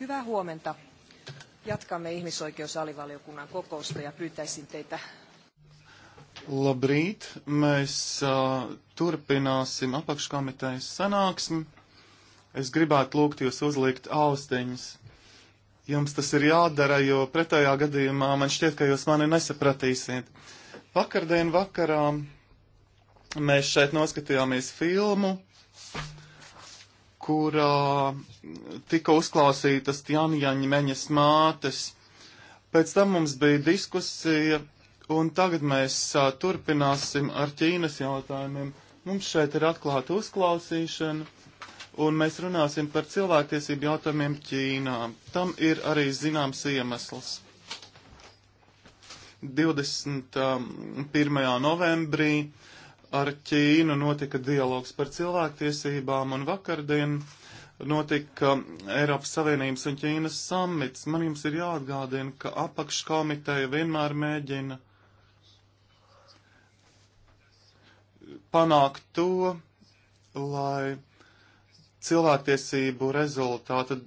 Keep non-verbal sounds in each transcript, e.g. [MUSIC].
Hyvää huomenta. Jatkamme ihmisoikeusalivaliokunnan kokousta ja pyytäisin teitä. Labrīt, mēs uh, turpināsim apakškomitejas sanāksmi. Es gribētu lūgt jūs uzlikt austiņas. Jums tas ir jādara, jo pretējā gadījumā man šķiet, ka jūs mani nesapratīsiet. Vakardien vakarā mēs šeit noskatījāmies filmu kurā tika uzklausītas Janjaņa Meņas mātes. Pēc tam mums bija diskusija, un tagad mēs a, turpināsim ar Ķīnas jautājumiem. Mums šeit ir atklāta uzklausīšana, un mēs runāsim par cilvēktiesību jautājumiem Ķīnā. Tam ir arī zināms iemesls. 21. novembrī uh, ar Ķīnu notika dialogs par cilvēktiesībām, un vakardien notika Eiropas Savienības un Ķīnas samits. Man jums ir jāatgādina, ka apakškomiteja vienmēr mēģina panākt to, lai cilvēktiesību rezultāta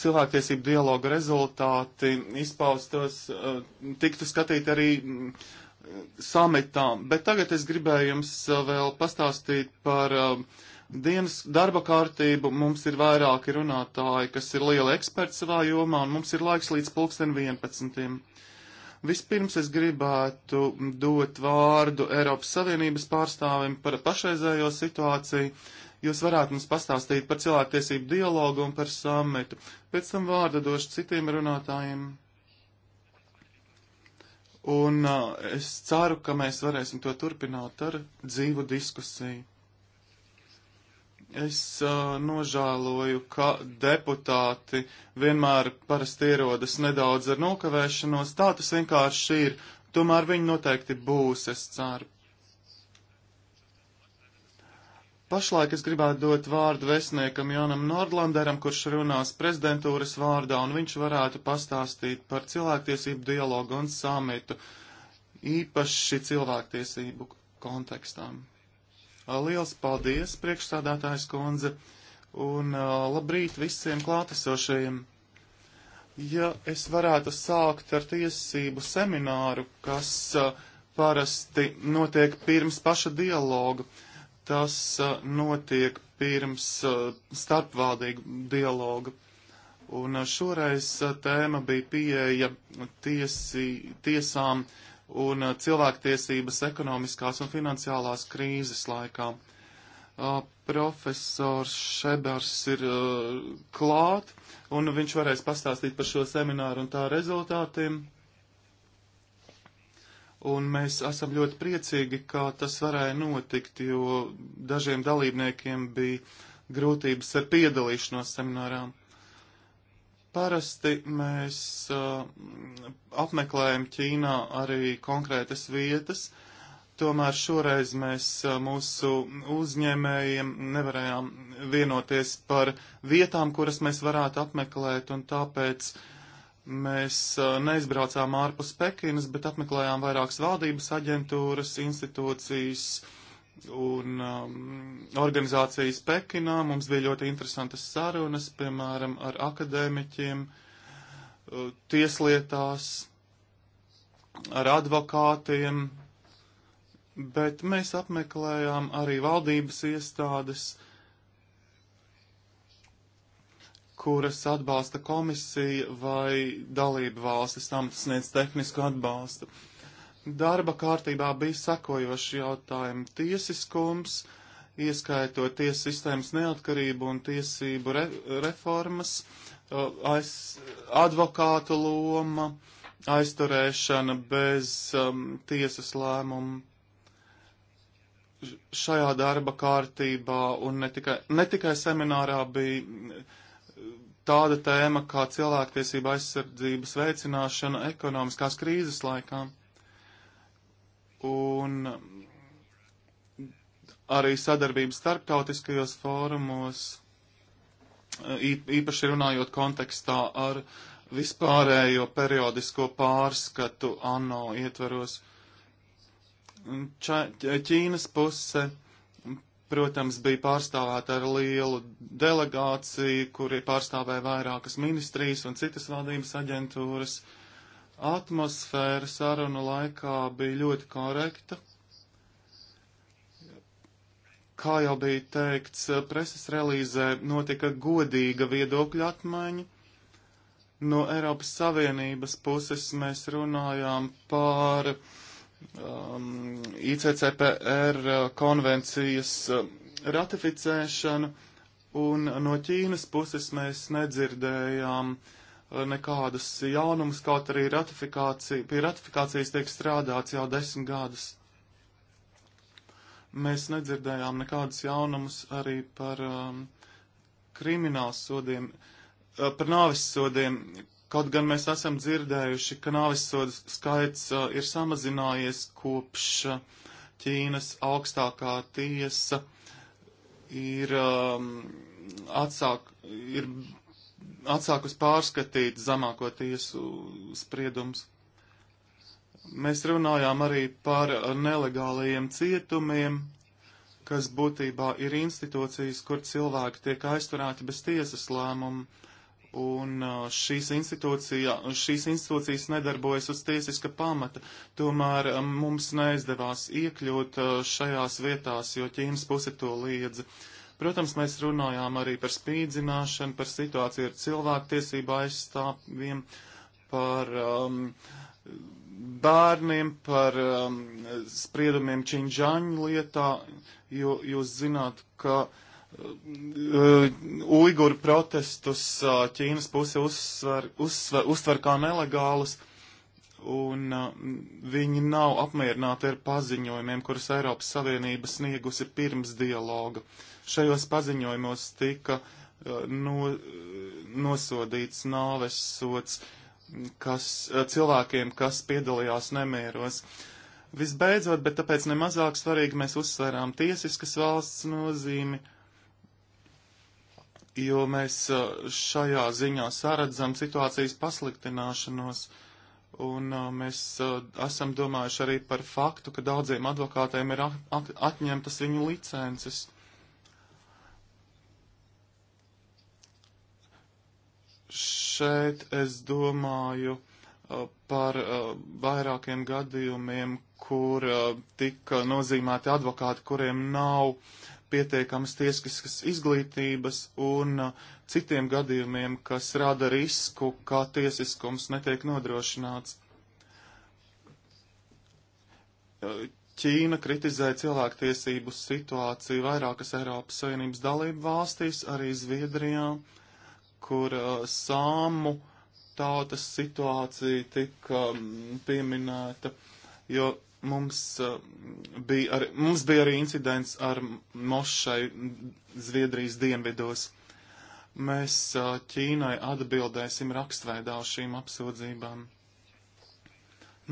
cilvēktiesību dialogu rezultāti izpaustos, eh, tiktu skatīti arī uh, samitā, bet tagad es gribēju jums eh, vēl pastāstīt par eh, dienas darba kārtību. Mums ir vairāki runātāji, kas ir lieli eksperti savā jomā, un mums ir laiks līdz pulksten 11. Vispirms es gribētu dot vārdu Eiropas Savienības pārstāvim par pašreizējo situāciju. Jūs varētu mums pastāstīt par cilvēktiesību dialogu un par samitu. Pēc tam vārdu došu citiem runātājiem. Un uh, es ceru, ka mēs varēsim to turpināt ar dzīvu diskusiju. Es uh, nožēloju, ka deputāti vienmēr parasti ierodas nedaudz ar nokavēšanos. Tā tas vienkārši ir. Tomēr viņi noteikti būs, es ceru. Pašlaik es gribētu dot vārdu vēstniekam Jānam Nordlanderam, kurš runās prezidentūras vārdā, un viņš varētu pastāstīt par cilvēktiesību dialogu un samitu, īpaši cilvēktiesību kontekstām. Liels paldies, priekšstādātājs kundze, un labrīt visiem klātesošajiem! Ja es varētu sākt ar tiesību semināru, kas parasti notiek pirms paša dialogu tas notiek pirms starpvaldīgu dialogu. Un šoreiz tēma bija pieeja tiesi, tiesām un cilvēktiesības ekonomiskās un finansiālās krīzes laikā. Profesors Šebers ir klāt, un viņš varēs pastāstīt par šo semināru un tā rezultātiem. Un mēs esam ļoti priecīgi, ka tas varēja notikt, jo dažiem dalībniekiem bija grūtības ar piedalīšanos seminārām. Parasti mēs uh, apmeklējam Ķīnā arī konkrētas vietas, tomēr šoreiz mēs uh, mūsu uzņēmējiem nevarējām vienoties par vietām, kuras mēs varētu apmeklēt, un tāpēc uh, Mēs neizbraucām ārpus Pekinas, bet apmeklējām vairākas valdības aģentūras, institūcijas un um, organizācijas Pekinā. Mums bija ļoti interesantas sarunas, piemēram, ar akadēmiķiem, tieslietās, ar advokātiem, bet mēs apmeklējām arī valdības iestādes, uh, kuras atbalsta komisija vai dalība valstis tam sniedz tehnisku atbalstu. Darba kārtībā bija sekojoši jautājumi - tiesiskums, ieskaitot tiesu sistēmas neatkarību un tiesību re reformas, aiz advokātu loma, aizturēšana bez um, tiesas lēmumu šajā darba kārtībā un ne tikai, ne tikai seminārā bija tāda tēma kā cilvēktiesība aizsardzības veicināšana ekonomiskās krīzes laikā. Un arī sadarbības starptautiskajos fórumos, īpaši runājot kontekstā ar vispārējo periodisko pārskatu ANO ietveros. Ča, Ķīnas puse protams, bija pārstāvēta ar lielu delegāciju, kuri pārstāvēja vairākas ministrijas un citas valdības aģentūras. Atmosfēra sarunu laikā bija ļoti korekta. Kā jau bija teikts, preses relīzē notika godīga viedokļa atmaiņa. No Eiropas Savienības puses mēs runājām par uh, um, ICCPR uh, konvencijas uh, ratificēšanu, un no Ķīnas puses mēs nedzirdējām uh, nekādas jaunumas, kaut arī ratifikācija, pie ratifikācijas tiek strādāts jau desmit gadus. Mēs nedzirdējām nekādas jaunumas arī par um, krimināls sodiem, par nāvis sodiem, Kaut gan mēs esam dzirdējuši, ka nāvisodu skaits uh, ir samazinājies kopš uh, Ķīnas augstākā tiesa ir, um, atsāk, ir atsākus pārskatīt zamāko tiesu spriedums. Mēs runājām arī par nelegālajiem cietumiem, kas būtībā ir institūcijas, kur cilvēki tiek aizturēti bez tiesas lēmumu un uh, šīs, institūcija, šīs institūcijas nedarbojas uz tiesiska pamata. Tomēr um, mums neizdevās iekļūt uh, šajās vietās, jo ķīmas puse to liedza. Protams, mēs runājām arī par spīdzināšanu, par situāciju ar cilvēktiesību aizstāvjiem, par um, bērniem, par um, spriedumiem Činžāņu lietā, jo jūs zināt, ka uh, Uh, Uiguru protestus uh, Ķīnas puse uzsver, uzsver, uztver kā nelegālus, un uh, viņi nav apmierināti ar paziņojumiem, kurus Eiropas Savienība sniegusi pirms dialoga. Šajos paziņojumos tika no, nosodīts nāves sots kas, cilvēkiem, kas piedalījās nemieros. Visbeidzot, bet tāpēc nemazāk svarīgi mēs uzsvērām tiesiskas valsts nozīmi jo mēs šajā ziņā saredzam situācijas pasliktināšanos, un mēs esam domājuši arī par faktu, ka daudziem advokātiem ir atņemtas viņu licences. Šeit es domāju par vairākiem gadījumiem, kur tika nozīmēti advokāti, kuriem nav pietiekamas tiesiskas izglītības un uh, citiem gadījumiem, kas rada risku, kā tiesiskums netiek nodrošināts. Uh, Ķīna kritizē cilvēktiesību situāciju vairākas Eiropas Savienības dalību valstīs, arī Zviedrijā, kur uh, sāmu tautas situācija tika um, pieminēta. Uh, jo mums, uh, bija arī, mums bija arī incidents ar mošai Zviedrijas dienvidos. Mēs uh, Ķīnai atbildēsim rakstveidā uz šīm apsūdzībām.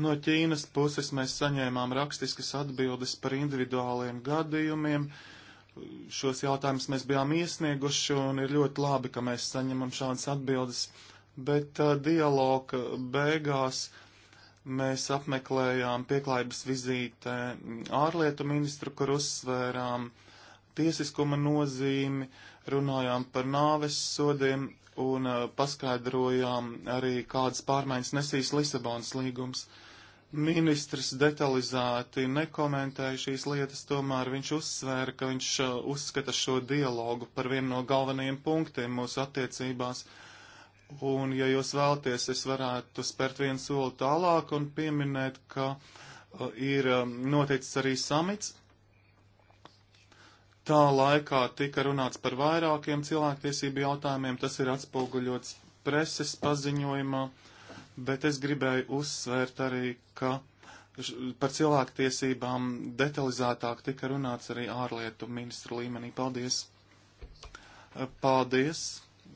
No Ķīnas puses mēs saņēmām rakstiskas atbildes par individuāliem gadījumiem. Šos jautājumus mēs bijām iesnieguši un ir ļoti labi, ka mēs saņemam šādas atbildes, bet uh, dialoga beigās uh, Mēs apmeklējām pieklājības vizītē ārlietu ministru, kur uzsvērām tiesiskuma nozīmi, runājām par nāves sodiem un uh, paskaidrojām arī, kādas pārmaiņas nesīs Lisabonas līgums. Ministrs detalizēti nekomentēja šīs lietas, tomēr viņš uzsvēra, ka viņš uh, uzskata šo dialogu par vienu no galvenajiem punktiem mūsu attiecībās. Uh, Un, ja jūs vēlaties, es varētu spērt vienu soli tālāk un pieminēt, ka uh, ir um, noticis arī samits. Tā laikā tika runāts par vairākiem cilvēktiesību jautājumiem, tas ir atspoguļots preses paziņojumā, bet es gribēju uzsvērt arī, ka par cilvēktiesībām detalizētāk tika runāts arī ārlietu ministru līmenī. Paldies! Uh, paldies!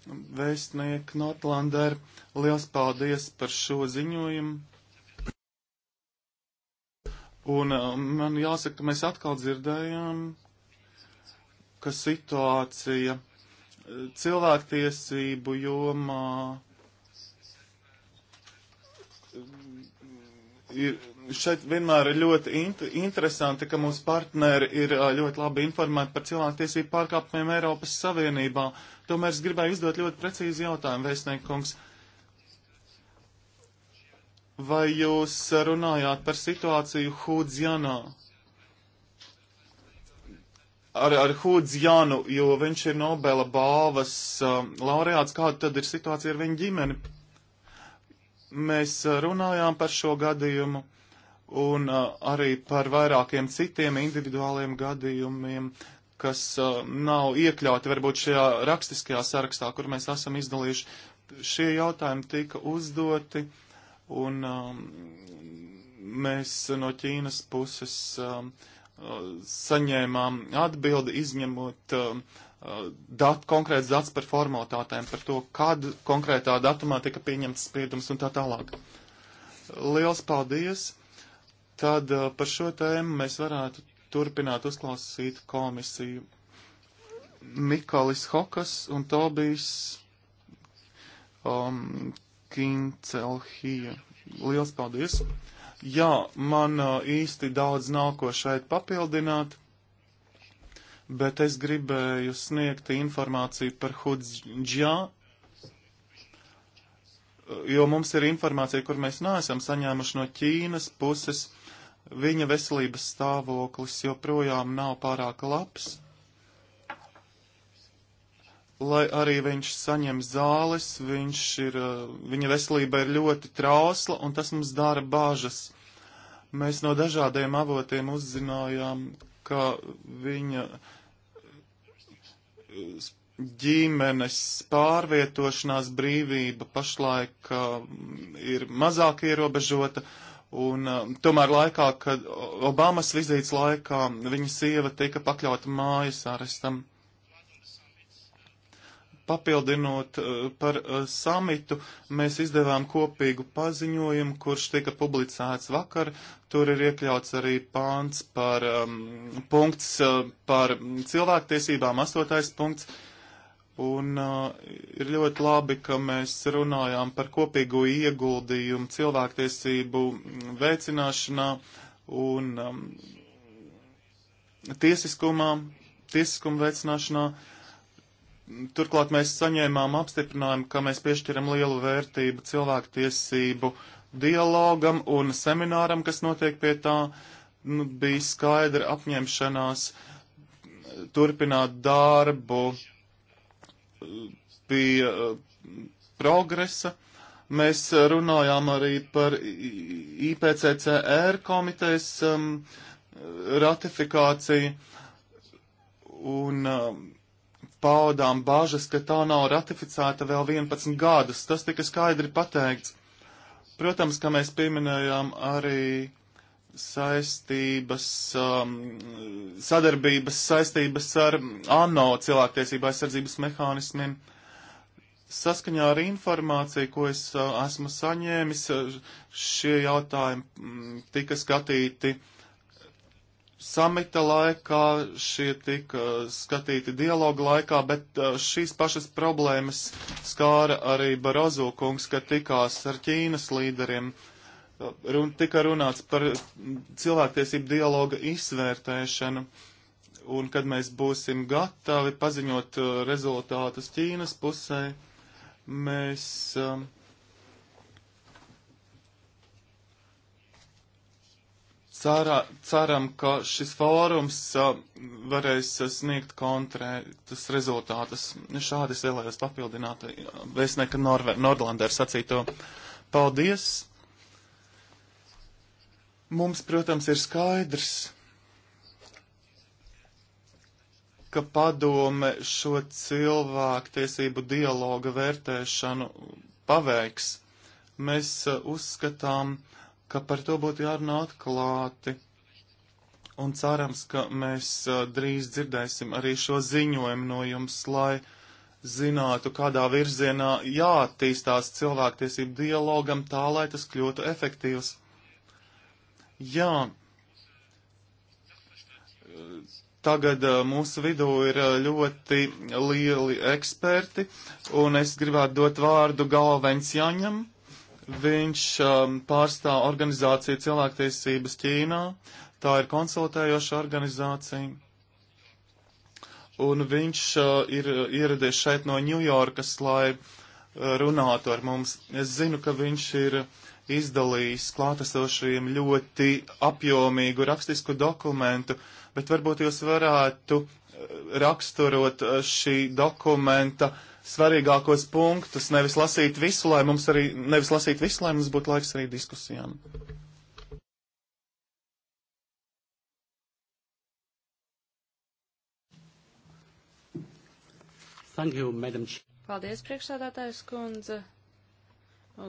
vēstnieku Notlanderu. Liels paldies par šo ziņojumu. Un uh, man jāsaka, ka mēs atkal dzirdējām, ka situācija uh, cilvēktiesību jomā um, ir, šeit vienmēr ir ļoti int interesanti, ka mūsu partneri ir uh, ļoti labi informēti par cilvēktiesību pārkāpumiem Eiropas Savienībā. Uh, Tomēr es gribēju uzdot ļoti precīzi jautājumu, vēstniekums. Vai jūs runājāt par situāciju Hūdzjanā? Ar, ar Hūdzjanu, jo viņš ir Nobela balvas um, laureāts, kāda tad ir situācija ar viņu ģimeni? Mēs uh, runājām par šo gadījumu un uh, arī par vairākiem citiem individuāliem gadījumiem. Uh, kas uh, nav iekļauti varbūt šajā rakstiskajā sarakstā, kur mēs esam izdalījuši. Šie jautājumi tika uzdoti, un um, mēs no Ķīnas puses um, saņēmām atbildi, izņemot um, dat, konkrēts dats par formalitātēm, par to, kad konkrētā datumā tika pieņemts spriedums un tā tālāk. Liels paldies! Tad uh, par šo tēmu mēs varētu turpināt uzklausīt komisiju. Mikalis Hokas un Tobijs um, Kincelhija. Liels paldies! Jā, man uh, īsti daudz nav ko šeit papildināt, bet es gribēju sniegt informāciju par Hudzģjā, jo mums ir informācija, kur mēs neesam saņēmuši no Ķīnas puses. Uh, viņa veselības stāvoklis joprojām nav pārāk labs, lai arī viņš saņem zāles, viņš ir, eh, viņa veselība ir ļoti trausla, un tas mums dara bāžas. Mēs no dažādiem avotiem uzzinājām, ka viņa eh, ģimenes pārvietošanās brīvība pašlaik eh, ir mazāk ierobežota, Un uh, tomēr laikā, kad Obamas vizītes laikā viņa sieva tika pakļauta mājas arestam, papildinot uh, par uh, samitu, mēs izdevām kopīgu paziņojumu, kurš tika publicēts vakar. Tur ir iekļauts arī pāns par um, punkts uh, par cilvēktiesībām, astotais punkts. Uh, Un uh, ir ļoti labi, ka mēs runājām par kopīgo ieguldījumu cilvēktiesību veicināšanā un um, tiesiskumā, tiesiskuma veicināšanā. Turklāt mēs saņēmām apstiprinājumu, ka mēs piešķiram lielu vērtību cilvēktiesību dialogam un semināram, kas notiek pie tā, nu, bija skaidra apņemšanās turpināt darbu pie eh, progresa. Mēs eh, runājām arī par IPCCR komitejas um, ratifikāciju un um, paudām bažas, ka tā nav ratificēta vēl 11 gadus. Tas tika skaidri pateikts. Protams, ka mēs pieminējām arī saistības, um, sadarbības saistības ar ANO cilvēktiesībā aizsardzības mehānismiem. Saskaņā ar informāciju, ko es uh, esmu saņēmis, uh, šie jautājumi mm, tika skatīti samita laikā, šie tika skatīti dialogu laikā, bet uh, šīs pašas problēmas skāra arī Barozo kungs, kad tikās ar Ķīnas līderiem. Uh, run, tika runāts par cilvēktiesību dialoga izvērtēšanu, un kad mēs būsim gatavi paziņot uh, rezultātus Ķīnas pusē, mēs. Um, Cerā, ceram, ka šis fórums uh, varēs uh, sniegt konkrētas rezultātus. Nu, šādi es vēlējos papildināt vēstnieka Norve, Nordlandera sacīto. Paldies! Mums, protams, ir skaidrs, ka padome šo cilvēktiesību dialoga vērtēšanu paveiks. Mēs e, uzskatām, ka par to būtu jārunā atklāti. Un cerams, ka mēs e, drīz dzirdēsim arī šo ziņojumu no jums, lai zinātu, kādā virzienā jāattīstās cilvēktiesību dialogam tā, lai tas kļūtu efektīvs. Jā, tagad eh, mūsu vidū ir eh, ļoti lieli eksperti, un es gribētu dot vārdu Galvenčaņam. Viņš um, pārstāv organizāciju cilvēktiesības Ķīnā. Tā ir konsultējoša organizācija. Un viņš uh, ir ieradies šeit no Ņujorkas, lai runātu ar mums. Es zinu, ka viņš ir uh, izdalījis klātesošajiem ļoti apjomīgu rakstisku dokumentu, bet varbūt jūs varētu eh, raksturot eh, šī dokumenta svarīgākos punktus, nevis lasīt visu, lai mums arī, nevis lasīt visu, lai mums būtu laiks arī diskusijām. Thank you, Madam Chair. Paldies, priekšsādātājs kundze,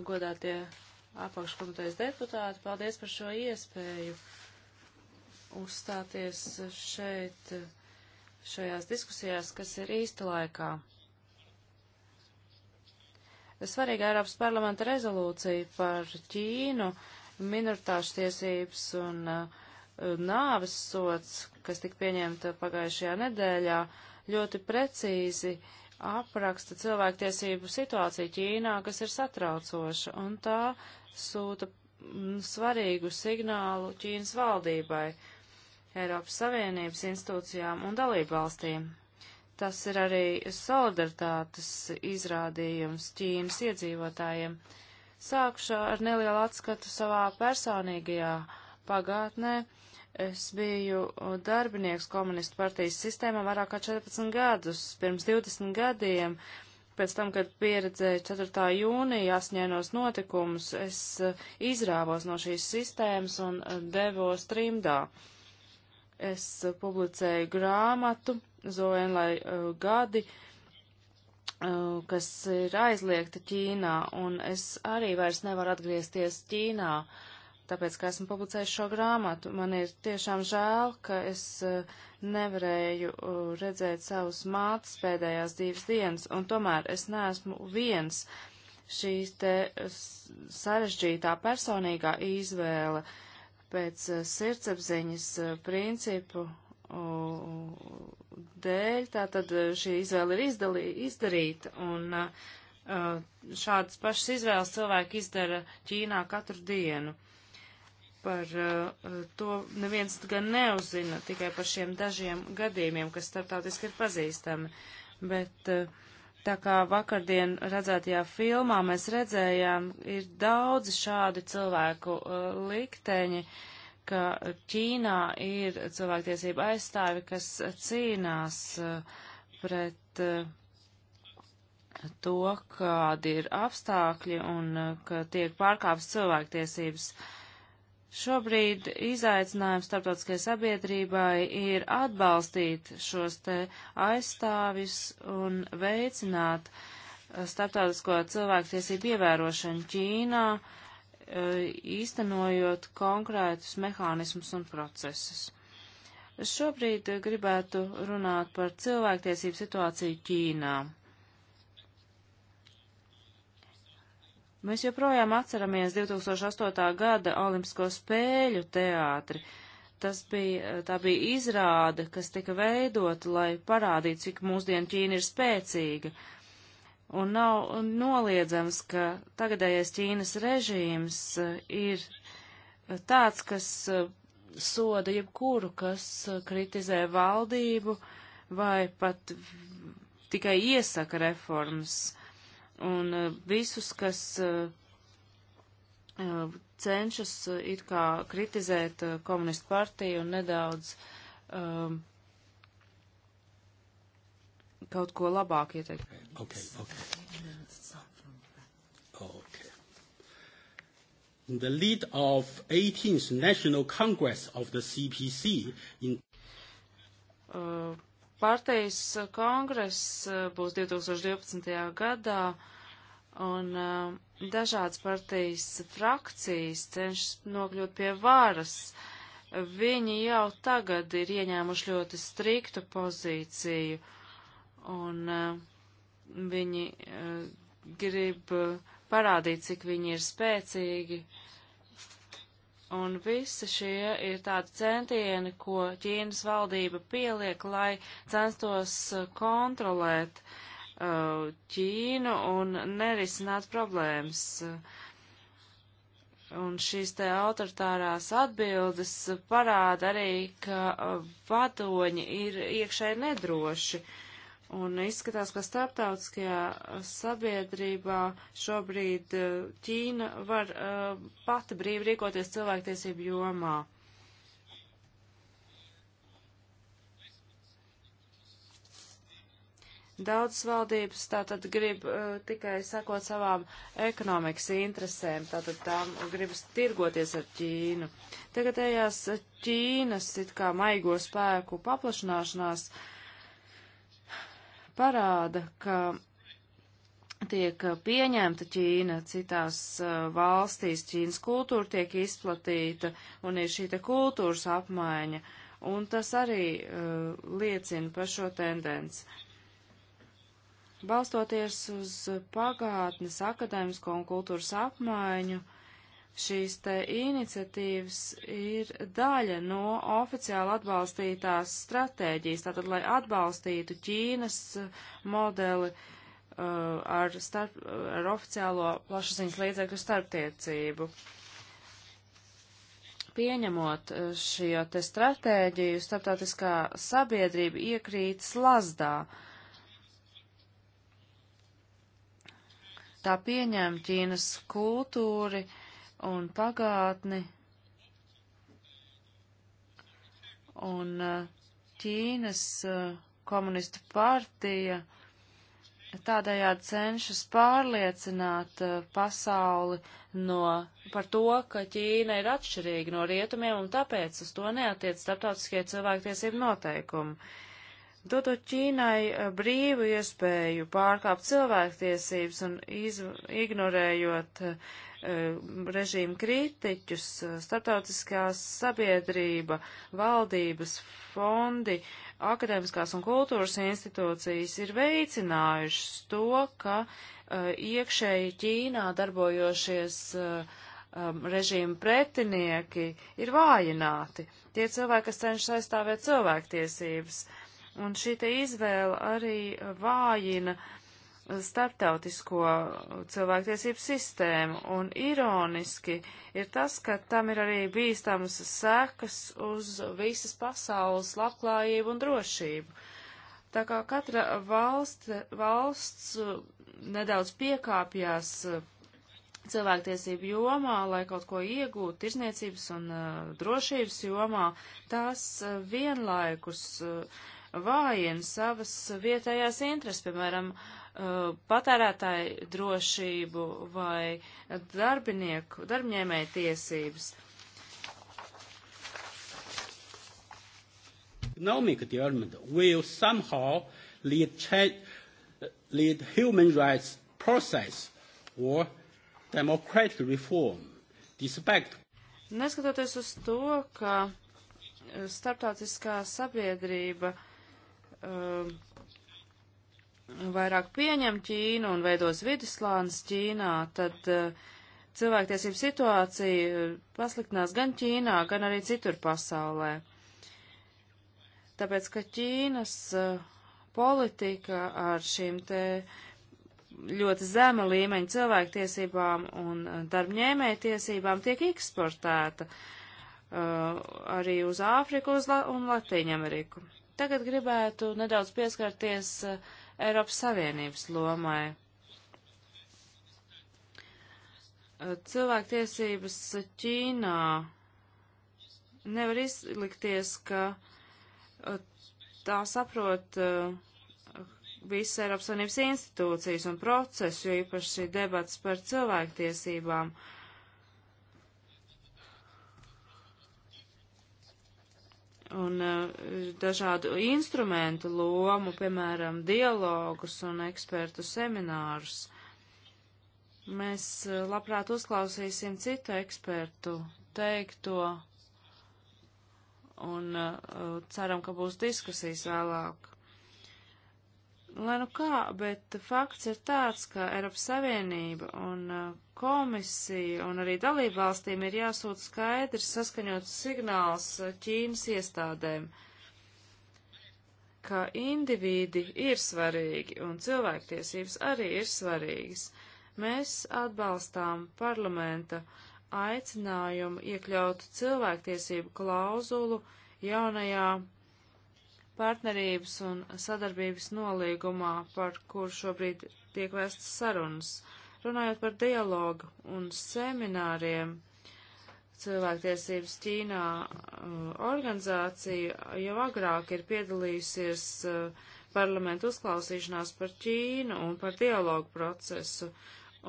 godātie apakškomitejas deputāti. Paldies par šo iespēju uzstāties šeit, šajās diskusijās, kas ir īsta laikā. Svarīga Eiropas parlamenta rezolūcija par Ķīnu, minoritāšu tiesības un uh, nāves sots, kas tika pieņemta pagājušajā nedēļā, ļoti precīzi uh, apraksta cilvēktiesību situāciju Ķīnā, kas ir satraucoša, un tā sūta mm, svarīgu signālu Ķīnas valdībai, Eiropas Savienības institūcijām un dalību valstīm. Tas ir arī solidaritātes izrādījums Ķīnas iedzīvotājiem. Sākšu ar nelielu atskatu savā personīgajā pagātnē. Es biju darbinieks komunistu partijas sistēmā vairāk kā 14 gadus, pirms 20 gadiem, pēc tam, kad pieredzēju 4. jūnija asņēnos notikumus, es eh, izrāvos no šīs sistēmas un eh, devos trimdā. Es eh, publicēju grāmatu Zoenlai uh, gadi, uh, kas ir aizliegta Ķīnā, un es arī vairs nevaru atgriezties Ķīnā. Uh, tāpēc, ka esmu publicējis šo grāmatu. Man ir tiešām žēl, ka es eh, nevarēju eh, redzēt savus mātes pēdējās divas dienas, un tomēr es neesmu viens. Šī te eh, sarežģītā personīgā izvēle pēc sirdsapziņas principu dēļ, tātad šī izvēle ir izdalī, izdarīta, un šādas pašas izvēles cilvēki izdara Ķīnā katru dienu. Par uh, to neviens gan neuzina, tikai par šiem dažiem gadījumiem, kas starptautiski ir pazīstami. Bet uh, tā kā vakardien redzētajā filmā mēs redzējām, ir daudzi šādi cilvēku uh, likteņi, ka Ķīnā ir cilvēktiesība aizstāvi, kas cīnās uh, pret uh, to, kādi ir apstākļi un uh, ka tiek pārkāpts cilvēktiesības. Uh, Šobrīd izaicinājums starptautiskajai sabiedrībai ir atbalstīt šos te aizstāvis un veicināt eh, starptautisko cilvēktiesību ievērošanu Ķīnā, eh, īstenojot konkrētus mehānismus un procesus. Šobrīd gribētu runāt par cilvēktiesību situāciju Ķīnā. Mēs joprojām atceramies 2008. gada Olimpisko spēļu teātri. Tas bija, tā bija izrāde, kas tika veidota, lai parādītu, cik mūsdienu Ķīna ir spēcīga. Un nav noliedzams, ka tagadējais Ķīnas režīms eh, ir tāds, kas eh, soda jebkuru, kas eh, kritizē valdību vai pat tikai iesaka reformas. Uh, un eh, visus, kas eh, eh, cenšas it kā kritizēt komunistu partiju un nedaudz um, kaut ko labāk ieteikt. Okay, okay. Okay. The lead of 18th National Congress of the CPC in uh, Partijas kongress eh, būs 2012. gadā, un eh, dažādas partijas frakcijas cenšas nokļūt pie varas. Viņi jau tagad ir ieņēmuši ļoti striktu pozīciju, un eh, viņi grib parādīt, cik viņi ir spēcīgi Un visi šie ir tādi centieni, ko Ķīnas valdība pieliek, lai censtos uh, kontrolēt uh, Ķīnu un nerisināt problēmas. Un šīs te autoritārās atbildes parāda arī, ka uh, vadoņi ir iekšēji nedroši. Uh, Un izskatās, ka starptautiskajā sabiedrībā šobrīd eh, Ķīna var uh, pati brīvi rīkoties cilvēktiesību jomā. Daudzas valdības tātad grib uh, tikai sakot savām ekonomikas interesēm, tātad tām gribas tirgoties ar Ķīnu. Tagadējās Ķīnas it kā maigo spēku paplašanāšanās uh, parāda, ka tiek pieņemta Ķīna citās uh, valstīs, Ķīnas kultūra tiek izplatīta un ir šī te kultūras apmaiņa, un tas arī uh, liecina par šo tendenci. Balstoties uz pagātnes akadēmisko un kultūras apmaiņu, uh, Šīs te iniciatīvas ir daļa no oficiāli atbalstītās stratēģijas, tātad, lai atbalstītu Ķīnas modeli uh, ar, starp, uh, ar oficiālo plašsaziņas līdzekļu starptiecību pieņemot uh, šo te stratēģiju, starptautiskā sabiedrība iekrīt slazdā. Tā pieņem Ķīnas kultūri, un pagātni. Un eh, Ķīnas eh, komunistu partija tādējādi cenšas pārliecināt eh, pasauli no, par to, ka Ķīna ir atšķirīga no rietumiem un tāpēc uz to neatiec starptautiskie cilvēktiesību noteikumi. Dodot Ķīnai brīvu iespēju pārkāpt cilvēktiesības un iz, ignorējot uh, Eh, režīmu kritiķus, eh, starptautiskās sabiedrība, valdības, fondi, akadēmiskās un kultūras institūcijas ir veicinājušas to, ka eh, iekšēji Ķīnā darbojošies um, režīmu pretinieki ir vājināti. Tie cilvēki, kas cenšas aizstāvēt cilvēktiesības. Un šī izvēle arī vājina uh, starptautisko cilvēktiesību sistēmu, un ironiski ir tas, ka tam ir arī bīstamas sekas uz visas pasaules labklājību un drošību. Tā kā katra valst, valsts nedaudz piekāpjās cilvēktiesību jomā, lai kaut ko iegūtu tirzniecības un uh, drošības jomā, tās uh, vienlaikus uh, vājina savas vietējās intereses, piemēram, uh, Uh, patērētāju drošību vai darbinieku, darbņēmēju tiesības. Economic development will somehow lead, change, lead human rights process or democratic reform, despite. Neskatoties uz to, ka starptautiskā sabiedrība uh, vairāk pieņem Ķīnu un veidos viduslāns Ķīnā, tad uh, cilvēktiesību situācija eh, pasliktinās gan Ķīnā, gan arī citur pasaulē. Tāpēc, ka Ķīnas uh, politika ar šīm te ļoti zema līmeņa cilvēktiesībām un darbņēmēja tiesībām tiek eksportēta uh, arī uz Āfriku uz La un Latīņu Ameriku. Tagad gribētu nedaudz pieskarties uh, Eiropas Savienības lomai. Cilvēktiesības Ķīnā nevar izlikties, ka tā saprot visas Eiropas Savienības institūcijas un procesu, jo īpaši debats par cilvēktiesībām. Uh, un eh, dažādu instrumentu lomu, piemēram, dialogus un ekspertu seminārus. Mēs eh, labprāt uzklausīsim citu ekspertu teikto un eh, ceram, ka būs diskusijas vēlāk. Lai nu kā, bet fakts ir tāds, ka Eiropas Savienība un Komisija un arī dalībvalstīm ir jāsūt skaidrs saskaņots signāls Ķīnas iestādēm, ka individi ir svarīgi un cilvēktiesības arī ir svarīgas. Mēs atbalstām parlamenta aicinājumu iekļaut cilvēktiesību klauzulu jaunajā partnerības un sadarbības nolīgumā, par kur šobrīd tiek vēstas sarunas. Runājot par dialogu un semināriem, cilvēktiesības Ķīnā uh, organizācija jau agrāk ir piedalījusies uh, parlamentu uzklausīšanās par Ķīnu un par dialogu procesu,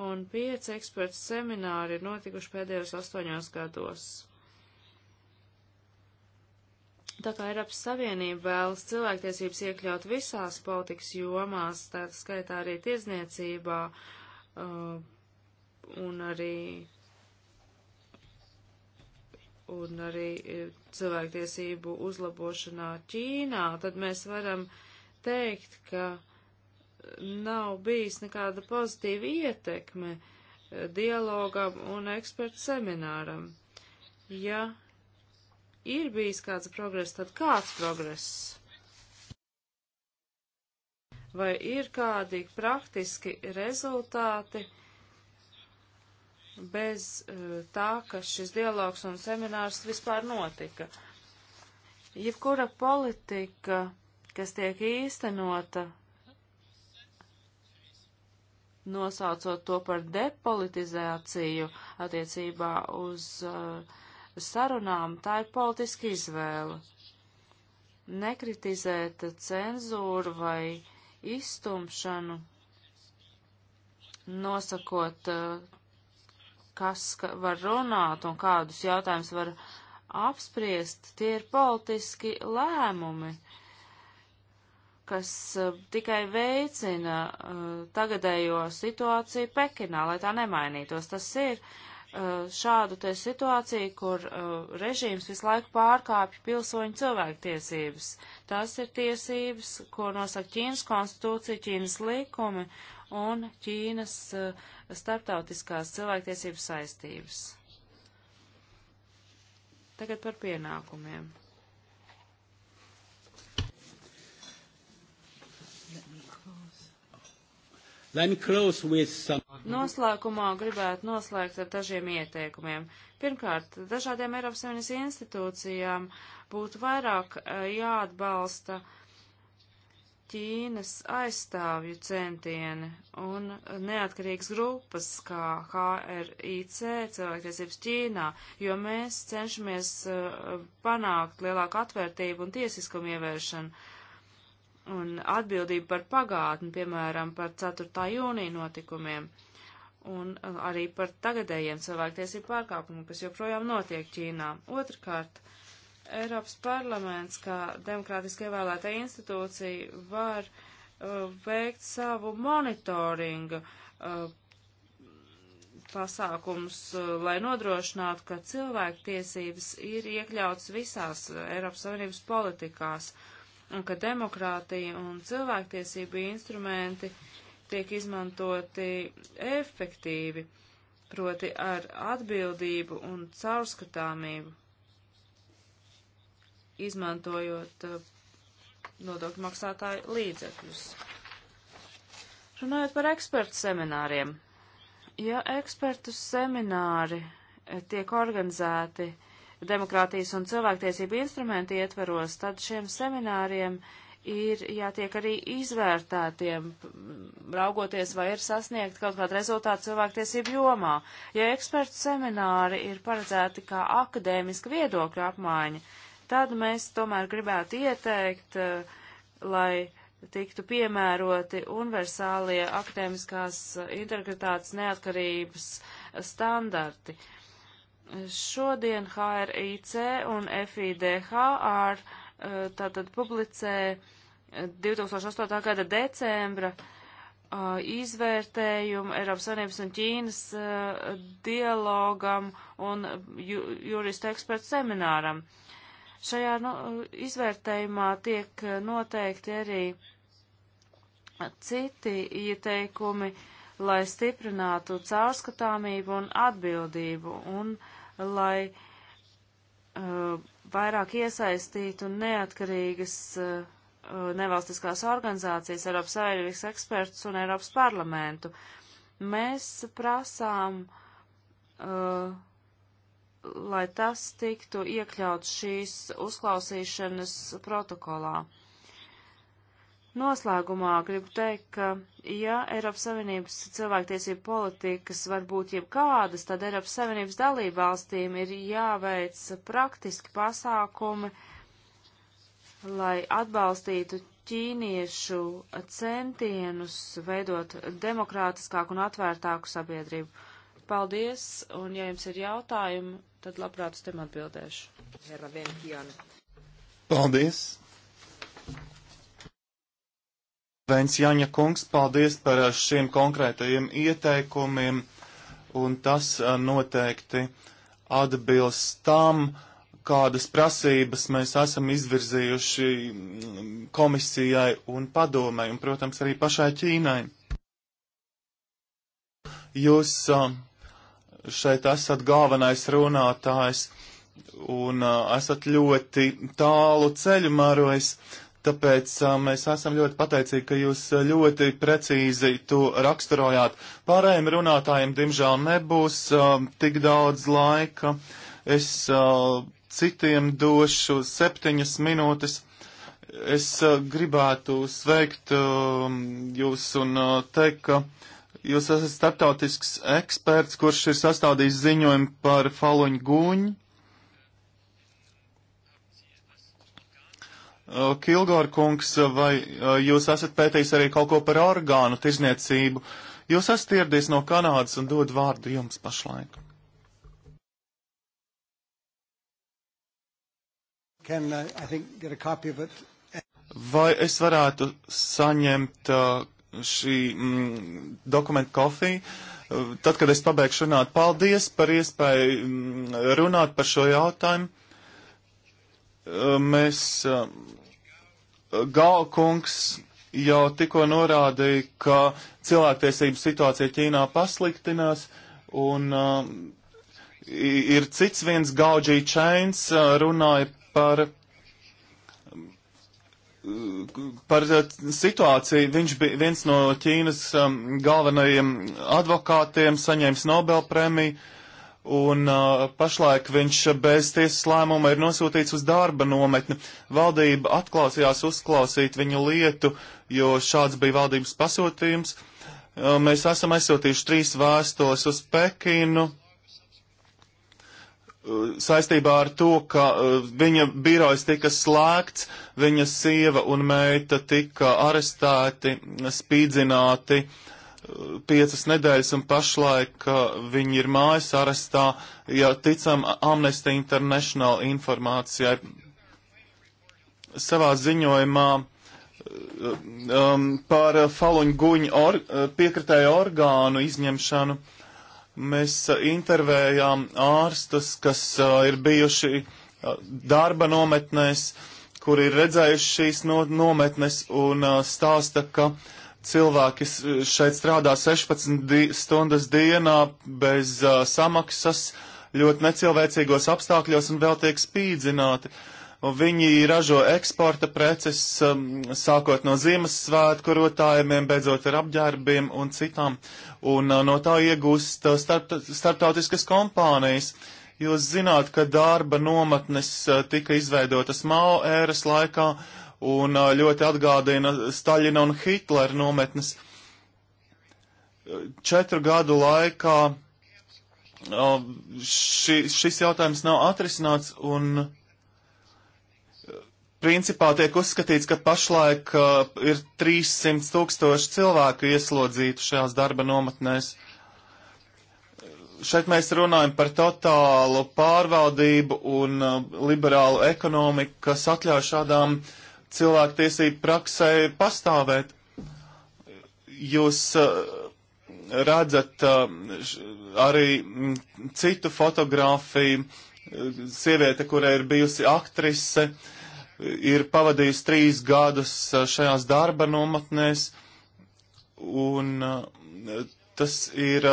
un pieci ekspertu semināri ir notikuši pēdējos astoņos gados. Tā kā Eiropas Savienība vēlas cilvēktiesības iekļaut visās politikas jomās, tā skaitā arī tiesniecībā, uh, Uh, un arī un arī uh, cilvēktiesību uzlabošanā Ķīnā, tad mēs varam teikt, ka nav bijis nekāda pozitīva ietekme uh, dialogam un ekspertu semināram. Ja ir bijis kāds progress, tad kāds progress? vai ir kādi praktiski rezultāti bez eh, tā, ka šis dialogs un seminārs vispār notika. Jebkura politika, kas tiek īstenota, nosaucot to par depolitizāciju attiecībā uz uh, sarunām, tā ir politiska izvēle nekritizēt cenzūru vai iztumšanu, nosakot, eh, kas var runāt un kādus jautājumus var apspriest, tie ir politiski lēmumi, kas eh, tikai veicina eh, tagadējo situāciju Pekinā, lai tā nemainītos. Tas ir uh, Eh, šādu te situāciju, kur uh, režīms visu laiku pārkāpj pilsoņu cilvēktiesības. Tas ir tiesības, ko nosaka Ķīnas konstitūcija, Ķīnas likumi un Ķīnas uh, starptautiskās cilvēktiesības saistības. Tagad par pienākumiem. Noslēgumā gribētu noslēgt ar dažiem ieteikumiem. Pirmkārt, dažādiem Eiropas Savienības institūcijām būtu vairāk eh, jāatbalsta Ķīnas aizstāvju centieni un neatkarīgas grupas kā HRIC cilvēktiesības Ķīnā, jo mēs cenšamies uh, panākt lielāku atvērtību un tiesiskumu ievēršanu un atbildību par pagātni, piemēram, par 4. jūnija notikumiem un uh, arī par tagadējiem cilvēktiesību pārkāpumiem, kas joprojām notiek Ķīnā. Otrkārt, Eiropas parlaments, kā demokrātiski ievēlēta institūcija, var uh, veikt savu monitoringu uh, pasākums, uh, lai nodrošinātu, ka cilvēktiesības ir iekļauts visās Eiropas Savienības politikās. Uh, un ka demokrātija un cilvēktiesība instrumenti tiek izmantoti efektīvi, proti ar atbildību un caurskatāmību, izmantojot uh, nodokļu maksātāju līdzekļus. Runājot par ekspertu semināriem. Ja ekspertu semināri eh, tiek organizēti, demokrātijas un cilvēktiesību instrumenti ietveros, tad šiem semināriem ir jātiek arī izvērtētiem, raugoties, vai ir sasniegt kaut kādu rezultātu cilvēktiesību jomā. Ja ekspertu semināri ir paredzēti kā akadēmiska viedokļa apmaiņa, tad mēs tomēr gribētu ieteikt, eh, lai tiktu piemēroti universālie akadēmiskās integritātes neatkarības standarti. Uh, Šodien HRIC un FIDH ar eh, tātad publicē 2008. Eh, gada decembra eh, izvērtējumu Eiropas Savienības un Ķīnas dialogam un ju, juristu ekspertu semināram. Šajā no, nu, izvērtējumā tiek noteikti arī citi ieteikumi, lai stiprinātu caurskatāmību un atbildību un uh, lai uh, vairāk iesaistītu neatkarīgas uh, uh, nevalstiskās organizācijas, Eiropas Savienības ekspertus un Eiropas parlamentu. Mēs prasām, uh, lai tas tiktu iekļauts šīs uzklausīšanas protokolā. Uh, Noslēgumā gribu teikt, ka, ja Eiropas Savienības cilvēktiesība politikas var būt jebkādas, tad Eiropas Savienības dalībvalstīm ir jāveic praktiski pasākumi, lai atbalstītu ķīniešu centienus veidot demokrātiskāku un atvērtāku sabiedrību. Paldies, un ja jums ir jautājumi, tad labprāt uz tiem atbildēšu. Paldies! Vensjaņa kungs, paldies par eh, šiem konkrētajiem ieteikumiem, un tas eh, noteikti atbilst tam, kādas prasības mēs esam izvirzījuši mm, komisijai un padomai, un, protams, arī pašai Ķīnai. Jūs eh, šeit esat galvenais runātājs un esat ļoti tālu ceļu mērojis Tāpēc a, mēs esam ļoti pateicīgi, ka jūs ļoti precīzi to raksturojāt. Pārējiem runātājiem, diemžēl, nebūs a, tik daudz laika. Es a, citiem došu septiņas minūtes. Es gribētu sveikt jūs un teikt, ka jūs esat starptautisks eksperts, kurš ir sastādījis ziņojumu par faluņu guņu Uh, Kilgor kungs, uh, vai uh, jūs esat pētījis arī kaut ko par orgānu tirzniecību? Jūs esat ieradies no Kanādas un dod vārdu jums pašlaik. Can, I, I think, get a copy of it? Vai es varētu saņemt šī mm, dokumentu kofiju? Tad, kad es pabeigšu runāt, paldies par iespēju mm, runāt par šo jautājumu Mēs, Galkungs jau tikko norādīja, ka cilvēktiesību situācija Ķīnā pasliktinās un ir cits viens Gaudžī Čains runāja par par situāciju. Viņš bija viens no Ķīnas um, galvenajiem advokātiem, saņēmis Nobelpremiju un uh, pašlaik viņš bez tiesas lēmuma ir nosūtīts uz darba nometni. Valdība atklāsījās uzklausīt viņu lietu, jo šāds bija valdības pasūtījums. Uh, mēs esam aizsūtījuši trīs vēstules uz Pekinu uh, saistībā ar to, ka uh, viņa birojs tika slēgts, viņa sieva un meita tika arestēti, spīdzināti, uh, piecas nedēļas, un pašlaik viņi ir mājas arestā, ja ticam Amnesty International informācijai. Savā ziņojumā um, par faluņu guņu or, piekritēju orgānu izņemšanu mēs intervējām ārstus, kas uh, ir bijuši uh, darba nometnēs, kuri ir redzējuši šīs no, nometnes un uh, stāsta, ka uh, cilvēki šeit strādā 16 di stundas dienā bez uh, samaksas, ļoti necilvēcīgos apstākļos un vēl tiek spīdzināti. Un viņi ražo eksporta preces, um, sākot no Ziemassvētku rotājumiem, beidzot ar apģērbiem un citām, un uh, no tā iegūst uh, starpt, starptautiskas kompānijas. Jūs zināt, ka darba nometnes uh, tika izveidotas Mao ēras laikā, uh, un ļoti atgādina Staļina un Hitlera nometnes. Četru gadu laikā ši, šis jautājums nav atrisināts un principā tiek uzskatīts, ka pašlaik uh, ir 300 tūkstoši cilvēku ieslodzītu šajās darba nometnēs. Šeit mēs runājam par totālu pārvaldību un uh, liberālu ekonomiku, kas atļauj šādām uh, cilvēktiesību praksē pastāvēt. Jūs eh, redzat eh, arī mm, citu fotografiju, sieviete, kurai ir bijusi aktrise, ir pavadījusi trīs gadus eh, šajās darba nometnēs, un tas ir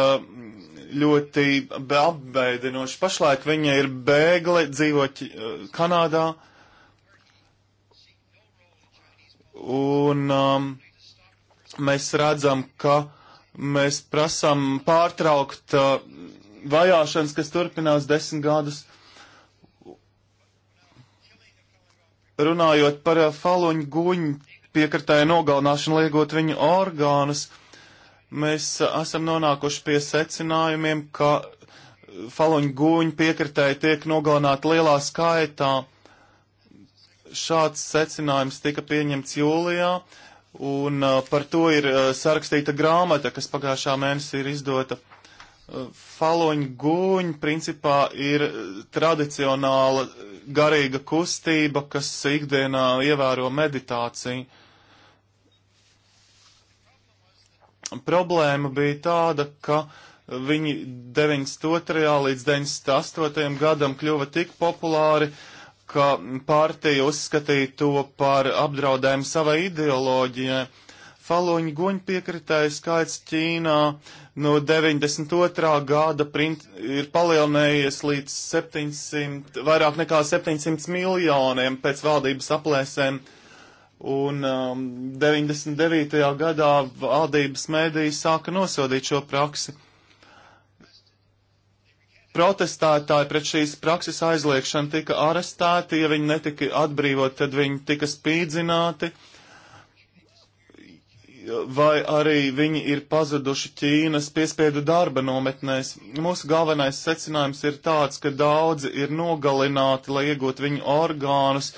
ļoti apbēdinoši. Pašlaik viņa ir bēgle, dzīvo Kanādā Un um, mēs redzam, ka mēs prasam pārtraukt uh, vajāšanas, kas turpinās desmit gadus. Runājot par uh, faluņu guņu piekartēju nogalināšanu, liegot viņu orgānus, mēs uh, esam nonākuši pie secinājumiem, ka uh, faluņu guņu piekartēji tiek nogalināti lielā skaitā. Šāds secinājums tika pieņemts jūlijā, un uh, par to ir uh, sarakstīta grāmata, kas pagājušā mēnesī ir izdota. Uh, Faloņa guņa principā ir tradicionāla garīga kustība, kas ikdienā ievēro meditāciju. Problēma bija tāda, ka viņi 92. līdz 98. gadam kļuva tik populāri, uh, ka partija uzskatīja to par apdraudējumu savai ideoloģijai. Faluņu guņu piekritēju skaits Ķīnā no 92. gada print, ir palielinājies līdz 700, vairāk nekā 700 miljoniem pēc valdības aplēsēm. Un um, 99. gadā valdības mēdī sāka nosodīt šo praksi protestētāji pret šīs prakses aizliekšanu tika arestēti, ja viņi netika atbrīvot, tad viņi tika spīdzināti, vai arī viņi ir pazuduši Ķīnas piespiedu darba nometnēs. Mūsu galvenais secinājums ir tāds, ka daudzi ir nogalināti, lai iegūtu viņu orgānus,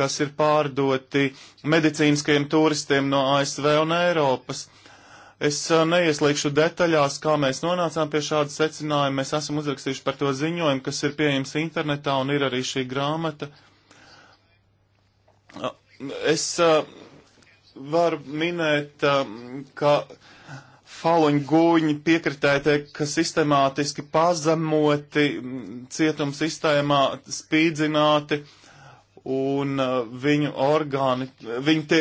kas ir pārdoti medicīniskajiem turistiem no ASV un Eiropas. Es uh, neieslīgšu detaļās, kā mēs nonācām pie šāda secinājuma. Mēs esam uzrakstījuši par to ziņojumu, kas ir pieejams internetā un ir arī šī grāmata. Uh, es uh, varu minēt, ka faluņu gūņi piekritēji tiek sistemātiski pazemoti, mm, cietums sistēmā spīdzināti un uh, viņu orgāni, viņi tie,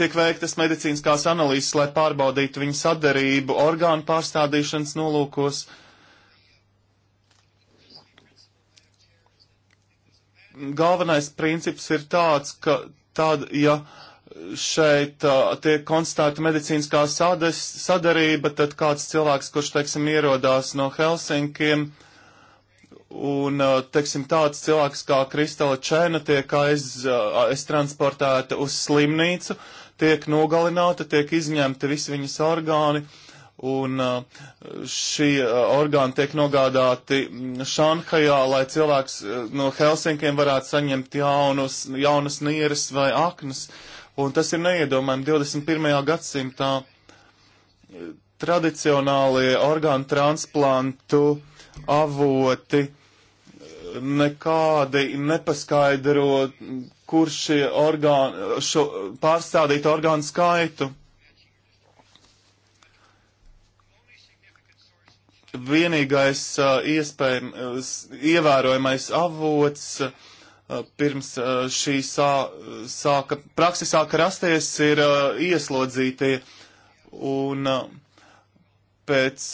tiek veiktas medicīniskās analīzes, lai pārbaudītu viņu sadarību orgānu pārstādīšanas nolūkos. Galvenais princips ir tāds, ka tad, ja šeit uh, tiek konstatēta medicīniskā sades, sadarība, tad kāds cilvēks, kurš, teiksim, ierodās no Helsinkiem, uh, Un, uh, teiksim, tāds cilvēks kā Kristela Čēna tiek aiz, uh, aiztransportēta uz slimnīcu, tiek nogalināta, tiek izņemti visi viņas orgāni, un uh, šī orgāna tiek nogādāti mm, Šanhajā, lai cilvēks no Helsinkiem varētu saņemt jaunus, jaunas nieres vai aknas. Un tas ir neiedomājami 21. gadsimtā tradicionālie orgānu transplantu avoti nekādi nepaskaidro, kur šie orgāni, šo pārstādītu orgānu skaitu. Vienīgais iespējams, ievērojamais avots pirms šī sā, sāka, praksi sāka rasties ir ieslodzītie. Un pēc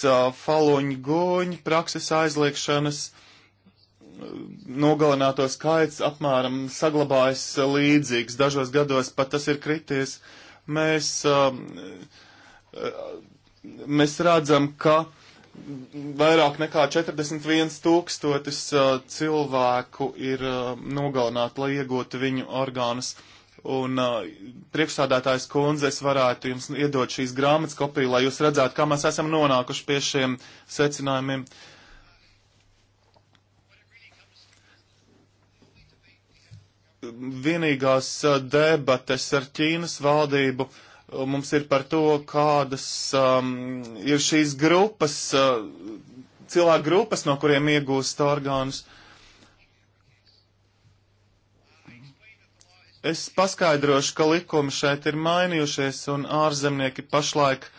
faloņu goņu prakses aizliekšanas uh, nogalināto skaits apmēram saglabājas uh, līdzīgs, dažos gados pat tas ir krities. Mēs, um, uh, mēs redzam, ka vairāk nekā 41 tūkstotis uh, cilvēku ir um, nogalināti, lai iegūtu viņu orgānus. Un uh, priekšstādātājs kundze, es varētu jums iedot šīs grāmatas kopiju, lai jūs redzētu, kā mēs esam nonākuši pie šiem secinājumiem. Uh, vienīgās uh, debates ar Ķīnas valdību uh, mums ir par to, kādas um, ir šīs grupas, uh, cilvēku grupas, no kuriem iegūst orgānus. Es paskaidrošu, ka likumi šeit ir mainījušies un ārzemnieki pašlaik uh,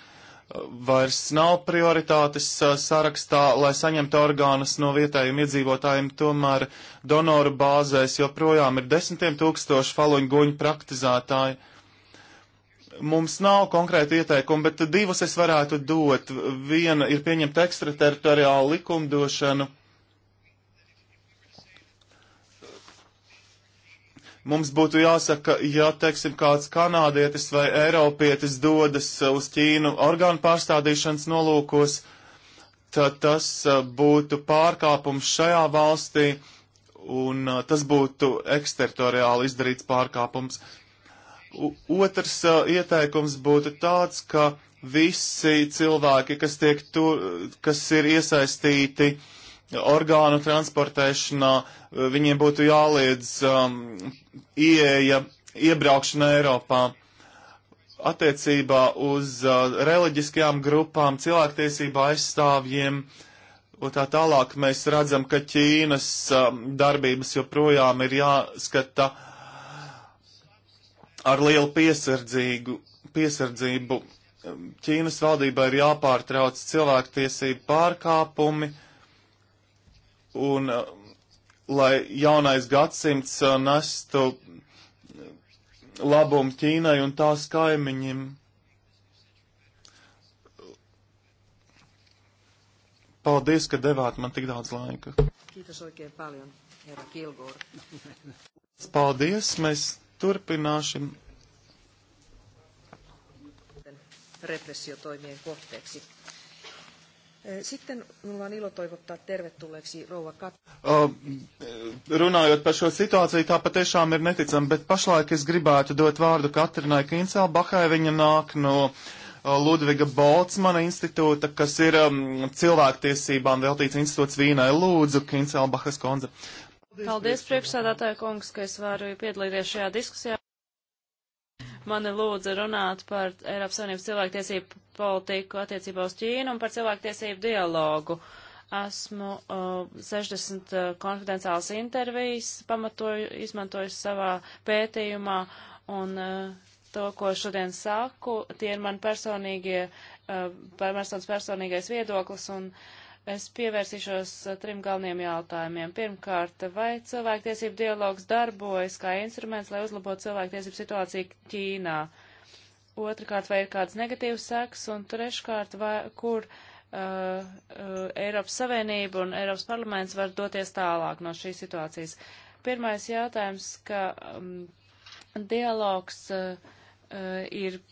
vairs nav prioritātes uh, sarakstā, lai saņemtu orgānus no vietējiem iedzīvotājiem, tomēr donoru bāzēs joprojām ir desmitiem tūkstoši faluņu guņu praktizētāji. Mums nav konkrēti ieteikumi, bet divus es varētu dot. Viena ir pieņemt ekstrateritoriālu likumdošanu Mums būtu jāsaka, ja, teiksim, kāds kanādietis vai eiropietis dodas e, uz Ķīnu orgānu pārstādīšanas nolūkos, tad tas e, būtu pārkāpums šajā valstī, un e, tas būtu eksteritoriāli izdarīts pārkāpums. U otrs ieteikums būtu tāds, ka visi cilvēki, kas, tiek tur, kas ir iesaistīti uh, orgānu transportēšanā eh, viņiem būtu jāliedz um, ieeja iebraukšana Eiropā. Attiecībā uz uh, reliģiskajām grupām, cilvēktiesību aizstāvjiem un tā tālāk mēs redzam, ka Ķīnas um, darbības joprojām ir jāskata ar lielu piesardzību. Um, Ķīnas valdībai ir jāpārtrauc cilvēktiesību pārkāpumi. Uh, un uh, lai jaunais gadsimts uh, nestu labumu Ķīnai un tās kaimiņiem. Paldies, ka devāt man tik daudz laika. Kītas oikein paljon, herra Kilgore. Paldies, mēs turpināsim. Repressiotoimien kohteeksi. Sitten minulla on ilo toivottaa tervetulleeksi rouva Kat... Uh, runājot par šo situāciju, tā patiešām ir neticama, bet pašlaik es gribētu dot vārdu Katrinai Kincelbakai. Viņa nāk no Ludviga Boltzmana institūta, kas ir um, cilvēktiesībām veltīts institūts Vīnai. Lūdzu, Kincelbakas konze. Paldies, Paldies priekšsēdētāja kungs, ka es varu piedalīties šajā diskusijā mani lūdza runāt par Eiropas Savienības cilvēktiesību politiku attiecībā uz Ķīnu un par cilvēktiesību dialogu. Esmu uh, 60 uh, konfidenciālas intervijas pamatoju, izmantoju savā pētījumā un uh, to, ko šodien saku, tie ir man personīgie, uh, personas personīgais viedoklis un uh, Es pievērsīšos eh, trim galveniem jautājumiem. Pirmkārt, vai cilvēktiesību dialogs darbojas kā instruments, lai uzlabotu cilvēktiesību situāciju Ķīnā? Otrakārt, vai ir kāds negatīvs seks? Un treškārt, vai, kur uh, uh, Eiropas Savienība un Eiropas parlaments var doties tālāk no šīs situācijas? Pirmais jautājums, ka um, dialogs uh, uh, ir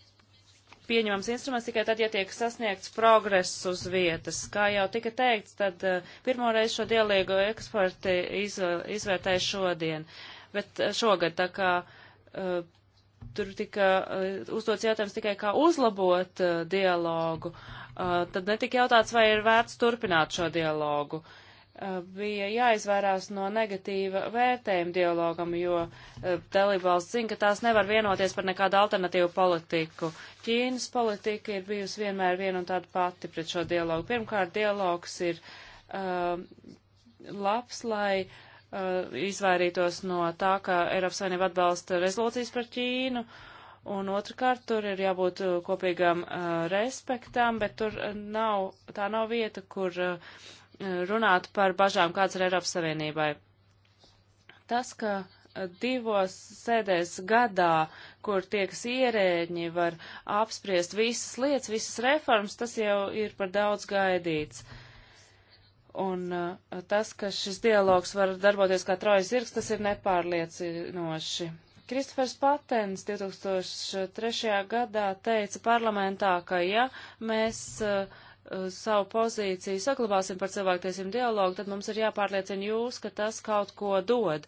pieņemams instruments tikai tad, ja tiek sasniegts progress uz vietas. Kā jau tika teikts, tad eh, pirmoreiz šo dialīgu eksperti iz, izvērtēja šodien, bet eh, šogad tā kā uh, tur tika uh, uzdots jautājums tikai kā uzlabot uh, dialogu, tad netika jautāts, vai ir vērts turpināt šo dialogu. Uh, bija jāizvairās no negatīva vērtējuma dialogam, jo eh, dalībvalsts zina, ka tās nevar vienoties par nekādu alternatīvu politiku. Ķīnas politika ir bijusi vienmēr viena un tāda pati pret šo dialogu. Pirmkārt, dialogs ir uh, labs, lai uh, izvairītos no tā, ka Eiropas Savienība atbalsta rezolūcijas par Ķīnu. Un otrkārt, tur ir jābūt kopīgam uh, respektam, bet tur nav, tā nav vieta, kur uh, runāt par bažām, kāds ir Eiropas Savienībai. Tas, ka divos sēdēs gadā, kur tiekas ierēģi, var apspriest visas lietas, visas reformas, tas jau ir par daudz gaidīts. Un uh, tas, ka šis dialogs var darboties kā trojas zirgs, tas ir nepārliecinoši. Kristofers Patens 2003. gadā teica parlamentā, ka ja mēs uh, Uh, savu pozīciju saglabāsim par cilvēktiesību dialogu, tad mums ir jāpārliecina jūs, ka tas kaut ko dod.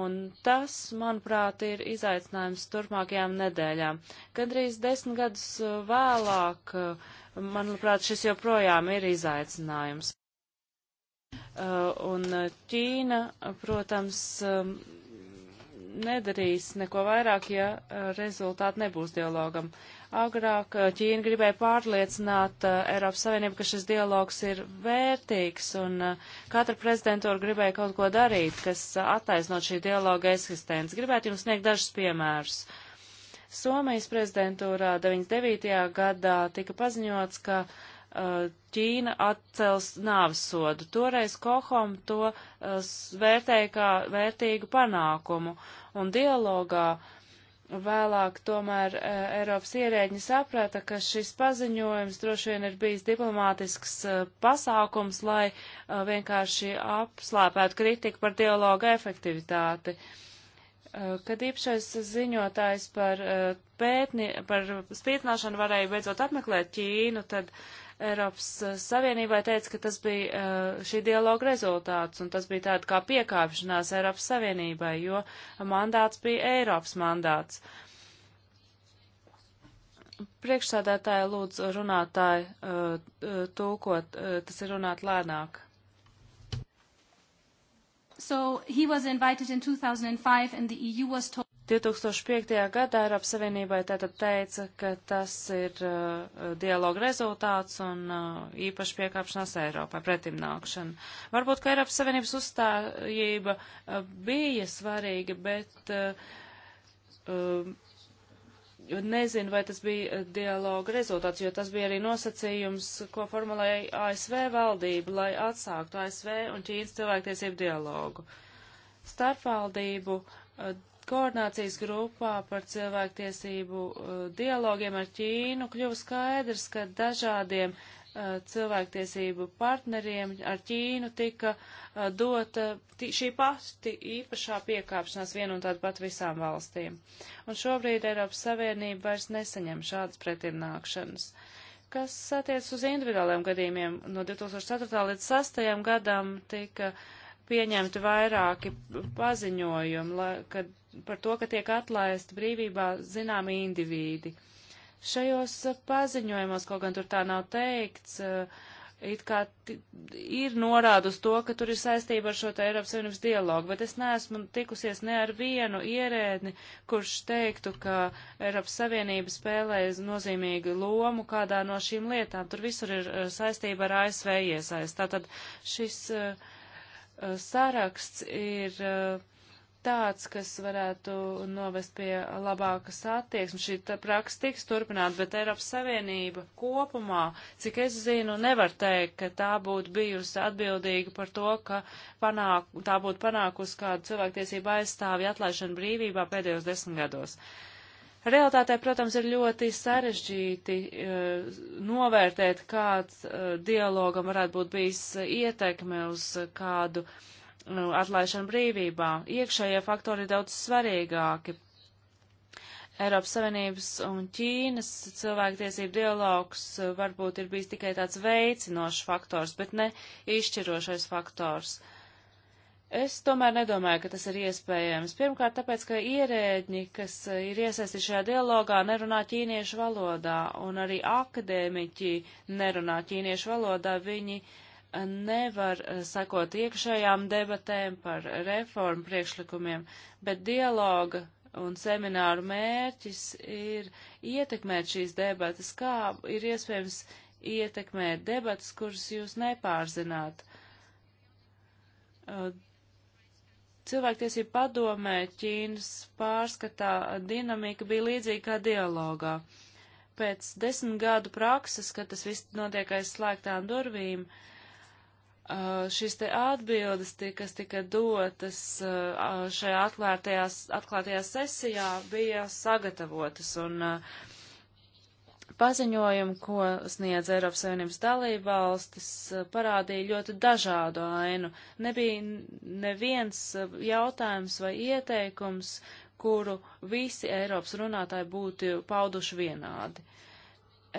Un tas, manuprāt, ir izaicinājums turpmākajām nedēļām. Gadrīz desmit gadus uh, vēlāk, uh, manuprāt, šis joprojām ir izaicinājums. Un Ķīna, protams, um, nedarīs neko vairāk, ja rezultāti nebūs dialogam. Agrāk eh, Ķīna gribēja pārliecināt uh, Eiropas Savienību, ka šis dialogs ir vērtīgs, un uh, katra prezidentūra gribēja kaut ko darīt, kas uh, attaisnot šī dialoga eksistenci. Gribētu jums sniegt dažus piemērus. Somijas prezidentūrā 99. gadā tika paziņots, ka Ķīna atcels nāvsodu. Toreiz Kohom to vērtēja kā vērtīgu panākumu, un dialogā uh, Vēlāk tomēr e, Eiropas ierēģi saprata, ka šis paziņojums droši vien ir bijis diplomātisks e, pasākums, lai e, vienkārši apslāpētu kritiku par dialoga efektivitāti. Kad īpašais ziņotājs par, pētni, par spītināšanu varēja beidzot apmeklēt Ķīnu, tad uh, Eiropas eh, Savienībai teica, ka tas bija eh, šī dialoga rezultāts, un tas bija tāda kā piekāpšanās Eiropas Savienībai, jo mandāts bija Eiropas mandāts. Priekšsādātāja lūdzu runātāju eh, tūkot, tas ir runāt lēnāk. So he was invited in 2005 and the EU was told 2005. gadā Eiropas Savienībai tātad teica, ka tas ir uh, dialoga rezultāts un uh, īpaši piekāpšanās Eiropai, pretimnākšana. Varbūt, ka Eiropas Savienības uzstājība uh, bija svarīga, bet uh, uh, nezinu, vai tas bija uh, dialoga rezultāts, jo tas bija arī nosacījums, ko formulēja ASV valdība, lai atsāktu ASV un Ķīnas cilvēktiesību dialogu. Starpvaldību uh, koordinācijas grupā par cilvēktiesību uh, dialogiem ar Ķīnu kļuva skaidrs, ka dažādiem uh, cilvēktiesību partneriem ar Ķīnu tika uh, dota šī pati īpašā piekāpšanās vienu un tādu pat visām valstīm. Un šobrīd Eiropas Savienība vairs nesaņem šādas pretirnākšanas. Kas attiec uz individuāliem gadījumiem, no 2004. līdz 2006. gadam tika uh, pieņemti vairāki paziņojumi lai, kad, par to, ka tiek atlaisti brīvībā zināmi indivīdi. Šajos paziņojumos, kaut gan tur tā nav teikts, eh, it kā ir norāda uz to, ka tur ir saistība ar šo Eiropas Savienības dialogu, bet es neesmu tikusies ne ar vienu ierēdni, kurš teiktu, ka Eiropas Savienība spēlē nozīmīgu lomu kādā no šīm lietām. Tur visur ir eh, saistība ar ASV iesaist. Tātad šis uh, Eh, saraksts ir eh, tāds, kas varētu novest pie labākas attieksmes. Šī praksa tiks turpināt, bet Eiropas Savienība kopumā, cik es zinu, nevar teikt, ka tā būtu bijusi atbildīga par to, ka panāk, tā būtu panākusi kādu cilvēktiesību aizstāvi atlaišanu brīvībā pēdējos desmit gados. Uh, Realtātē, protams, ir ļoti sarežģīti uh, novērtēt, kāds uh, dialogam varētu būt bijis ietekme uz kādu uh, atlaišanu brīvībā. Iekšējie faktori ir daudz svarīgāki. Eiropas Savienības un Ķīnas cilvēktiesību dialogs varbūt ir bijis tikai tāds veicinošs faktors, bet ne izšķirošais faktors. Uh, Es tomēr nedomāju, ka tas ir iespējams. Pirmkārt, tāpēc, ka ierēģi, kas eh, ir iesaistīti šajā dialogā, nerunā ķīniešu valodā, un arī akadēmiķi nerunā ķīniešu valodā. Viņi eh, nevar eh, sakot iekšējām debatēm par reformu priekšlikumiem, bet dialoga un semināru mērķis ir ietekmēt šīs debatas, kā ir iespējams ietekmēt debatas, kuras jūs nepārzināt. Uh, Cilvēktiesība padomē Ķīnas pārskatā dinamika bija līdzīga kā dialogā. Pēc desmit gadu prakses, kad tas viss notiek aiz slēgtām durvīm, uh, šīs te atbildes, kas tika dotas uh, šajā atklātajā sesijā, bija sagatavotas un uh, paziņojumu, ko sniedz Eiropas Savienības dalībvalstis, eh, parādīja ļoti dažādu ainu. Nebija neviens eh, jautājums vai ieteikums, kuru visi Eiropas runātāji būtu pauduši vienādi.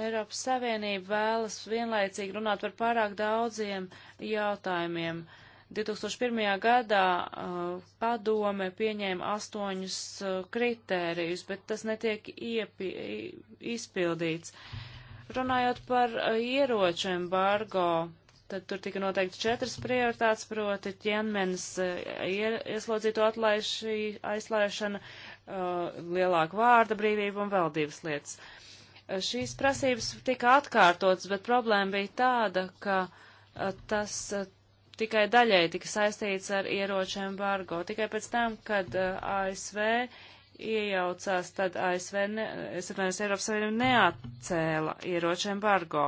Eiropas Savienība vēlas vienlaicīgi runāt par pārāk daudziem jautājumiem. Uh, 2001. gadā uh, padome pieņēma astoņus uh, kritērijus, bet tas netiek iepi, izpildīts. Runājot par uh, ieroču embargo, tad tur tika noteikti četras prioritātes, proti ķenmenis uh, ieslodzīto atlaiši, aizslēšana, uh, lielāka vārda brīvība un vēl divas lietas. Uh, šīs prasības tika atkārtotas, bet problēma bija tāda, ka tas tikai daļai tika saistīts ar ieroču embargo. Tikai pēc tam, kad uh, ASV iejaucās, tad ASV, ne, es atvainojos, Eiropas Savienība neatcēla ieroču embargo.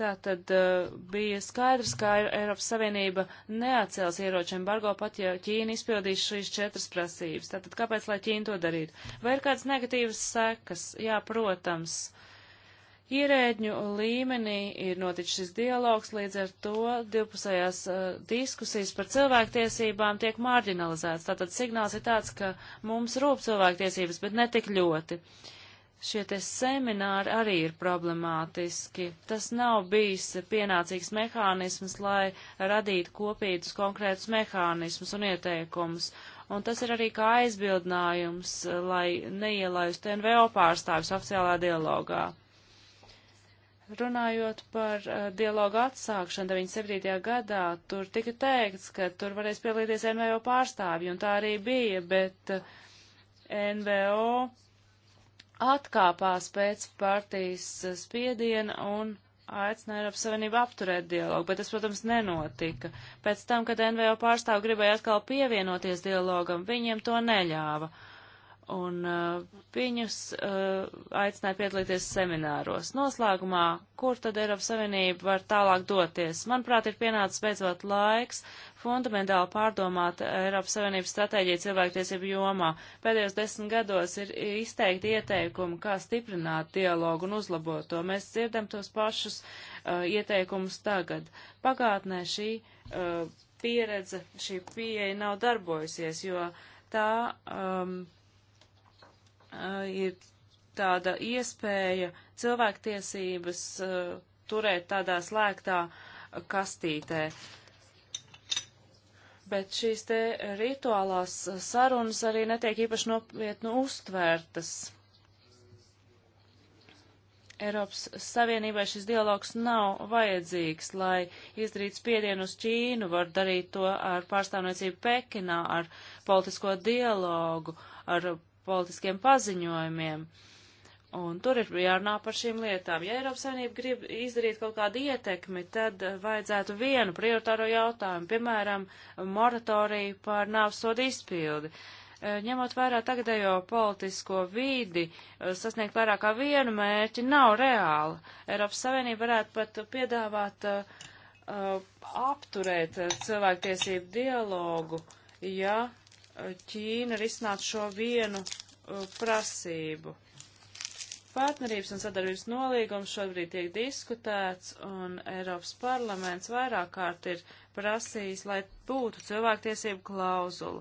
Tā tad uh, bija skaidrs, ka Eiropas Savienība neatcēls ieroču embargo, pat ja Ķīna izpildīs šīs četras prasības. Tātad kāpēc, lai Ķīna to darītu? Vai ir kādas negatīvas sekas? Jā, protams. Uh, ierēģņu līmenī ir noticis šis dialogs, līdz ar to divpusējās uh, diskusijas par cilvēktiesībām tiek marginalizētas. Tātad signāls ir tāds, ka mums rūp cilvēktiesības, bet ne tik ļoti. Šie te semināri arī ir problemātiski. Tas nav bijis pienācīgs mehānisms, lai radītu kopīgus konkrētus mehānismus un ieteikumus. Un tas ir arī kā aizbildinājums, lai neielaistu NVO pārstāvis oficiālā dialogā. Runājot par uh, dialogu atsākšanu 97. gadā, tur tika teikts, ka tur varēs pielīties NVO pārstāvji, un tā arī bija, bet uh, eh, NVO atkāpās pēc partijas eh, spiediena un aicināja Eiropas Savienību apturēt dialogu, bet tas, protams, nenotika. Pēc tam, kad NVO pārstāvi gribēja atkal pievienoties dialogam, viņiem to neļāva. Uh, un uh, viņus uh, aicināja piedalīties semināros. Noslēgumā, kur tad Eiropas Savienība var tālāk doties? Manuprāt, ir pienācis beidzot laiks fundamentāli pārdomāt Eiropas Savienības stratēģiju cilvēktiesību jomā. Pēdējos desmit gados ir izteikti ieteikumi, kā stiprināt dialogu un uzlabot to. Mēs dzirdam tos pašus uh, ieteikumus tagad. Pagātnē šī uh, pieredze, šī pieeja nav darbojusies, jo tā um, Eh, ir tāda iespēja cilvēktiesības eh, turēt tādā slēgtā kastītē. Bet šīs te rituālās sarunas arī netiek īpaši nopietnu uztvērtas. Eiropas Savienībai šis dialogs nav vajadzīgs, lai izdarītu spiedienu uz Ķīnu, var darīt to ar pārstāvniecību Pekinā, ar politisko dialogu, ar politiskiem paziņojumiem. Un tur ir jārunā par šīm lietām. Ja Eiropas Savienība grib izdarīt kaut kādu ietekmi, tad eh, vajadzētu vienu prioritāro jautājumu, piemēram, moratoriju par nāvsodu izpildi. Eh, ņemot vērā tagadējo politisko vīdi, eh, sasniegt vairāk kā vienu mērķi nav reāli. Eiropas Savienība varētu pat piedāvāt uh, apturēt cilvēktiesību dialogu, ja Ķīna risināt šo vienu uh, prasību. Partnerības un sadarbības nolīgums šobrīd tiek diskutēts, un Eiropas parlaments vairāk kārt ir prasījis, lai būtu cilvēktiesību klauzulu.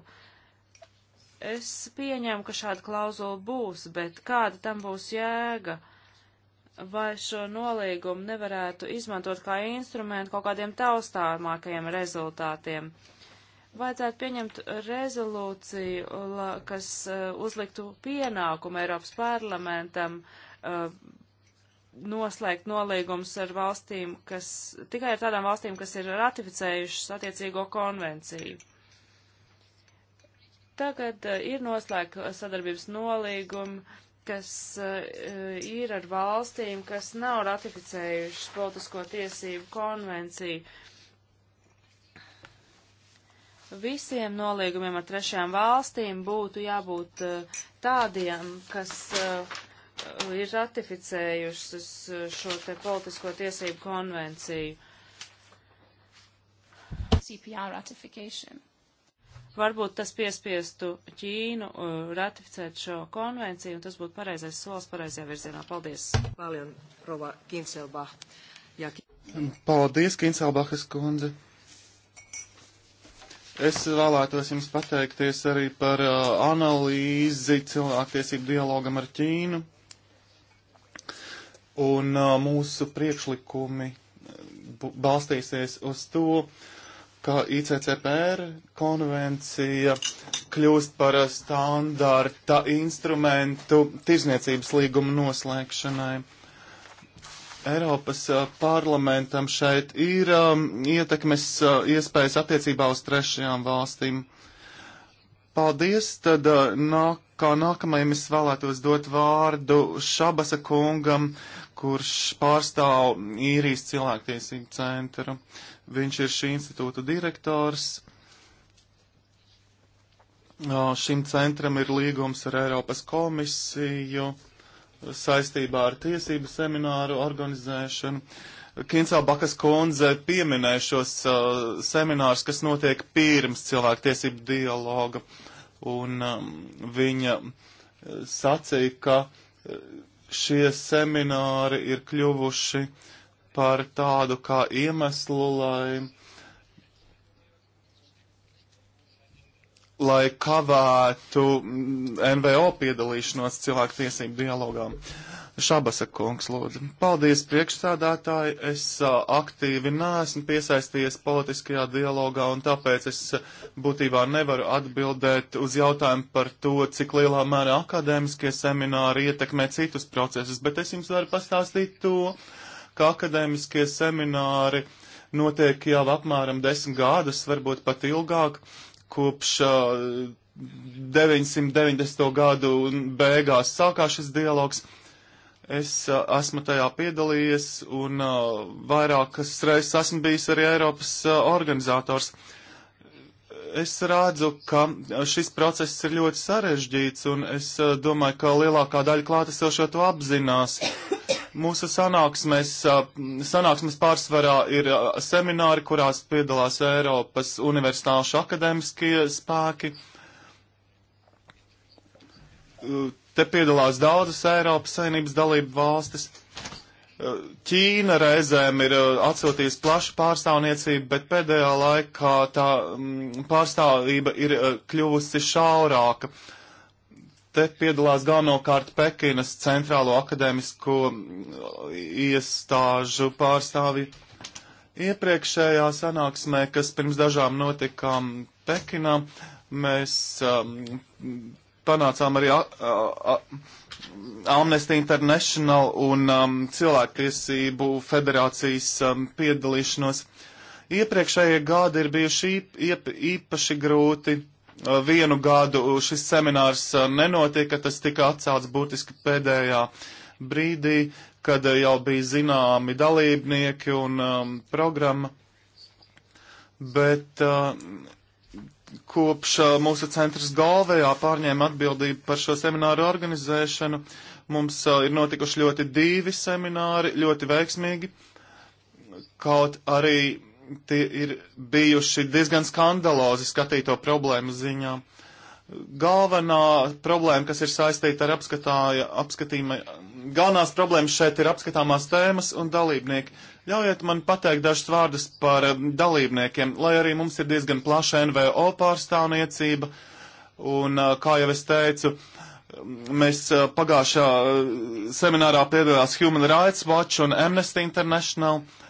Es pieņemu, ka šāda klauzula būs, bet kāda tam būs jēga? Vai šo nolīgumu nevarētu izmantot kā instrumentu kaut kādiem taustāmākajiem rezultātiem? Uh, vajadzētu pieņemt rezolūciju, la, kas eh, uzliktu pienākumu Eiropas parlamentam eh, noslēgt nolīgums ar valstīm, kas tikai ar tādām valstīm, kas ir ratificējušas attiecīgo konvenciju. Tagad eh, ir noslēgta sadarbības nolīguma, kas ir ar valstīm, kas nav ratificējušas politisko tiesību konvenciju. Uh, Visiem nolīgumiem ar trešajām valstīm būtu jābūt eh, tādiem, kas eh, ir ratificējušas eh, šo te politisko tiesību konvenciju. CPR ratification. Varbūt tas piespiestu Ķīnu ratificēt šo konvenciju, un tas būtu pareizais solis pareizajā virzienā. Paldies! Paldies, Kinselbahas kundze! Es vēlētos jums pateikties arī par uh, analīzi cilvēktiesību dialogam ar Ķīnu. Un uh, mūsu priekšlikumi uh, balstīsies uz to, ka ICCPR konvencija kļūst par uh, standarta instrumentu tirzniecības līguma noslēgšanai. Eiropas uh, parlamentam šeit ir um, ietekmes uh, iespējas attiecībā uz trešajām valstīm. Paldies, tad uh, nāk, kā nākamajam es vēlētos dot vārdu Šabasa kungam, kurš pārstāv īrijas cilvēktiesību centru. Viņš ir šī institūta direktors. Uh, šim centram ir līgums ar Eiropas komisiju saistībā ar tiesību semināru organizēšanu. Kincā Bakas kundze pieminēja šos uh, seminārus, kas notiek pirms cilvēktiesību dialoga, un um, viņa uh, sacīja, ka uh, šie semināri ir kļuvuši par tādu kā iemeslu, lai lai kavētu mm, NVO piedalīšanos cilvēku tiesību dialogām. Šabasa kungs, lūdzu. Paldies priekšsādātāji, es aktīvi neesmu piesaistījies politiskajā dialogā un tāpēc es būtībā nevaru atbildēt uz jautājumu par to, cik lielā mērā akadēmiskie semināri ietekmē citus procesus, bet es jums varu pastāstīt to, ka akadēmiskie semināri notiek jau apmēram desmit gadus, varbūt pat ilgāk Kopš uh, 990. gadu beigās sākās šis dialogs. Es uh, esmu tajā piedalījies un uh, vairākas reizes esmu bijis arī Eiropas uh, organizators. Es redzu, ka šis process ir ļoti sarežģīts un es uh, domāju, ka lielākā daļa klātesošo to apzinās. Mūsu sanāksmes, sanāksmes pārsvarā ir semināri, kurās piedalās Eiropas universitāšu akadēmiskie spēki. Te piedalās daudzas Eiropas saimnības dalību valstis. Ķīna reizēm ir atsūtījusi plašu pārstāvniecību, bet pēdējā laikā tā mm, pārstāvība ir kļuvusi šaurāka. Uh, Te piedalās galvenokārt Pekinas centrālo akadēmisko iestāžu pārstāvi. Iepriekšējā sanāksmē, kas pirms dažām notikām Pekinā, mēs um, panācām arī a, a, a, Amnesty International un um, Cilvēktiesību federācijas um, piedalīšanos. Iepriekšējie gadi ir bijuši īp, īp, īpaši grūti Eh, vienu gadu šis seminārs eh, nenotika, tas tika atcelts būtiski pēdējā brīdī, kad eh, jau bija zināmi dalībnieki un um, programma. Bet uh, kopš uh, mūsu centrs galvējā pārņēma atbildību par šo semināru organizēšanu, mums uh, ir notikuši ļoti divi semināri, ļoti veiksmīgi. Kaut arī tie ir bijuši diezgan skandalozi skatīto problēmu ziņā. Galvenā problēma, kas ir saistīta ar apskatījuma, galvenās problēmas šeit ir apskatāmās tēmas un dalībnieki. Ļaujiet man pateikt dažus vārdus par um, dalībniekiem, lai arī mums ir diezgan plaša NVO pārstāvniecība, un, uh, kā jau es teicu, um, mēs uh, pagājušā uh, seminārā piedalījās Human Rights Watch un Amnesty International. Uh,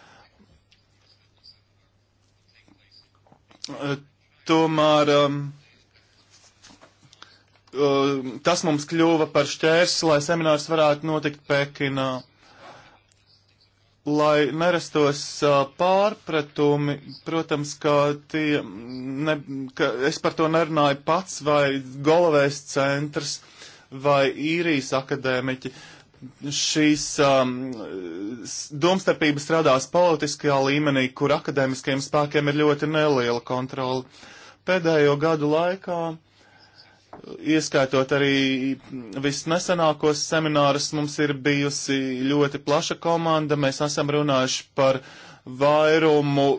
Tomēr um, um, tas mums kļuva par šķērsi, lai seminārs varētu notikt Pekinā. Lai nerastos uh, pārpratumi, protams, ka, tie, mm, ne, ka es par to nerunāju pats vai Golovējs centrs vai īrijas akadēmiķi. Uh, šīs um, domstarpības radās politiskajā līmenī, kur akadēmiskajiem spēkiem ir ļoti neliela kontrola. Pēdējo gadu laikā, ieskaitot arī visnesenākos seminārus, mums ir bijusi ļoti plaša komanda. Mēs esam runājuši par vairumu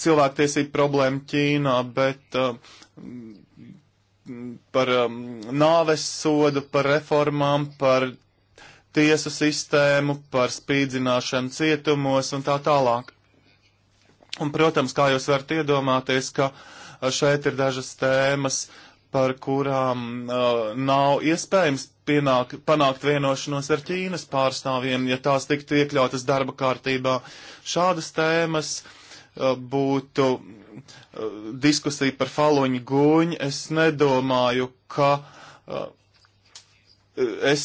cilvēktiesību problēmu Ķīnā, bet uh, par um, nāves sodu, par reformām, par tiesu sistēmu, par spīdzināšanu cietumos un tā tālāk. Un, protams, kā jūs varat iedomāties, ka šeit ir dažas tēmas, par kurām uh, nav iespējams pienāk, panākt vienošanos ar Ķīnas pārstāvjiem, ja tās tiktu iekļautas darba kārtībā. Šādas tēmas uh, būtu uh, diskusija par faluņu guņu. Es nedomāju, ka uh, es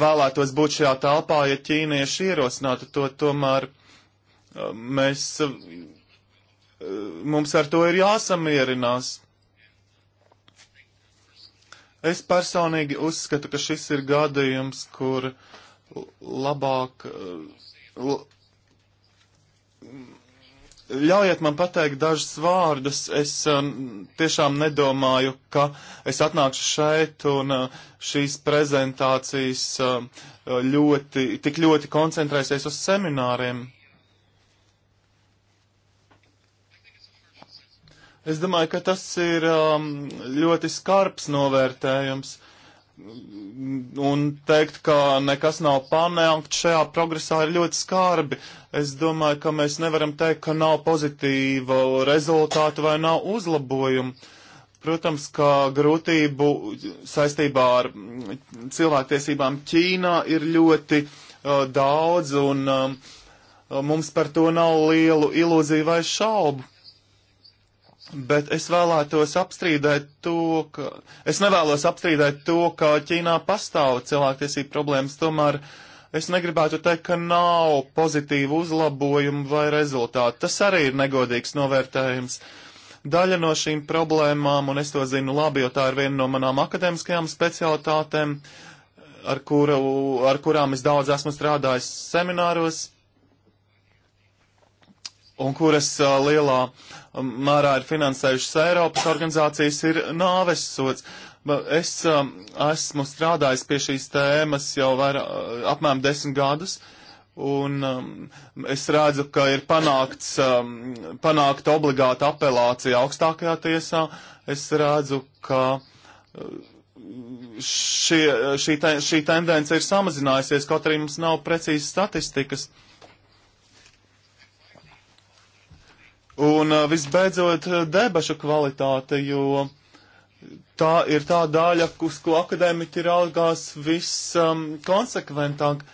vēlētos būt šajā telpā, ja ķīnieši ierosinātu to, tomēr mēs, mums ar to ir jāsamierinās. Es personīgi uzskatu, ka šis ir gadījums, kur labāk, l, Ļaujiet man pateikt dažus vārdus. Es um, tiešām nedomāju, ka es atnākšu šeit un uh, šīs prezentācijas uh, ļoti, tik ļoti koncentrēsies uz semināriem. Es domāju, ka tas ir um, ļoti skarbs novērtējums un teikt, ka nekas nav panākts šajā progresā ir ļoti skarbi. Es domāju, ka mēs nevaram teikt, ka nav pozitīva rezultāta vai nav uzlabojuma. Protams, ka grūtību saistībā ar cilvēktiesībām Ķīnā ir ļoti uh, daudz, un um, mums par to nav lielu ilūziju vai šaubu. Bet es vēlētos apstrīdēt to, ka, es nevēlos apstrīdēt to, ka Ķīnā pastāv cilvēktiesību problēmas, tomēr es negribētu teikt, ka nav pozitīvu uzlabojumu vai rezultātu. Tas arī ir negodīgs novērtējums. Daļa no šīm problēmām, un es to zinu labi, jo tā ir viena no manām akadēmiskajām specialitātēm, ar, kuru, ar kurām es daudz esmu strādājis semināros, un kuras uh, lielā um, mērā ir finansējušas Eiropas organizācijas, ir nāves sots. Es uh, esmu strādājis pie šīs tēmas jau vairā, apmēram desmit gadus, un um, es redzu, ka ir panākts, um, panākta obligāta apelācija augstākajā tiesā. Es redzu, ka. Uh, šie, šī, te, šī tendence ir samazinājusies, kaut arī mums nav precīzas statistikas. Uh, Un visbeidzot, debašu kvalitāte, jo tā ir tā daļa, uz ko akadēmiķi raugās viskonsekventāk. Um,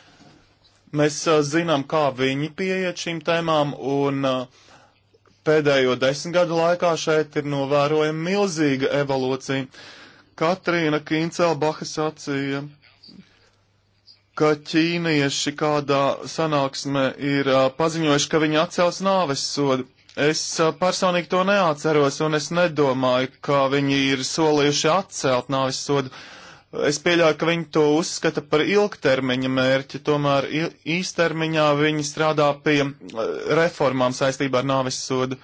Mēs uh, zinām, kā viņi pieiet šīm tēmām, un uh, pēdējo desmit gadu laikā šeit ir novērojama milzīga evolūcija. Katrīna Kīncelbaha sacīja, ka ķīnieši kādā sanāksmē ir uh, paziņojuši, ka viņi atcels nāves sodu. Es eh, personīgi to neatceros, un es nedomāju, ka viņi ir solījuši atcelt nāvis sodu. Es pieļauju, ka viņi to uzskata par ilgtermiņa mērķi, tomēr īstermiņā viņi strādā pie eh, reformām saistībā ar nāvis sodu.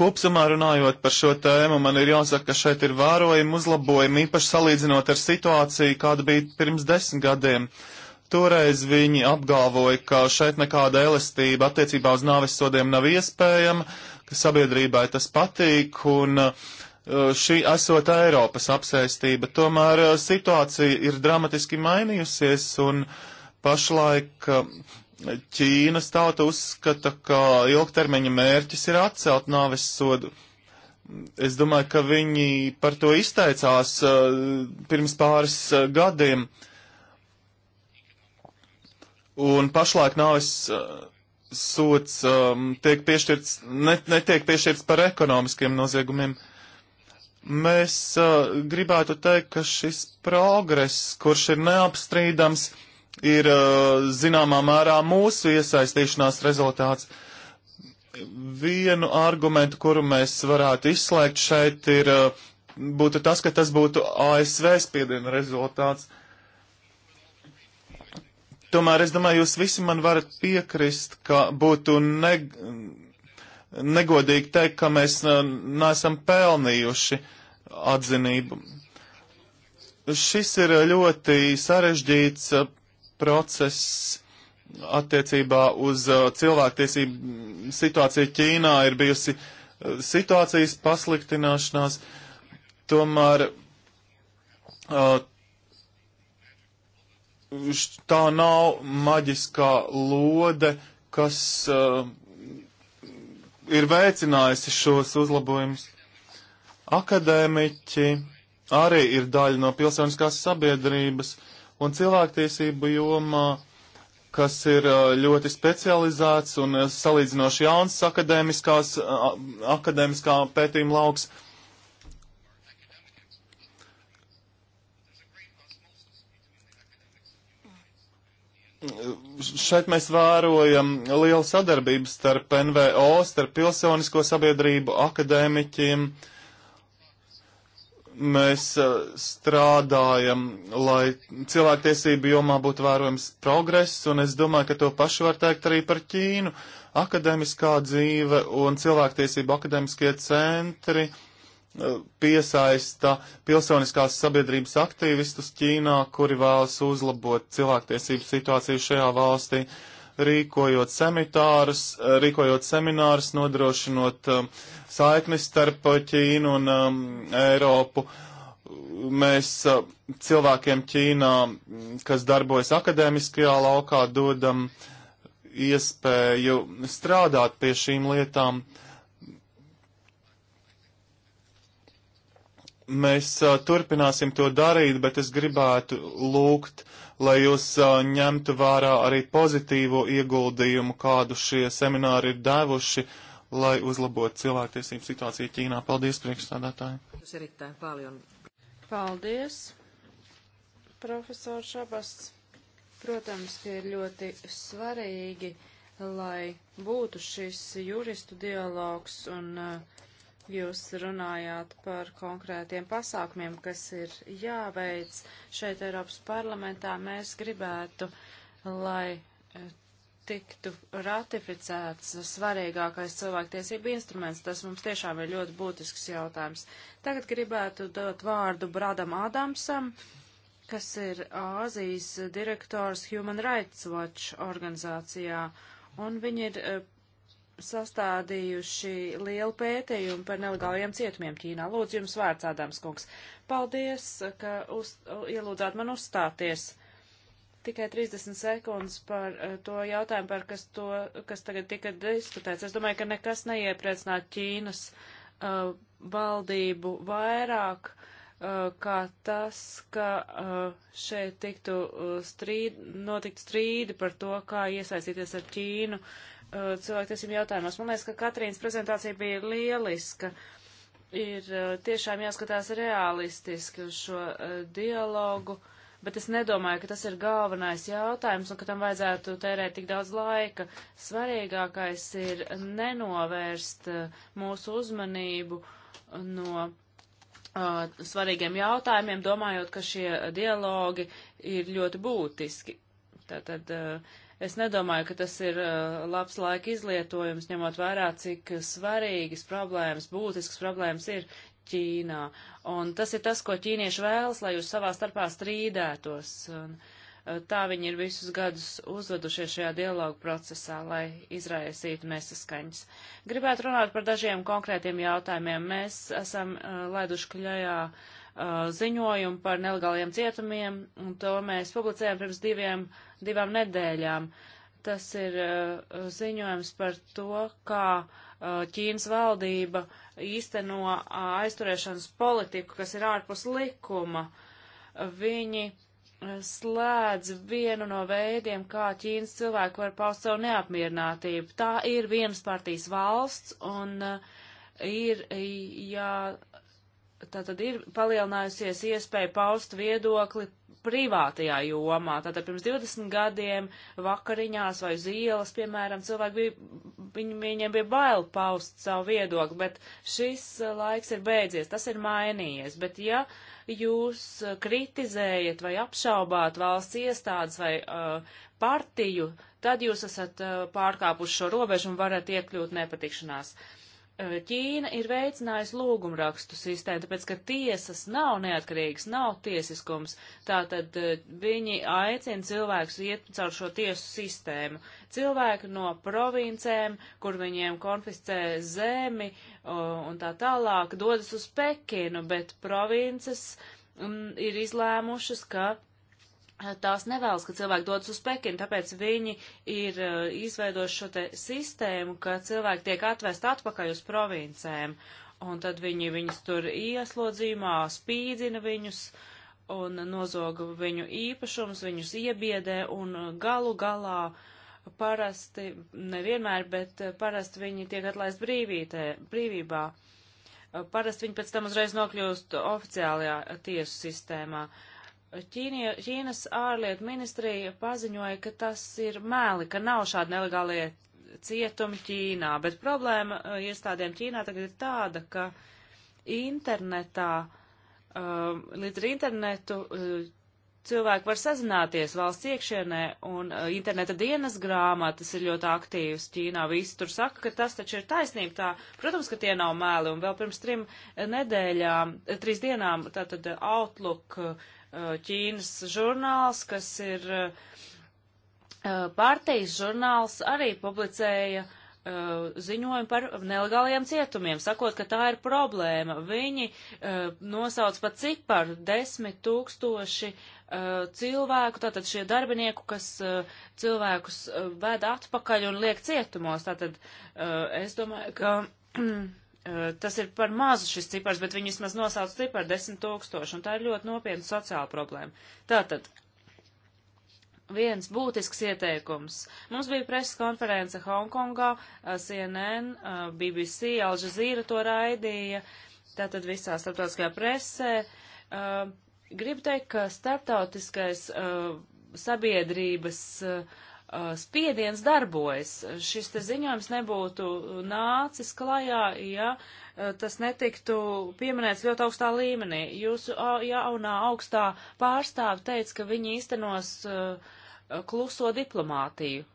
Kopsumā runājot par šo tēmu, man ir jāsaka, ka šeit ir vērojami uzlabojumi, īpaši salīdzinot ar situāciju, kāda bija pirms desmit gadiem. Uh, Toreiz viņi apgalvoja, ka šeit nekāda elastība attiecībā uz nāves sodiem nav iespējama, ka sabiedrībai tas patīk un uh, šī esot Eiropas apsēstība. Tomēr uh, situācija ir dramatiski mainījusies un pašlaik uh, Ķīnas tauta uzskata, ka ilgtermiņa mērķis ir atcelt nāves sodu. Es domāju, ka viņi par to izteicās pirms pāris gadiem. Uh, Un pašlaik nāves uh, sots um, tiek piešķirts, ne, netiek piešķirts par ekonomiskiem noziegumiem. Mēs uh, gribētu teikt, ka šis progress, kurš ir neapstrīdams, ir uh, zināmā mērā mūsu iesaistīšanās rezultāts. Vienu argumentu, kuru mēs varētu izslēgt šeit, ir, uh, būtu tas, ka tas būtu ASV spiediena rezultāts. Uh, Tomēr es domāju, jūs visi man varat piekrist, ka būtu ne, negodīgi teikt, ka mēs e, neesam pelnījuši atzinību. Šis ir ļoti sarežģīts e, process attiecībā uz e, cilvēktiesību situāciju Ķīnā ir bijusi situācijas pasliktināšanās. Tomēr tā nav maģiskā lode, kas uh, ir veicinājusi šos uzlabojumus. Akadēmiķi arī ir daļa no pilsoniskās sabiedrības un cilvēktiesību jomā, kas ir uh, ļoti specializēts un uh, salīdzinoši jauns akadēmiskās, uh, akadēmiskā pētījuma lauks. Uh, šeit mēs vērojam lielu sadarbību starp NVO, starp pilsonisko sabiedrību, akadēmiķiem. Mēs strādājam, lai cilvēktiesību jomā būtu vērojams progress, un es domāju, ka to pašu var teikt arī par Ķīnu. Akademiskā dzīve un cilvēktiesību akadēmiskie centri piesaista pilsoniskās sabiedrības aktīvistus Ķīnā, kuri vēlas uzlabot cilvēktiesību situāciju šajā valstī, rīkojot seminārus, rīkojot seminārus, nodrošinot um, saiknis starp Ķīnu un um, Eiropu. Mēs uh, cilvēkiem Ķīnā, kas darbojas akadēmiskajā laukā, dodam iespēju strādāt pie šīm lietām. Uh, Mēs a, turpināsim to darīt, bet es gribētu lūgt, lai jūs a, ņemtu vērā arī pozitīvo ieguldījumu, kādu šie semināri ir devuši, lai uzlabotu cilvēktiesību situāciju Ķīnā. Paldies, priekšstādātāji! Paldies, profesor Šabas! Protams, ka ir ļoti svarīgi, lai būtu šis juristu dialogs un uh, Jūs runājāt par konkrētiem pasākumiem, kas ir jāveic šeit Eiropas parlamentā. Mēs gribētu, lai eh, tiktu ratificēts svarīgākais cilvēktiesību instruments. Tas mums tiešām ir ļoti būtisks jautājums. Tagad gribētu dot vārdu Bradam Ādamsam, kas ir Āzijas direktors Human Rights Watch organizācijā, un viņi ir eh, sastādījuši lielu pētījumu par nelegāliem cietumiem Ķīnā. Lūdzu, jums vārds, Ādams Kungs. Paldies, ka uz, ielūdzāt man uzstāties. Tikai 30 sekundes par eh, to jautājumu, par kas, to, kas tagad tika diskutēts. Es domāju, ka nekas neiepriecināt Ķīnas uh, valdību vairāk uh, kā tas, ka uh, šeit tiktu strīd, notikt strīdi par to, kā iesaistīties ar Ķīnu uh, uh, cilvēktiesību jautājumos. Man liekas, ka Katrīnas prezentācija bija lieliska. Ir uh, tiešām jāskatās realistiski uz šo uh, dialogu, bet es nedomāju, ka tas ir galvenais jautājums un ka tam vajadzētu tērēt tik daudz laika. Svarīgākais ir nenovērst uh, mūsu uzmanību no uh, svarīgiem jautājumiem, domājot, ka šie dialogi ir ļoti būtiski. Tātad uh, Es nedomāju, ka tas ir uh, labs laika izlietojums, ņemot vērā, cik svarīgas problēmas, būtiskas problēmas ir Ķīnā. Un tas ir tas, ko ķīnieši vēlas, lai jūs savā starpā strīdētos. Un, uh, tā viņi ir visus gadus uzvedušies šajā dialogu procesā, lai izraisītu nesaskaņas. Gribētu runāt par dažiem konkrētiem jautājumiem. Mēs esam uh, laiduši kļajā uh, Uh, ziņojumu par nelegāliem cietumiem, un to mēs publicējām pirms diviem, divām nedēļām. Tas ir uh, ziņojums par to, kā uh, Ķīnas valdība īsteno uh, aizturēšanas politiku, kas ir ārpus likuma. Viņi uh, slēdz vienu no veidiem, kā Ķīnas cilvēki var paust savu neapmierinātību. Tā ir vienas partijas valsts, un uh, ir jā. Ja, tātad ir palielinājusies iespēja paust viedokli privātajā jomā. Tātad pirms 20 gadiem vakariņās vai uz ielas, piemēram, cilvēki bija, viņi, viņiem bija bail paust savu viedokli, bet šis uh, laiks ir beidzies, tas ir mainījies. Bet ja jūs uh, kritizējat vai apšaubāt valsts iestādes vai uh, partiju, tad jūs esat uh, pārkāpuši šo robežu un varat iekļūt nepatikšanās. Uh, Eh, Ķīna ir veicinājusi lūgumrakstu sistēmu, tāpēc, ka tiesas nav neatkarīgas, nav tiesiskums. Tātad eh, viņi aicina cilvēkus iet caur šo tiesu sistēmu. Cilvēki no provincēm, kur viņiem konfiscē zemi un tā tālāk, dodas uz Pekinu, bet provinces mm, ir izlēmušas, ka tās nevēlas, ka cilvēki dodas uz Pekinu, tāpēc viņi ir uh, izveidojuši šo te sistēmu, ka cilvēki tiek atvest atpakaļ uz provincēm, un tad viņi viņus tur ieslodzījumā spīdzina viņus un nozoga viņu īpašums, viņus iebiedē, un galu galā parasti, nevienmēr, bet parasti viņi tiek atlaist brīvītē, brīvībā. Parasti viņi pēc tam uzreiz nokļūst oficiālajā tiesu sistēmā. Uh, Ķīnie, Ķīnas ārlietu ministrija paziņoja, ka tas ir mēli, ka nav šādi nelegālie cietumi Ķīnā, bet problēma uh, iestādēm Ķīnā tagad ir tāda, ka internetā, um, līdz ar internetu uh, cilvēki var sazināties valsts iekšienē, un uh, interneta dienas grāmatas ir ļoti aktīvas Ķīnā. Visi tur saka, ka tas taču ir taisnība tā. Protams, ka tie nav mēli, un vēl pirms trim nedēļām, eh, trīs dienām, tātad uh, Outlook uh, Uh, Ķīnas žurnāls, kas ir uh, uh, partijas žurnāls, arī publicēja ziņojumu par nelegāliem cietumiem, sakot, ka tā ir problēma. Viņi uh, nosauc pa ciparu desmit tūkstoši uh, cilvēku, tātad šie darbinieku, kas uh, cilvēkus ved atpakaļ un liek cietumos. Tātad es domāju, ka [CLEARS THROAT] tas ir par mazu šis cipars, bet viņi vismaz nosauc ciparu desmit tūkstoši, un tā ir ļoti nopietna sociāla problēma. Tātad, viens būtisks ieteikums. Mums bija preses konference Hongkongā, CNN, BBC, Alžazīra to raidīja, tātad visā starptautiskajā presē. Gribu teikt, ka starptautiskais sabiedrības uh, Uh, spiediens darbojas. Šis te ziņojums nebūtu nācis klajā, ja uh, tas netiktu pieminēts ļoti augstā līmenī. Jūsu jaunā augstā pārstāve teica, ka viņi īstenos uh, kluso diplomātiju.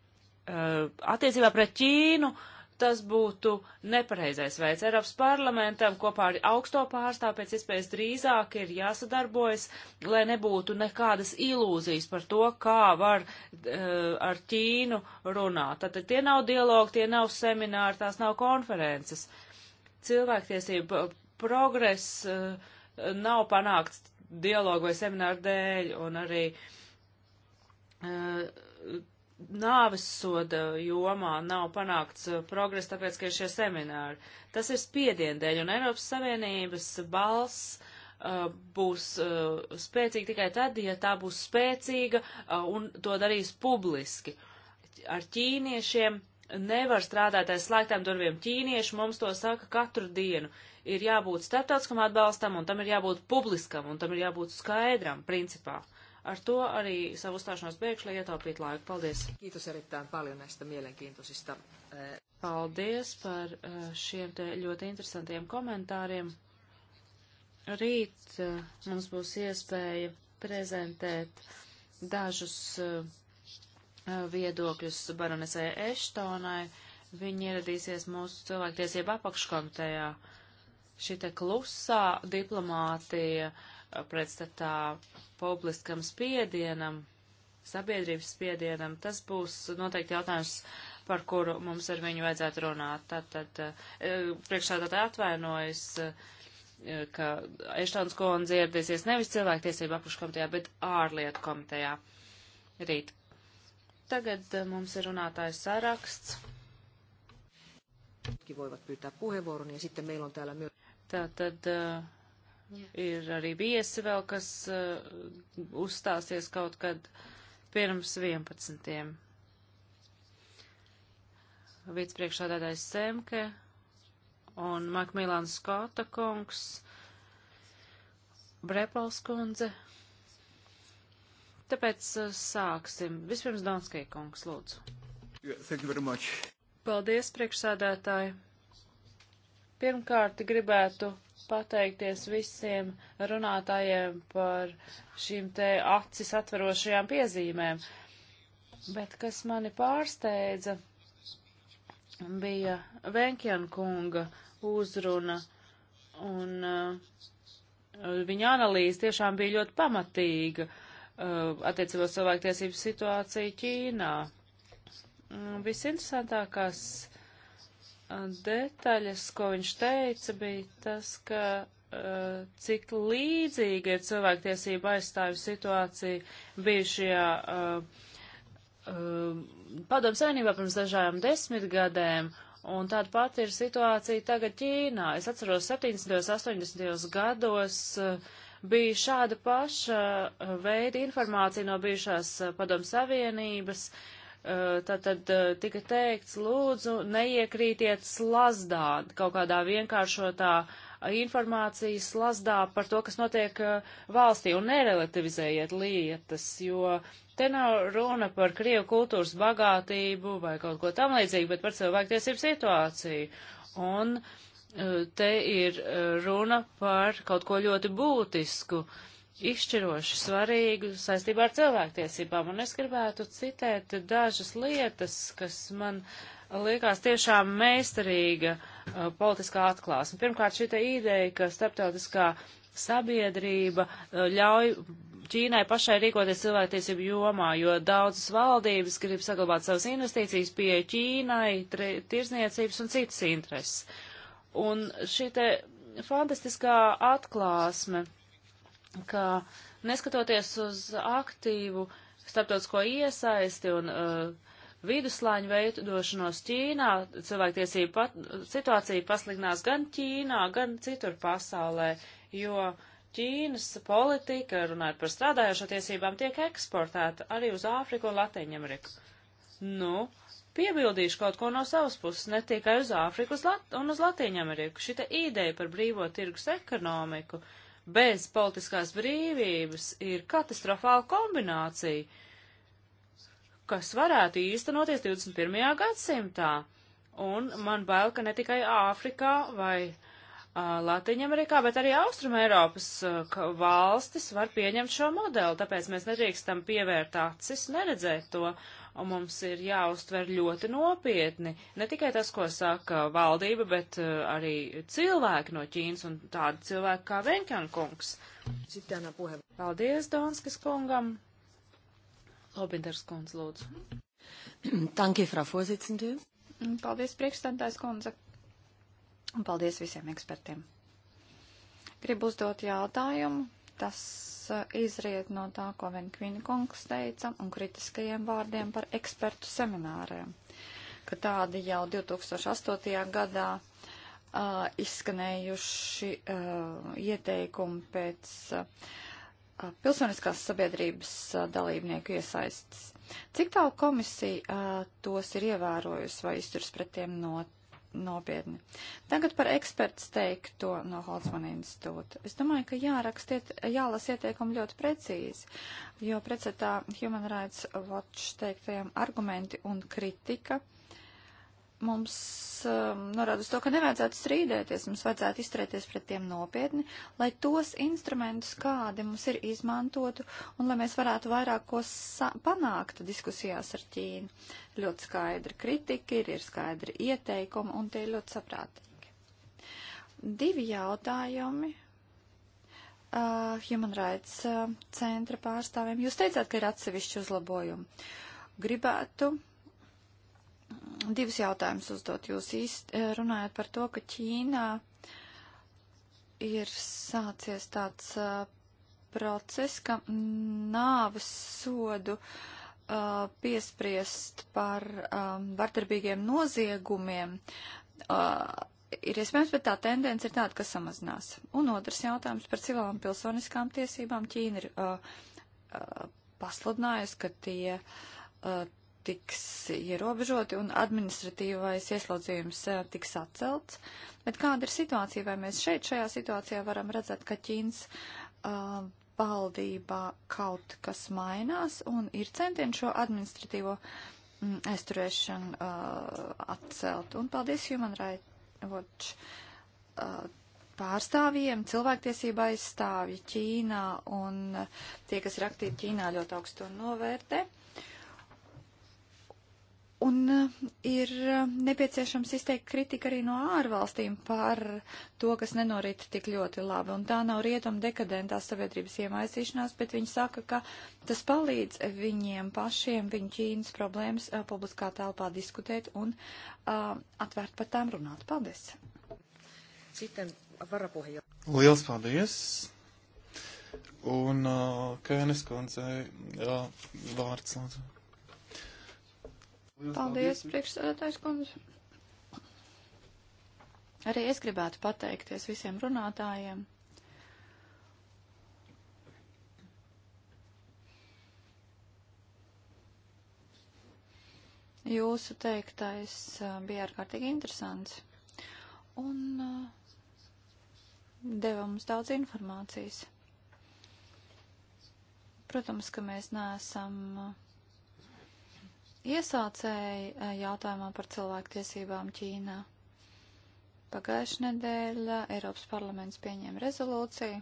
Attiecībā pret Ķīnu uh, tas būtu nepareizais veids. Eiropas parlamentam kopā ar augsto pārstāvu pēc iespējas drīzāk ir jāsadarbojas, lai nebūtu nekādas ilūzijas par to, kā var uh, ar Ķīnu runāt. Tātad tie nav dialogi, tie nav semināri, tās nav konferences. Cilvēktiesība eh, progress uh, nav panākts dialogu vai semināru dēļ, un arī uh, nāves soda jomā nav panākts uh, progress, tāpēc, ka ir šie semināri. Tas ir spiediena dēļ, un Eiropas Savienības balss uh, būs uh, spēcīga tikai tad, ja tā būs spēcīga uh, un to darīs publiski. Ar ķīniešiem nevar strādāt aiz slēgtām durvīm. Ķīnieši mums to saka katru dienu. Ir jābūt starptautiskam atbalstam, un tam ir jābūt publiskam, un tam ir jābūt skaidram, principā. Uh, ar to arī savu uzstāšanos beigšu, lai ietaupītu laiku. Paldies! Kītus erittäin paljon näistä mielenkiintoisista. Eh, Paldies par eh, šiem te ļoti interesantiem komentāriem. Rīt eh, mums būs iespēja prezentēt dažus viedokļus baronesē Eštonai. Viņi ieradīsies mūsu cilvēktiesību apakškomitejā. Šī te klusā diplomātija pretstatā publiskam spiedienam, sabiedrības spiedienam, tas būs noteikti jautājums, par kuru mums ar viņu vajadzētu runāt. Tātad eh, priekšsādātāji atvainojas, eh, ka Eštons kundze ieradīsies nevis cilvēktiesību apakškomitejā, bet ārlietu komitejā rīt. Tagad eh, mums ir runātājs saraksts. voivat pyytää puheenvuoron ja sitten meillä on täällä myös... Tātad uh, ir arī viesi vēl, kas uh, uzstāsies kaut kad pirms 11. Vicepriekšādādājs Semke un Makmilāns Skota kungs, Brepals kundze. Tāpēc uh, sāksim. Vispirms Donskija kungs, lūdzu. Yeah, Paldies, priekšsādātāji. Pirmkārt, gribētu pateikties visiem runātājiem par šīm te acis atverošajām piezīmēm. Bet kas mani pārsteidza, bija Venkjana kunga uzruna, un uh, viņa analīze tiešām bija ļoti pamatīga uh, attiecībā cilvēktiesību situāciju Ķīnā. Mm, visinteresantākās detaļas, ko viņš teica, bija tas, ka uh, cik līdzīga ir cilvēktiesība aizstāvju situācija bijušajā uh, um, padomu savienībā pirms dažām desmitgadēm, un tāda pati ir situācija tagad Ķīnā. Es atceros 70. un 80. gados uh, bija šāda paša veida informācija no bijušās padomu savienības, uh, tātad eh, eh, tika teikts, lūdzu, neiekrītiet slazdā, kaut kādā vienkāršotā informācijas slazdā par to, kas notiek eh, valstī, un nerelativizējiet lietas, jo te nav runa par Krievu kultūras bagātību vai kaut ko tam līdzīgu, bet par cilvēktiesību situāciju. Un te ir runa par kaut ko ļoti būtisku. Uh, izšķiroši svarīgu saistībā ar cilvēktiesībām. Un es gribētu citēt dažas lietas, kas man liekas tiešām meistarīga uh, politiskā atklāsme. Pirmkārt, šī ideja, ka starptautiskā sabiedrība uh, ļauj Ķīnai pašai rīkoties cilvēktiesību jomā, jo daudzas valdības grib saglabāt savas investīcijas pie Ķīnai, tirzniecības un citas intereses. Un šī te fantastiskā atklāsme ka neskatoties uz aktīvu starptautisko iesaisti un uh, viduslāņu veidošanos Ķīnā, cilvēktiesība pat, situācija pasliknās gan Ķīnā, gan citur pasaulē, jo Ķīnas politika, runājot par strādājošo tiesībām, tiek eksportēta arī uz Āfriku un Latviņameriku. Nu, piebildīšu kaut ko no savas puses, ne tikai uz Āfriku uz Lat un uz Latviņameriku. Šita ideja par brīvo tirgus ekonomiku. Uh, bez politiskās brīvības ir katastrofāla kombinācija, kas varētu īstenoties 21. gadsimtā. Un man bail, ka ne tikai Āfrikā vai uh, Latviņamerikā, bet arī Austrum Eiropas uh, valstis var pieņemt šo modeli, tāpēc mēs nedrīkstam pievērt acis, neredzēt to un mums ir jāuztver ļoti nopietni ne tikai tas, ko saka valdība, bet uh, arī cilvēki no Ķīnas un tādi cilvēki kā Venkankungs. Paldies Donskas kungam. Lobinders kundz, lūdzu. Tanki, frā Fosicindē. Paldies, priekšstādājs kundze. Un paldies visiem ekspertiem. Gribu uzdot jautājumu tas eh, izriet no tā, ko Venkvina kungs teica, un kritiskajiem vārdiem par ekspertu semināriem, ka tādi jau 2008. gadā uh, izskanējuši uh, ieteikumi pēc uh, pilsoniskās sabiedrības uh, dalībnieku iesaistas. Cik tālu komisija uh, tos ir ievērojusi vai izturs pret tiem not? nopietni. Tagad par eksperts teikto no Holtzmana institūta. Es domāju, ka jārakstiet, jālas ieteikumi ļoti precīzi, jo precētā Human Rights Watch teiktajiem argumenti un kritika mums um, norāda uz to, ka nevajadzētu strīdēties, mums vajadzētu izturēties pret tiem nopietni, lai tos instrumentus, kādi mums ir, izmantotu un lai mēs varētu vairāk ko panākt diskusijās ar Ķīnu. Ļoti skaidra kritika ir, ir skaidra ieteikuma un tie ir ļoti saprātīgi. Divi jautājumi. Uh, Human Rights uh, centra pārstāvjiem. Jūs teicāt, ka ir atsevišķi uzlabojumi. Gribētu divus jautājumus uzdot. Jūs īsti eh, runājat par to, ka Ķīnā ir sācies tāds uh, process, ka nāves sodu uh, piespriest par um, vardarbīgiem noziegumiem. Uh, ir iespējams, bet tā tendence ir tāda, kas samazinās. Un otrs jautājums par civilām pilsoniskām tiesībām. Ķīna ir uh, uh, pasludinājusi, ka tie uh, tiks ierobežoti un administratīvais ieslodzījums eh, tiks atcelts. Bet kāda ir situācija? Vai mēs šeit šajā situācijā varam redzēt, ka Ķīnas uh, valdībā kaut kas mainās un ir centieni šo administratīvo mm, aizturēšanu uh, atcelt? Un paldies Human Rights Watch. Uh, pārstāvjiem, cilvēktiesība aizstāvji Ķīnā un tie, kas ir aktīvi Ķīnā, ļoti augstu novērtē. Uh, Un eh, ir eh, nepieciešams izteikt kritiku arī no ārvalstīm par to, kas nenorīt tik ļoti labi. Un tā nav rietuma dekadentās sabiedrības iemaisīšanās, bet viņi saka, ka tas palīdz viņiem pašiem viņu Ķīnas problēmas uh, publiskā telpā diskutēt un uh, atvērt par tām runāt. Paldies! Citiem varapuheenjohtaja. Liels paldies! Un uh, Kēnes kundzei vārds lūdzu. Paldies, priekšsēdētājs kundze. Arī es gribētu pateikties visiem runātājiem. Jūsu teiktais uh, bija ārkārtīgi interesants un uh, deva mums daudz informācijas. Protams, ka mēs neesam uh, iesācēji eh, jautājumā par cilvēktiesībām Ķīnā. Pagājušajā nedēļā Eiropas parlaments pieņēma rezolūciju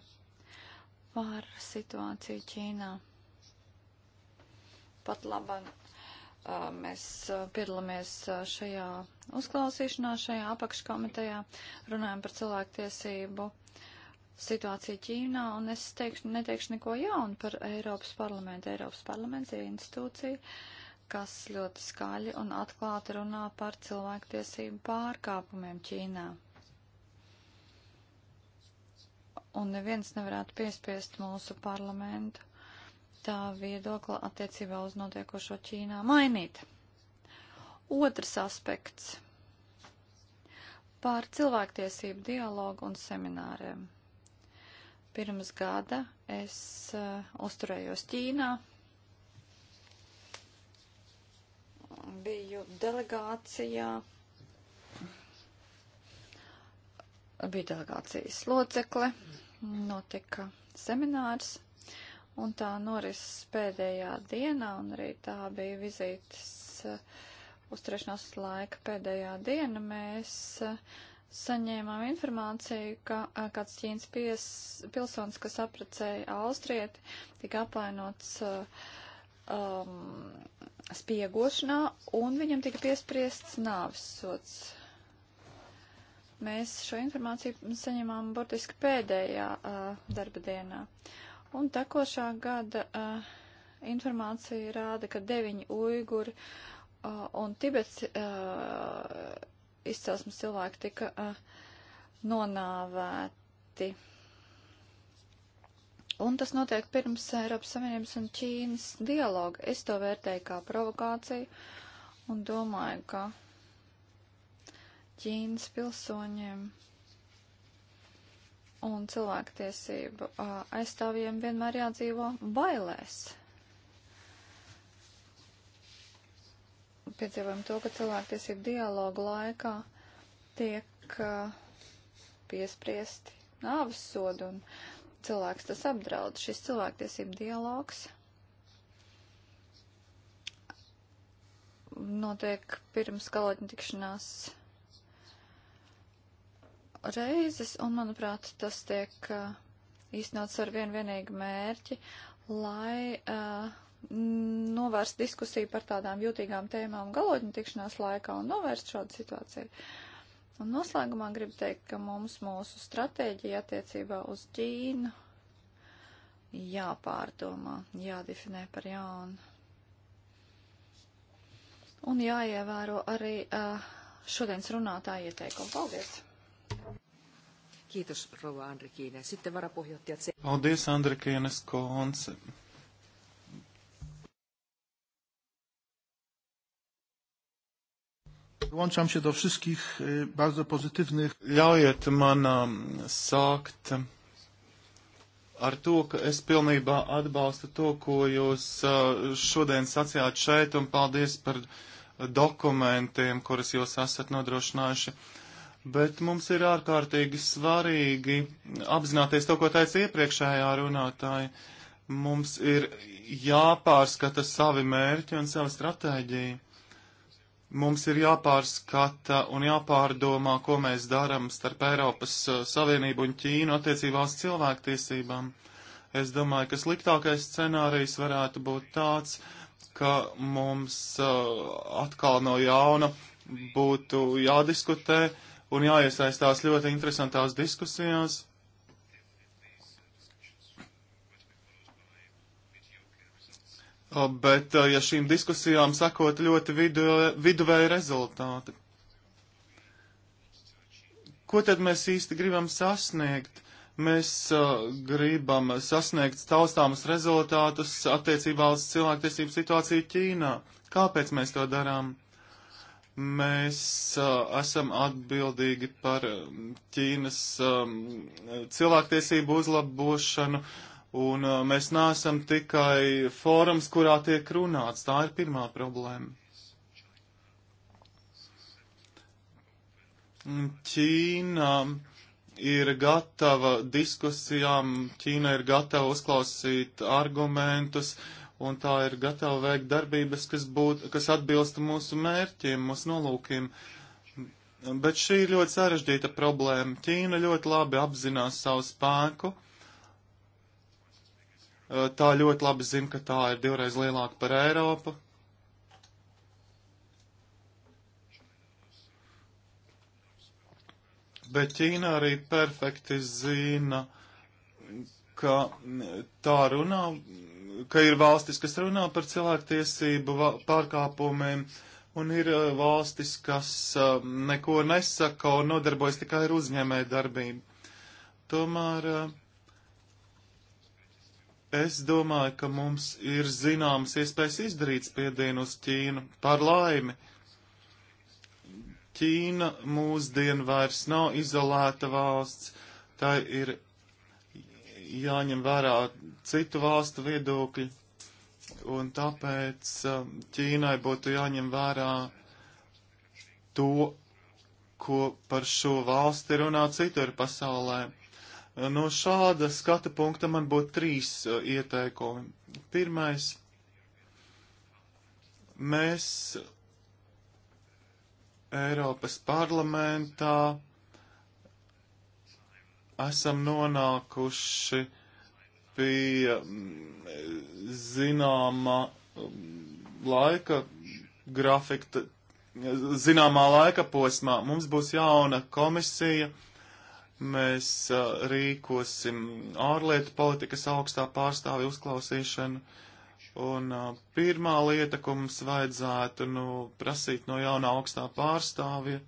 par situāciju Ķīnā. Pat labam eh, mēs eh, piedalāmies šajā uzklausīšanā, šajā apakškomitejā, runājam par cilvēktiesību situāciju Ķīnā, un es teikšu, neteikšu neko jaunu par Eiropas parlamentu. Eiropas parlaments ir institūcija, uh, kas ļoti skaļi un atklāti runā par cilvēktiesību pārkāpumiem Ķīnā. Un neviens nevarētu piespiest mūsu parlamentu tā viedokla attiecībā uz notiekošo Ķīnā mainīt. Otrs aspekts - pār cilvēktiesību dialogu un semināriem. Pirms gada es uh, uzturējos Ķīnā, biju delegācijā. Bija delegācijas locekle, notika seminārs, un tā noris pēdējā dienā, un arī tā bija vizītes uh, uzturēšanās laika pēdējā diena. Mēs uh, saņēmām informāciju, ka uh, kāds ķīnas pies, pilsonis, kas apprecēja austrieti, tika apvainots um, spiegošanā, un viņam tika piespriests nāves sots. Mēs šo informāciju saņemām burtiski pēdējā uh, darba dienā. Un tekošā gada uh, informācija rāda, ka deviņi uiguri uh, un Tibets uh, izcelsmes cilvēki tika uh, nonāvēti. Un tas notiek pirms Eiropas Savienības un Ķīnas dialoga. Es to vērtēju kā provokāciju un domāju, ka Ķīnas pilsoņiem un cilvēktiesību aizstāvjiem vienmēr jādzīvo bailēs. Piedzīvojam to, ka cilvēktiesību dialogu laikā tiek piespriesti nāves sodu un uh, cilvēks tas apdraud. Šis cilvēktiesību dialogs notiek pirms galotņu tikšanās reizes, un, manuprāt, tas tiek uh, īstenots ar vien vienīgu mērķi, lai uh, novērst diskusiju par tādām jūtīgām tēmām galotņu tikšanās laikā un novērst šādu situāciju. Uh, Un noslēgumā gribu teikt, ka mums mūsu stratēģija attiecībā uz Ķīnu jāpārdomā, jādefinē par jaunu. Un jāievēro arī uh, šodienas runātāja ieteikumu. Paldies! Kiitos, Rova Andrikiina. Sitten varapuheenjohtaja. Paldies, Andrikienes konse. Łączam się do wszystkich bardzo pozytywnych. Ļaujiet man um, sākt ar to, ka es pilnībā atbalstu to, ko jūs uh, šodien sacījāt šeit, un paldies par dokumentiem, kurus jūs esat nodrošinājuši. Bet mums ir ārkārtīgi svarīgi apzināties to, ko teica iepriekšējā runātāja. Mums ir jāpārskata savi mērķi un savu stratēģiju Mums ir jāpārskata un jāpārdomā, ko mēs darām starp Eiropas uh, Savienību un Ķīnu attiecībās cilvēktiesībām. Es domāju, ka sliktākais scenārijs varētu būt tāds, ka mums uh, atkal no jauna būtu jādiskutē un jāiesaistās ļoti interesantās diskusijās bet ja šīm diskusijām sakot ļoti vidu, viduvēja rezultāti. Ko tad mēs īsti gribam sasniegt? Mēs uh, gribam sasniegt taustāmus rezultātus attiecībā uz cilvēktiesību situāciju Ķīnā. Kāpēc mēs to darām? Mēs uh, esam atbildīgi par Ķīnas um, cilvēktiesību uzlabošanu, uh, Un uh, mēs neesam tikai fórums, kurā tiek runāts. Tā ir pirmā problēma. Ķīna ir gatava diskusijām, Ķīna ir gatava uzklausīt argumentus, un tā ir gatava veikt darbības, kas, būt, kas atbilst mūsu mērķiem, mūsu nolūkiem. Bet šī ir ļoti sarežģīta problēma. Ķīna ļoti labi apzinās savu spēku Eh, tā ļoti labi zina, ka tā ir divreiz lielāka par Eiropu. Bet Ķīna arī perfekti zina, ka tā runā, ka ir valstis, kas runā par cilvēktiesību pārkāpumiem, un ir eh, valstis, kas eh, neko nesaka un nodarbojas tikai ar uzņēmē darbību. Tomēr uh, Es domāju, ka mums ir zināmas iespējas izdarīt spiedienu uz Ķīnu par laimi. Ķīna mūsdien vairs nav izolēta valsts, tai ir jāņem vērā citu valstu viedokļi, un tāpēc um, Ķīnai būtu jāņem vērā to, ko par šo valsti runā citur pasaulē. No šāda skata punkta man būtu trīs uh, ieteikumi. Pirmais, mēs Eiropas parlamentā esam nonākuši pie mm, zināma mm, laika grafika, zināmā laika posmā. Mums būs jauna komisija Mēs uh, rīkosim ārlietu politikas augstā pārstāvi uzklausīšanu. Un uh, pirmā lieta, ko mums vajadzētu nu, prasīt no jauna augstā pārstāvja,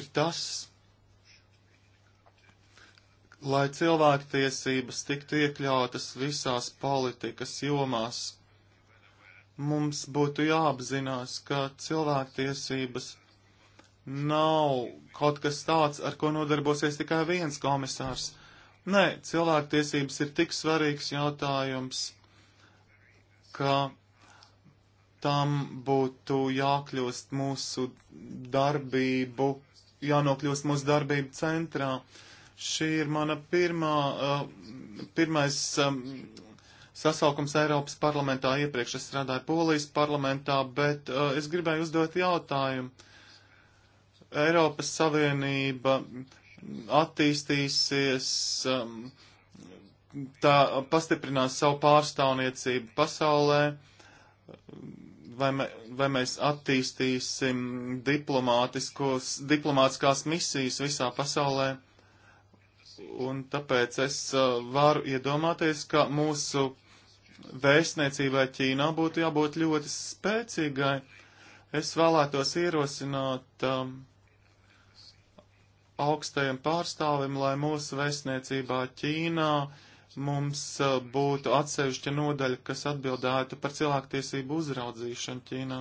ir tas, lai cilvēktiesības tiktu iekļautas visās politikas jomās. Mums būtu jāapzinās, ka cilvēktiesības nav kaut kas tāds, ar ko nodarbosies tikai viens komisārs. Nē, cilvēktiesības ir tik svarīgs jautājums, ka tam būtu jākļūst mūsu darbību, jānokļūst mūsu darbību centrā. Šī ir mana pirmā, uh, pirmais um, sasaukums Eiropas parlamentā. Iepriekš es strādāju Polijas parlamentā, bet uh, es gribēju uzdot jautājumu. Eiropas Savienība attīstīsies, um, tā pastiprinās savu pārstāvniecību pasaulē, vai, me, vai mēs attīstīsim diplomātiskās misijas visā pasaulē. Un tāpēc es uh, varu iedomāties, ka mūsu vēstniecībai Ķīnā būtu jābūt ļoti spēcīgai. Es vēlētos ierosināt um, augstajam pārstāvim, lai mūsu vēstniecībā Ķīnā mums uh, būtu atsevišķa nodaļa, kas atbildētu par cilvēktiesību uzraudzīšanu Ķīnā.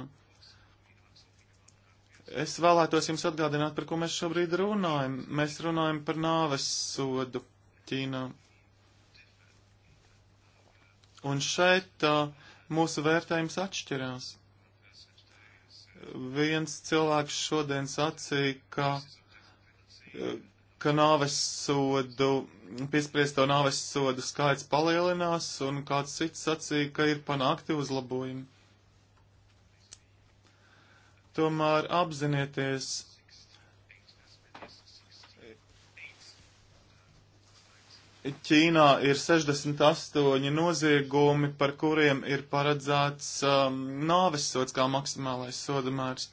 Es vēlētos jums atgādināt, par ko mēs šobrīd runājam. Mēs runājam par nāves sodu Ķīnā. Un šeit uh, mūsu vērtējums atšķirās. Viens cilvēks šodien sacīja, ka ka nāves sodu, piespriesto nāves sodu skaits palielinās, un kāds cits sacīja, ka ir panākti uzlabojumi. Tomēr apzinieties, Ķīnā ir 68 noziegumi, par kuriem ir paredzēts um, nāves sods kā maksimālais sodamērs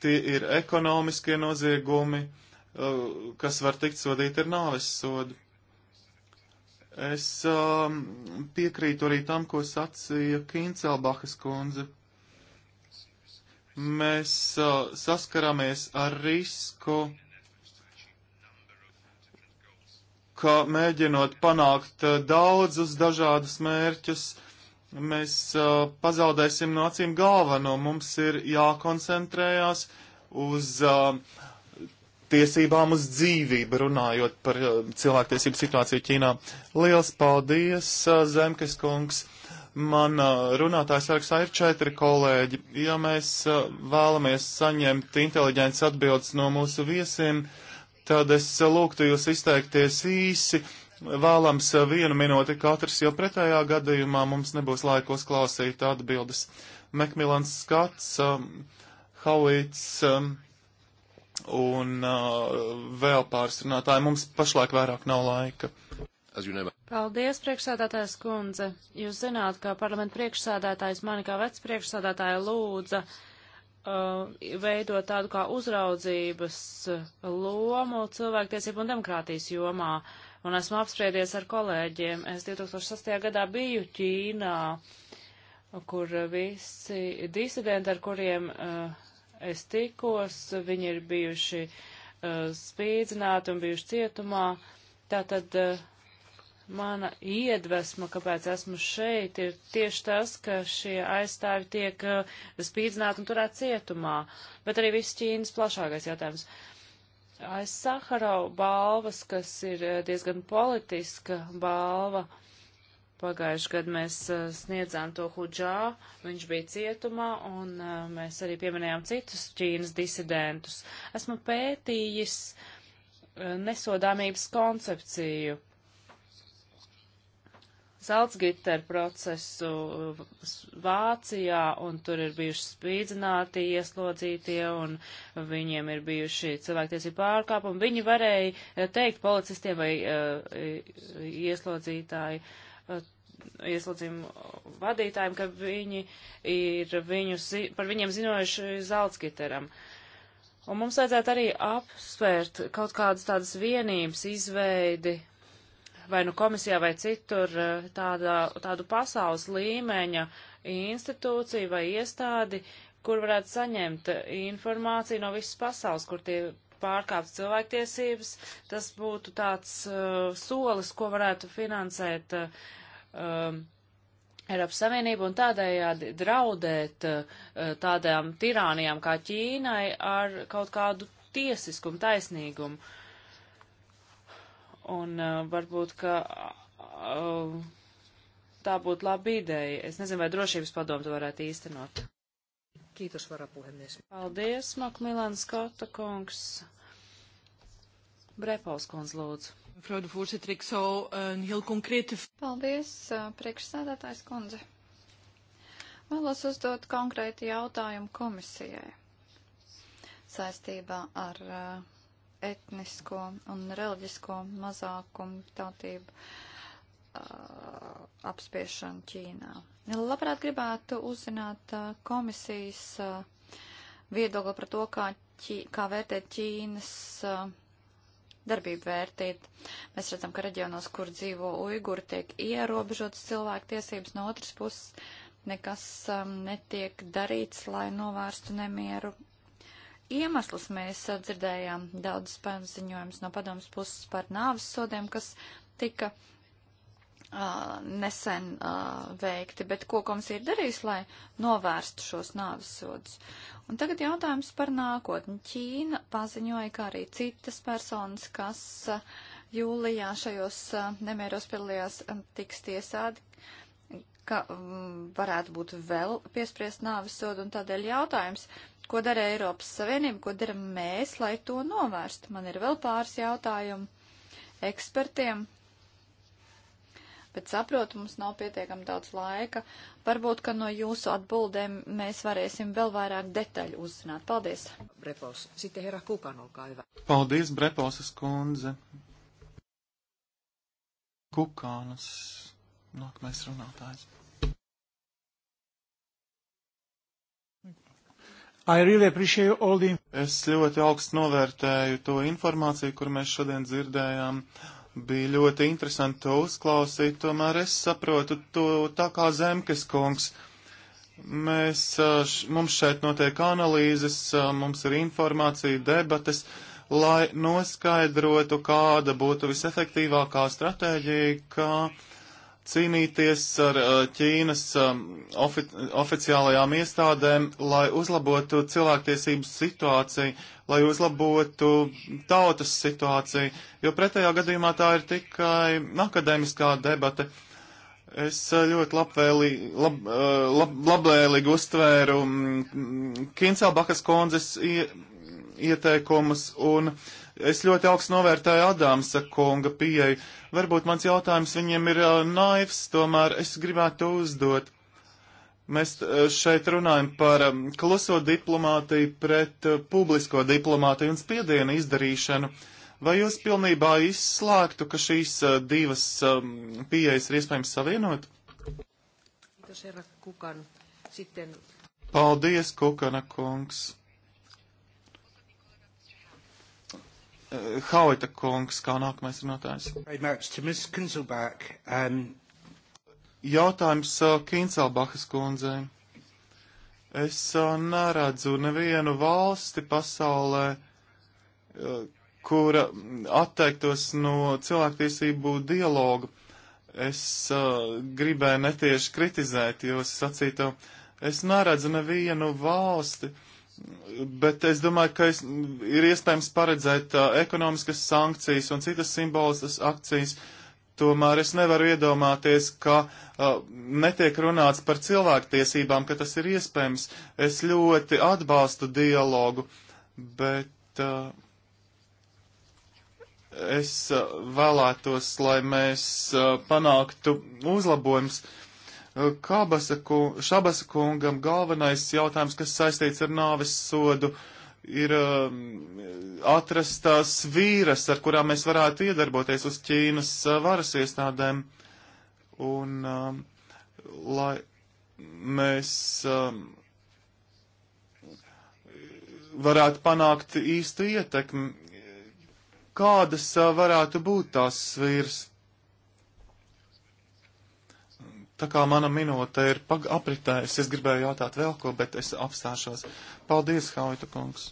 tie ir ekonomiskie noziegumi, kas var tikt sodīti ar nāves sodu. Es um, piekrītu arī tam, ko sacīja Kīncelbahas kundze. Mēs uh, saskaramies ar risku, ka mēģinot panākt daudzus dažādus mērķus, uh, mēs uh, pazaudēsim no acīm galveno. Mums ir jākoncentrējās uz uh, tiesībām uz dzīvību, runājot par uh, cilvēktiesību situāciju Ķīnā. Liels paldies, uh, Zemkes kungs! Man uh, runātājs sarakstā ir četri kolēģi. Ja mēs uh, vēlamies saņemt inteliģents atbildes no mūsu viesiem, tad es uh, lūgtu jūs izteikties īsi. Uh, vēlams eh, vienu minūti katrs, jo pretējā gadījumā mums nebūs laikos klausīt atbildes. Mekmilans skats, um, Hauits um, un uh, vēl pārstrunātāji. Mums pašlaik vairāk nav laika. Paldies, priekšsēdētājs kundze. Jūs zināt, ka parlamenta priekšsēdētājs mani kā vecpriekšsēdētāja lūdza uh, veidot tādu kā uzraudzības lomu cilvēktiesību un demokrātijas jomā. Uh, un esmu apspriedies ar kolēģiem. Es 2006. gadā biju Ķīnā, kur visi disidenti, ar kuriem uh, es tikos, viņi ir bijuši uh, spīdzināti un bijuši cietumā. Tātad uh, mana iedvesma, kāpēc esmu šeit, ir tieši tas, ka šie aizstāvi tiek uh, spīdzināti un turēt cietumā, bet arī viss Ķīnas plašākais jautājums. Uh, aiz Saharau balvas, kas ir eh, diezgan politiska balva. Pagājuši gadu mēs eh, sniedzām to Hudžā, viņš bija cietumā, un eh, mēs arī pieminējām citus Ķīnas disidentus. Esmu pētījis nesodāmības koncepciju. Salzgitter procesu Vācijā, un tur ir bijuši spīdzināti ieslodzītie, un viņiem ir bijuši cilvēktiesību pārkāpumi. Viņi varēja teikt policistiem vai eh, ieslodzītāji eh, ieslodzījumu vadītājiem, ka viņi ir viņu, par viņiem zinojuši Zaltskiteram. Un mums vajadzētu arī apsvērt kaut kādas tādas vienības izveidi vai nu komisijā vai citur eh, tādā, tādu pasaules līmeņa institūciju vai iestādi, kur varētu saņemt informāciju no visas pasaules, kur tie pārkāpts cilvēktiesības. Tas būtu tāds uh, solis, ko varētu finansēt uh, um, Eiropas Savienība un tādējādi draudēt uh, tādām tirānijām kā Ķīnai ar kaut kādu tiesiskumu, taisnīgumu. Uh, Un uh, varbūt, ka uh, tā būtu laba ideja. Es nezinu, vai drošības padomu to varētu īstenot. Kītos varapuhemies. Paldies, Makmilāna Skota kungs. Brepaus kungs, lūdzu. Fraudu voorzitter, ik zou eh, een heel concrete... Paldies, eh, priekšsēdētājs kundze. Vēlos uzdot konkrēti jautājumu komisijai saistībā ar uh, etnisko un reliģisko mazākumu tautību uh, apspiešanu Ķīnā. Labprāt gribētu uzzināt uh, komisijas uh, viedokli par to, kā, ķi, kā vērtēt Ķīnas darbību vērtīt. Mēs redzam, ka reģionos, kur dzīvo uiguri, tiek ierobežotas cilvēku tiesības no otras puses nekas um, netiek darīts, lai novērstu nemieru iemeslus. Mēs uh, dzirdējām daudz spēnu ziņojumus no padomas puses par nāvis sodiem, kas tika Uh, nesen uh, veikti, bet ko komisija ir darījusi, lai novērstu šos nāvisodus. Un tagad jautājums par nākotni. Ķīna paziņoja, kā arī citas personas, kas uh, jūlijā šajos uh, nemieros piedalījās, um, tiks tiesādi, ka um, varētu būt vēl piespriest nāvisodu, un tādēļ jautājums, ko dara Eiropas Savienība, ko dara mēs, lai to novērstu. Man ir vēl pāris jautājumu ekspertiem, bet saprotu, mums nav pietiekami daudz laika. Varbūt, ka no jūsu atbildēm mēs varēsim vēl vairāk detaļu uzzināt. Paldies! Brepos, sitten herra Kukan, olkaa hyvä. Paldies, Breposas kundze. Kukānas, nākamais runātājs. Really the... Es ļoti augstu novērtēju to informāciju, kur mēs šodien dzirdējām. Bija ļoti interesanti to uzklausīt, tomēr es saprotu to tā kā Zemkes kungs. Mēs, mums šeit notiek analīzes, mums ir informācija, debates, lai noskaidrotu, kāda būtu visefektīvākā stratēģija, kā. Ka cīnīties ar Ķīnas ofi oficiālajām iestādēm, lai uzlabotu cilvēktiesību situāciju, lai uzlabotu tautas situāciju, jo pretējā gadījumā tā ir tikai akadēmiskā debate. Es ļoti labvēlī, lab, lab, labvēlīgi uztvēru Kincā Bakas kondzes ieteikumus un uh, Es ļoti augstu novērtēju Adamsa kunga pieeju. Varbūt mans jautājums viņiem ir uh, naivs, tomēr es gribētu uzdot. Mēs uh, šeit runājam par um, kluso diplomātiju pret uh, publisko diplomātiju un spiedienu izdarīšanu. Vai jūs pilnībā izslēgtu, ka šīs uh, divas um, pieejas ir iespējams savienot? Kiitos herra Kukan. Sitten... Paldies, Kukana kungs. Eh, Hauita kungs, kā nākamais runātājs. Um... Jautājums uh, eh, Kincelbahas kundzei. Es uh, neredzu nevienu valsti pasaulē, uh, kura atteiktos no cilvēktiesību dialoga. Es uh, gribēju netieši kritizēt jūs sacīto. Es neredzu nevienu valsti, uh, Bet es domāju, ka es, ir iespējams paredzēt uh, ekonomiskas sankcijas un citas simboliskas akcijas. Tomēr es nevaru iedomāties, ka uh, netiek runāts par cilvēktiesībām, ka tas ir iespējams. Es ļoti atbalstu dialogu, bet uh, es uh, vēlētos, lai mēs uh, panāktu uzlabojums. Uh, Kabasa, Šabasa kungam galvenais jautājums, kas saistīts ar nāves sodu, ir um, atrastās vīras, ar kurām mēs varētu iedarboties uz Ķīnas uh, varas iestādēm. Un, um, lai mēs um, varētu panākt īstu ietekmi, kādas uh, varētu būt tās vīras. Tā kā mana minūte ir apritējusi, es gribēju jautāt vēl ko, bet es apstāšos. Paldies, Hauita kungs!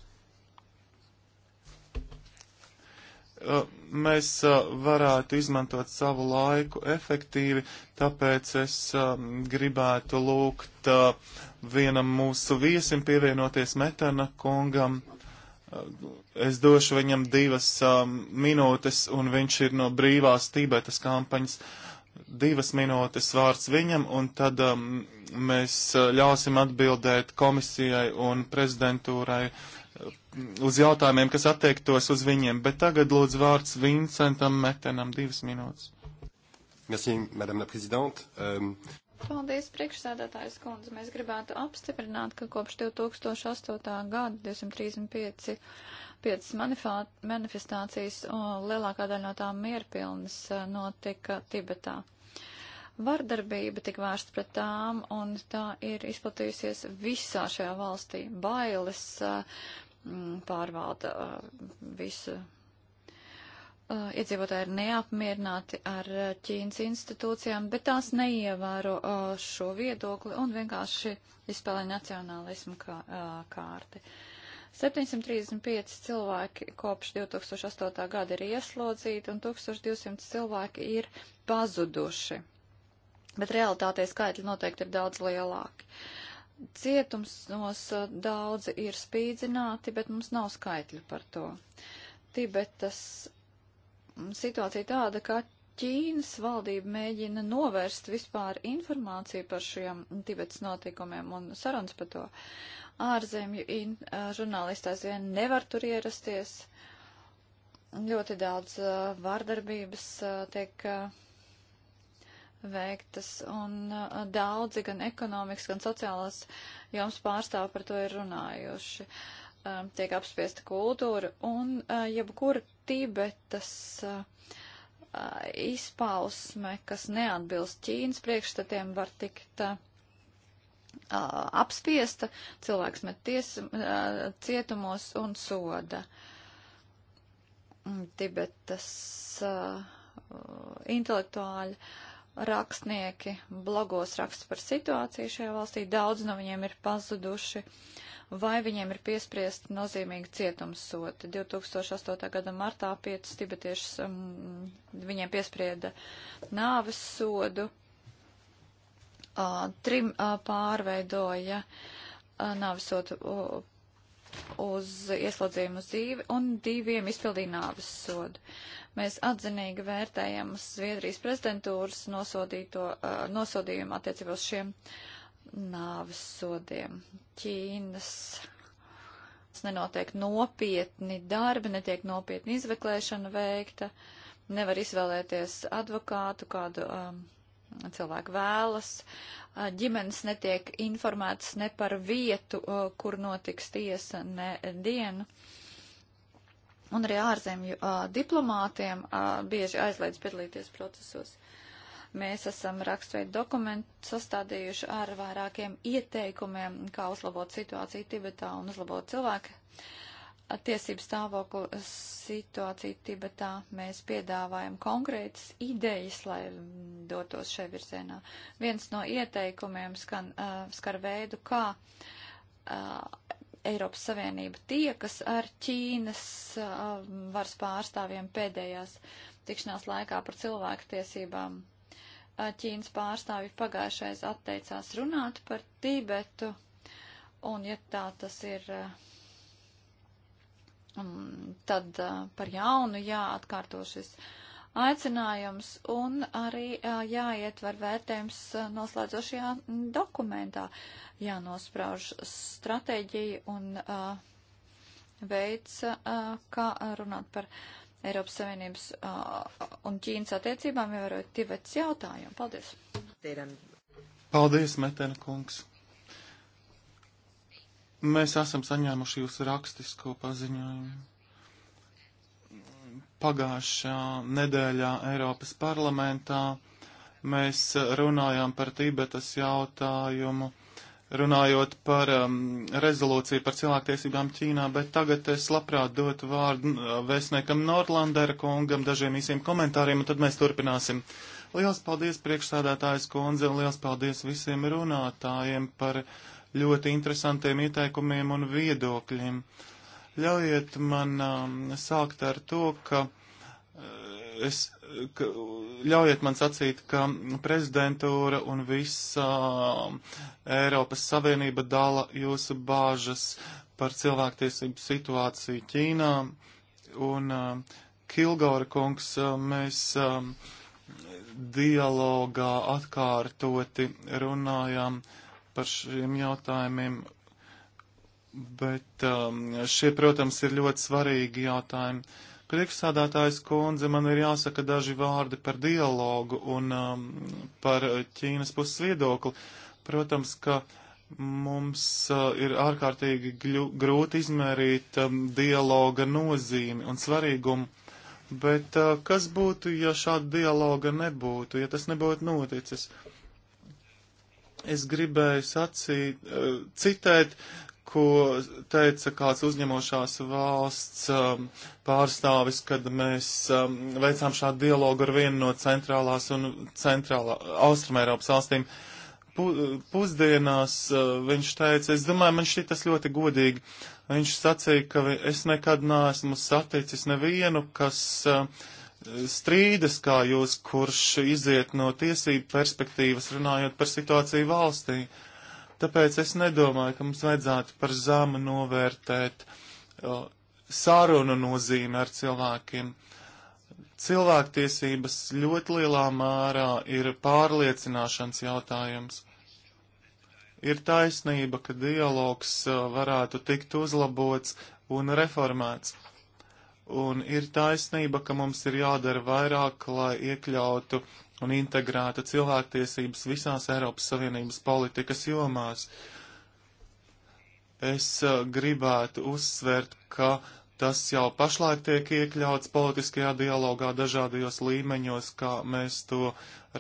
Mēs varētu izmantot savu laiku efektīvi, tāpēc es gribētu lūgt vienam mūsu viesim pievienoties Metana kungam. Es došu viņam divas um, minūtes, un viņš ir no brīvās Tibetas kampaņas. Uh, divas minūtes vārds viņam, un tad um, mēs uh, ļausim atbildēt komisijai un prezidentūrai uh, uz jautājumiem, kas attiektos uz viņiem. Bet tagad lūdzu vārds Vincentam Metenam divas minūtes. Merci, madame la présidente. Um... Paldies, priekšsēdētājs kundze. Mēs gribētu apstiprināt, ka kopš 2008. gada 235 5 manifestācijas lielākā daļa no tām mierpilnas uh, notika Tibetā. Vardarbība tik vērsta pret tām, un tā ir izplatījusies visā šajā valstī. Bailes eh, pārvalda eh, visu eh, iedzīvotāji ir neapmierināti ar Ķīnas institūcijām, bet tās neievēro šo viedokli un vienkārši izspēlē nacionālismu kā, kārti. 735 cilvēki kopš 2008. gada ir ieslodzīti un 1200 cilvēki ir pazuduši bet realitātē skaitļi noteikti ir daudz lielāki. Cietumos eh, daudzi ir spīdzināti, bet mums nav skaitļu par to. Tibetas mm, situācija tāda, ka Ķīnas valdība mēģina novērst vispār informāciju par šiem Tibetas notikumiem un sarunas par to. Ārzemju eh, žurnālisti aizvien nevar tur ierasties. Ļoti daudz uh, eh, vārdarbības uh, tiek uh, veiktas, un uh, daudzi gan ekonomikas, gan sociālās joms pārstāv par to ir runājuši. Um, tiek apspiesta kultūra, un uh, jebkura Tibetas uh, izpausme, kas neatbilst Ķīnas priekšstatiem, var tikt uh, apspiesta, cilvēks met ties, uh, cietumos un soda. Tibetas uh, intelektuāļi uh, rakstnieki blogos raksta par situāciju šajā valstī, daudz no viņiem ir pazuduši, vai viņiem ir piespriest nozīmīgi cietumsoti. 2008. gada martā piecas tibetiešas um, viņiem piesprieda nāves sodu, uh, trim uh, pārveidoja uh, nāves sodu uh, uz ieslodzījumu uz dzīvi un diviem izpildīja nāves sodu. Mēs atzinīgi vērtējam Zviedrijas prezidentūras uh, nosodījumu attiecībā uz šiem nāves sodiem. Ķīnas nenotiek nopietni darbi, netiek nopietni izveklēšana veikta, nevar izvēlēties advokātu, kādu um, cilvēki vēlas. Ģimenes netiek informētas ne par vietu, kur notiks tiesa, ne dienu. Un arī ārzemju diplomātiem bieži aizliedz piedalīties procesos. Mēs esam rakstveidu dokumentu sastādījuši ar vairākiem ieteikumiem, kā uzlabot situāciju Tibetā un uzlabot cilvēku tiesību stāvokli situāciju Tibetā. Mēs piedāvājam konkrētas idejas, lai dotos šai virzienā. Viens no ieteikumiem skan, uh, skar veidu, kā uh, Eiropas Savienība tiekas ar Ķīnas uh, varas pārstāvjiem pēdējās tikšanās laikā par cilvēku tiesībām. Uh, Ķīnas pārstāvji pagājušais atteicās runāt par Tibetu, un ja tā tas ir. Uh, Un tad par jaunu jāatkārto šis aicinājums un arī jāietver vērtējums noslēdzošajā dokumentā, jānosprauž stratēģija un veids, kā runāt par Eiropas Savienības un Ķīnas attiecībām, ievērojot Tibets jautājumu. Paldies! Paldies, Metena kungs! Mēs esam saņēmuši jūsu rakstisko paziņojumu. Pagājušā nedēļā Eiropas parlamentā mēs runājām par Tibetas jautājumu, runājot par um, rezolūciju par cilvēktiesībām Ķīnā, bet tagad es labprāt dotu vārdu uh, vēstniekam Norlandera kungam dažiem īsiem komentāriem, un tad mēs turpināsim. Liels paldies priekšsādātājs kundze un liels paldies visiem runātājiem par ļoti interesantiem ieteikumiem un viedokļiem. Ļaujiet man um, sākt ar to, ka uh, es, ka, ļaujiet man sacīt, ka prezidentūra un visa um, Eiropas Savienība dala jūsu bāžas par cilvēktiesību situāciju Ķīnā. Un uh, um, Kilgora kungs, um, mēs um, dialogā atkārtoti runājām uh, par šiem jautājumiem, bet um, šie, protams, ir ļoti svarīgi jautājumi. Priekšsādātājs kundze, man ir jāsaka daži vārdi par dialogu un um, par Ķīnas puses viedokli. Protams, ka mums uh, ir ārkārtīgi gļu, grūti izmērīt um, dialoga nozīmi un svarīgumu. Bet uh, kas būtu, ja šāda dialoga nebūtu, ja tas nebūtu noticis? Uh, es gribēju sacīt, eh, citēt, ko teica kāds uzņemošās valsts um, pārstāvis, kad mēs um, veicām šādu dialogu ar vienu no centrālās un centrālā Austrumēropas valstīm. Pu, pusdienās uh, viņš teica, es domāju, man šķiet tas ļoti godīgi. Viņš sacīja, ka es nekad neesmu saticis nevienu, kas uh, strīdas, kā jūs, kurš iziet no tiesību perspektīvas runājot par situāciju valstī. Tāpēc es nedomāju, ka mums vajadzētu par zemu novērtēt uh, sarunu nozīmi ar cilvēkiem. Cilvēktiesības ļoti lielā mērā ir pārliecināšanas jautājums. Ir taisnība, ka dialogs uh, varētu tikt uzlabots un reformēts Un ir taisnība, ka mums ir jādara vairāk, lai iekļautu un integrētu cilvēktiesības visās Eiropas Savienības politikas jomās. Es uh, gribētu uzsvērt, ka uh, Tas jau pašlaik tiek iekļauts politiskajā dialogā dažādajos līmeņos, kā mēs to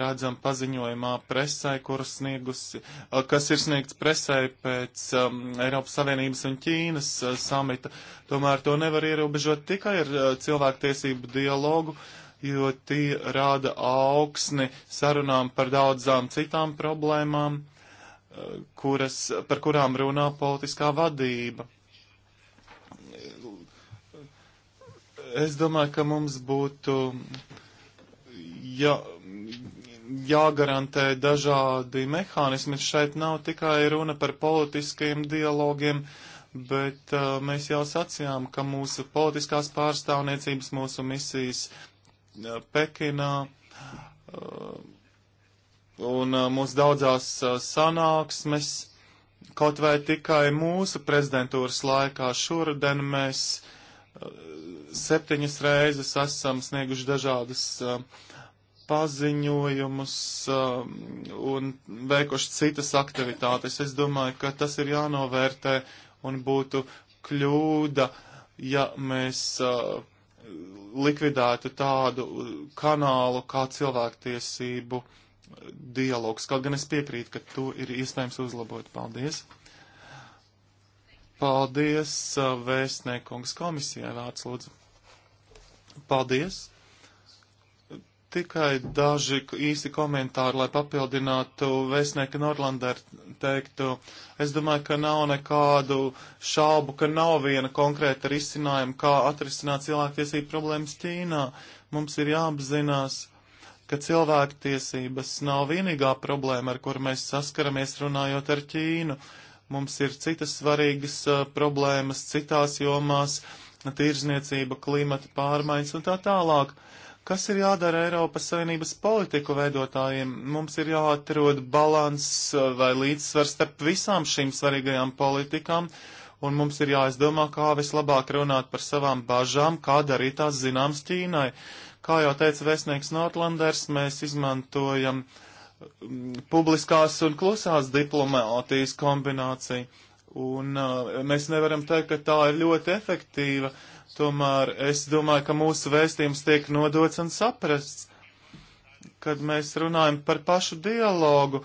redzam paziņojumā presē, sniegusi, kas ir sniegts presē pēc um, Eiropas Savienības un Ķīnas uh, samita. Tomēr to nevar ierobežot tikai ar uh, cilvēktiesību dialogu, jo tie rāda augsni sarunām par daudzām citām problēmām, uh, kuras, par kurām runā politiskā vadība Es domāju, ka mums būtu jā, jāgarantē dažādi mehānismi. Šeit nav tikai runa par politiskiem dialogiem, bet uh, mēs jau sacījām, ka mūsu politiskās pārstāvniecības, mūsu misijas uh, Pekinā uh, un uh, mūsu daudzās uh, sanāksmes, kaut vai tikai mūsu prezidentūras laikā šoruden mēs uh, septiņas reizes esam snieguši dažādas uh, paziņojumus uh, un veikuši citas aktivitātes. Es domāju, ka tas ir jānovērtē un būtu kļūda, ja mēs uh, likvidētu tādu kanālu kā cilvēktiesību dialogs. Kaut gan es piekrītu, ka to ir iespējams uzlabot. Paldies! Paldies, uh, vēstniekungs komisijai vārds lūdzu. Paldies. Tikai daži īsi komentāri, lai papildinātu vēstnieka Norlandē teiktu. Es domāju, ka nav nekādu šaubu, ka nav viena konkrēta risinājuma, kā atrisināt cilvēktiesību problēmas Ķīnā. Mums ir jāapzinās, ka cilvēktiesības nav vienīgā problēma, ar kuru mēs saskaramies runājot ar Ķīnu. Uh, Mums ir citas svarīgas uh, problēmas citās jomās - tirzniecība, klimata pārmaiņas un tā tālāk. Kas ir jādara Eiropas Savienības politiku veidotājiem? Mums ir jāatrod balans vai līdzsvars starp visām šīm svarīgajām politikām, un mums ir jāizdomā, kā vislabāk runāt par savām bažām, kā darīt tās zināmas Ķīnai. Kā jau teica vēstnieks Nortlanders, mēs izmantojam uh, publiskās un klusās diplomātijas kombinācija. Un uh, mēs nevaram teikt, ka tā ir ļoti efektīva, tomēr es domāju, ka mūsu vēstījums tiek nodots un saprasts. Kad mēs runājam par pašu dialogu,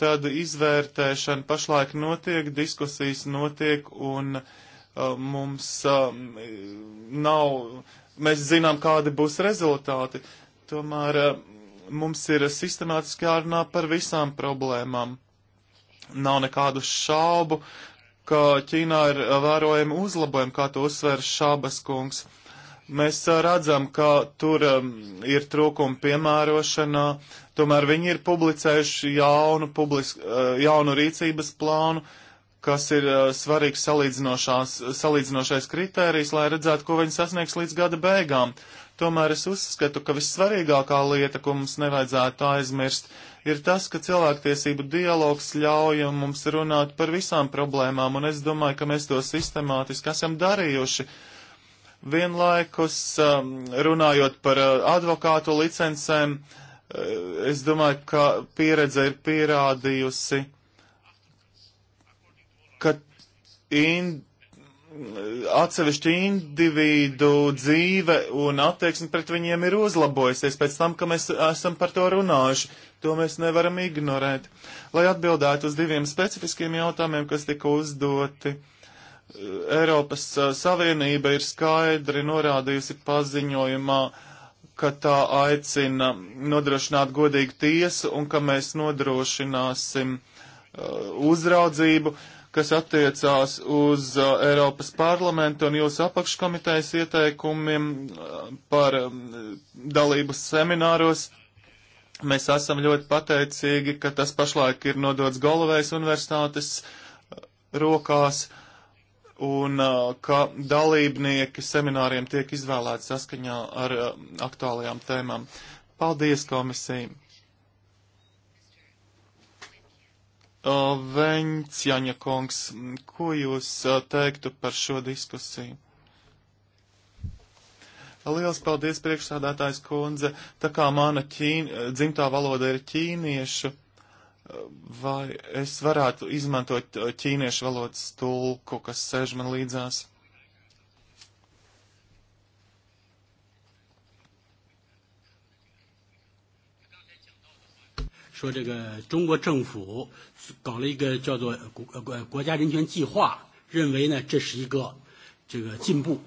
tad izvērtēšana pašlaik notiek, diskusijas notiek un uh, mums uh, nav, mēs zinām, kādi būs rezultāti. Tomēr uh, mums ir sistemātiski jārunā par visām problēmām. Nav nekādu šaubu, ka Ķīnā ir vērojami uzlabojumi, kā to uzsver Šabas kungs. Mēs redzam, ka tur ir trūkumi piemērošanā, tomēr viņi ir publicējuši jaunu, publis, jaunu rīcības plānu, kas ir svarīgs salīdzinošais kritērijs, lai redzētu, ko viņi sasniegs līdz gada beigām. Uh, Tomēr es uzskatu, ka vissvarīgākā lieta, ko mums nevajadzētu aizmirst, ir tas, ka cilvēktiesību dialogs ļauj mums runāt par visām problēmām, un es domāju, ka mēs to sistemātiski esam darījuši. Vienlaikus um, runājot par uh, advokātu licencēm, uh, es domāju, ka pieredze ir pierādījusi, ka Indija atsevišķu individu dzīve un attieksme pret viņiem ir uzlabojusies pēc tam, ka mēs esam par to runājuši. To mēs nevaram ignorēt. Lai atbildētu uz diviem specifiskiem jautājumiem, kas tika uzdoti, Eiropas uh, Savienība ir skaidri norādījusi paziņojumā, ka tā aicina nodrošināt godīgu tiesu un ka mēs nodrošināsim uh, uzraudzību. Uh, kas attiecās uz uh, Eiropas parlamentu un jūsu apakškomitejas ieteikumiem uh, par uh, um, dalību semināros. Mēs esam ļoti pateicīgi, ka tas pašlaik ir nodots Golovējas universitātes uh, rokās un uh, ka dalībnieki semināriem tiek izvēlēti saskaņā ar uh, aktuālajām tēmām. Paldies komisijai! Veņcjaņa kungs, ko jūs teiktu par šo diskusiju? Liels paldies, priekšsādātājs kundze. Tā kā mana ķīn, dzimtā valoda ir ķīniešu, vai es varētu izmantot ķīniešu valodas tulku, kas sēž man līdzās? 说这个中国政府搞了一个叫做国国国家人权计划，认为呢这是一个这个进步。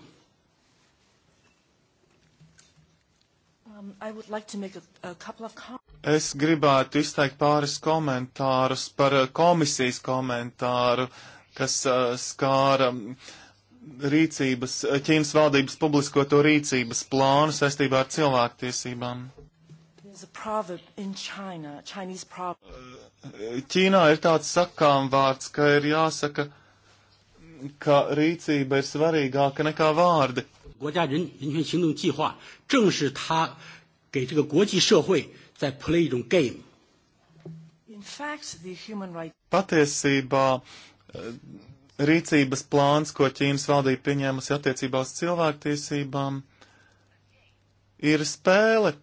Um, I would like to make a, a couple of comments. Es gribētu izteikt pāris komentārus par uh, komisijas komentāru, kas uh, skāra um, rīcības, uh, Ķīnas valdības publiskoto rīcības plānu saistībā ar cilvēktiesībām proverb in China, Chinese proverb. Uh, Ķīnā ir tāds sakām vārds, ka ir jāsaka, ka rīcība ir svarīgāka nekā vārdi. 国家人人权行动计划正是他给这个国际社会在 play 一种 game。Fact, right... Patiesībā uh, rīcības plāns, ko Ķīnas valdība pieņēmusi attiecībā uz cilvēktiesībām, ir spēle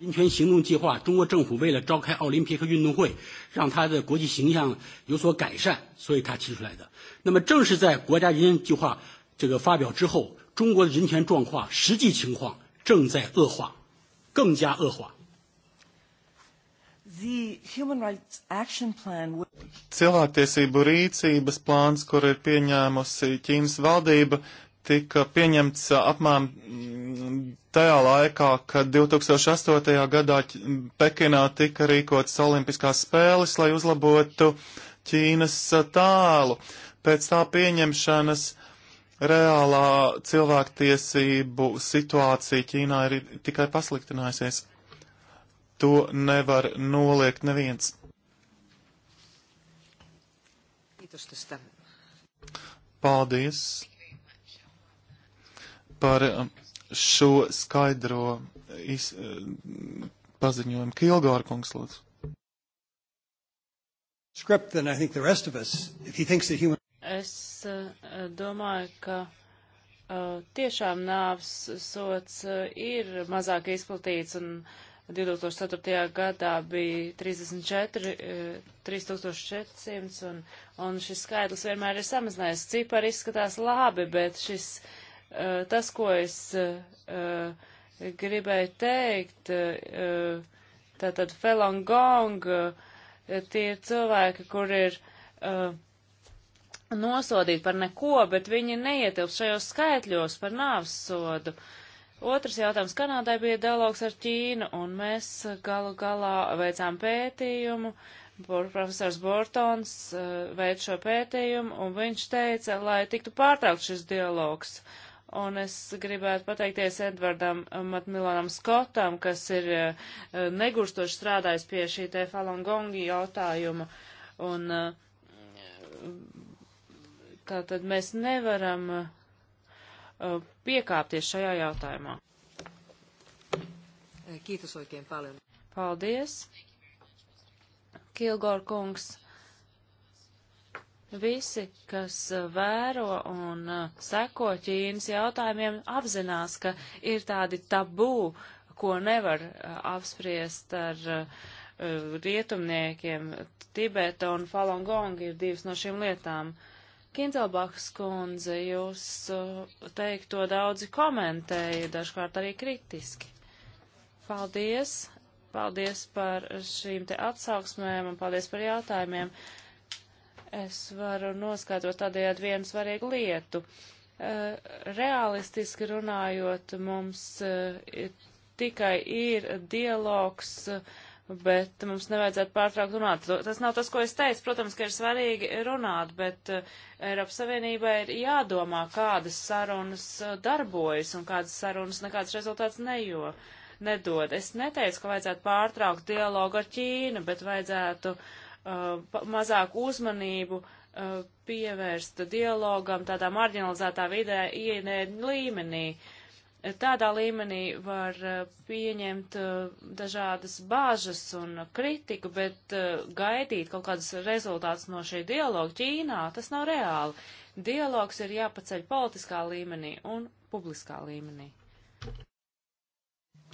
林权行动计划，中国政府为了召开奥林匹克运动会，让他的国际形象有所改善，所以他提出来的。那么，正是在国家人权计划这个发表之后，中国的人权状况实际情况正在恶化，更加恶化。Cilvēktiesību rīcības plāns, kur ir pieņēmusi Ķīnas valdība, tika pieņemts apmēram mm, tajā laikā, kad 2008. gadā Pekinā tika rīkotas Olimpiskās spēles, lai uzlabotu Ķīnas tēlu. Pēc tā pieņemšanas reālā cilvēktiesību situācija Ķīnā ir tikai pasliktinājusies. To nevar noliegt neviens. Paldies! par um, šo skaidro iz, uh, paziņojumu Kilgāra kungs lūdzu. Script, then I think the rest of us, if he thinks that human... Es uh, domāju, ka uh, tiešām nāvs sots uh, ir mazāk izplatīts un 2004. gadā bija 34, 3400 uh, un, un šis skaitlis vienmēr ir samazinājies. Cipari izskatās labi, bet šis uh, Eh, tas, ko es eh, gribēju teikt, eh, tātad Felon Gong, tie ir cilvēki, kur ir nosodīti par neko, bet viņi neietilps šajos skaitļos par nāvs sodu. Otrs jautājums. Kanādai bija dialogs ar Ķīnu, un mēs galu galā veicām pētījumu. Profesors Bortons uh, veic šo pētījumu, un viņš teica, lai tiktu pārtraukt šis dialogs. Uh, Un es gribētu pateikties Edvardam Matmilonam Skotam, kas ir uh, negurstoši strādājis pie šī te Falun Gongi jautājuma. Un uh, tā tad mēs nevaram uh, piekāpties šajā jautājumā. Kītus oikein paljon. Paldies. Kilgor kungs. Visi, kas uh, vēro un uh, seko Ķīnas jautājumiem, apzinās, ka ir tādi tabū, ko nevar uh, apspriest ar rietumniekiem. Tibeta un Falungong ir divas no šīm lietām. Kinzelbachs kundze, jūs teikto daudzi komentēja, dažkārt arī kritiski. Paldies! Paldies par šīm te atsauksmēm un paldies par jautājumiem. Uh, es varu noskatot tādējādi vienu svarīgu lietu. Eh, realistiski runājot, mums eh, tikai ir dialogs, bet mums nevajadzētu pārtraukt runāt. Tas nav tas, ko es teicu. Protams, ka ir svarīgi runāt, bet eh, Eiropas Savienībai ir jādomā, kādas sarunas darbojas un kādas sarunas nekāds rezultāts nejo nedod. Es neteicu, ka vajadzētu pārtraukt dialogu ar Ķīnu, bet vajadzētu uh, Uh, mazāk uzmanību uh, pievērst dialogam tādā marginalizētā vidē ienē līmenī. Tādā līmenī var uh, pieņemt dažādas bāžas un kritiku, bet gaidīt kaut kādas rezultātus no šī dialoga Ķīnā, tas nav reāli. Dialogs ir jāpaceļ politiskā līmenī un publiskā līmenī.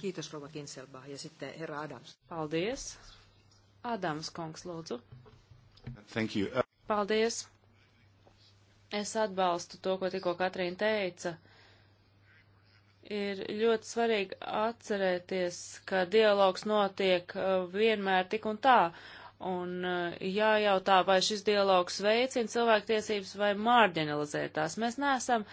Kiitos, Rova Kinselbach, ja sitten herra Adams. Paldies. Adams kungs, lūdzu. Thank you. Uh, Paldies. Es atbalstu to, ko tikko Katrīna teica. Ir ļoti svarīgi atcerēties, ka dialogs notiek uh, vienmēr tik un tā, Un eh, jājautā, vai šis dialogs veicina cilvēktiesības vai marginalizē tās. Mēs neesam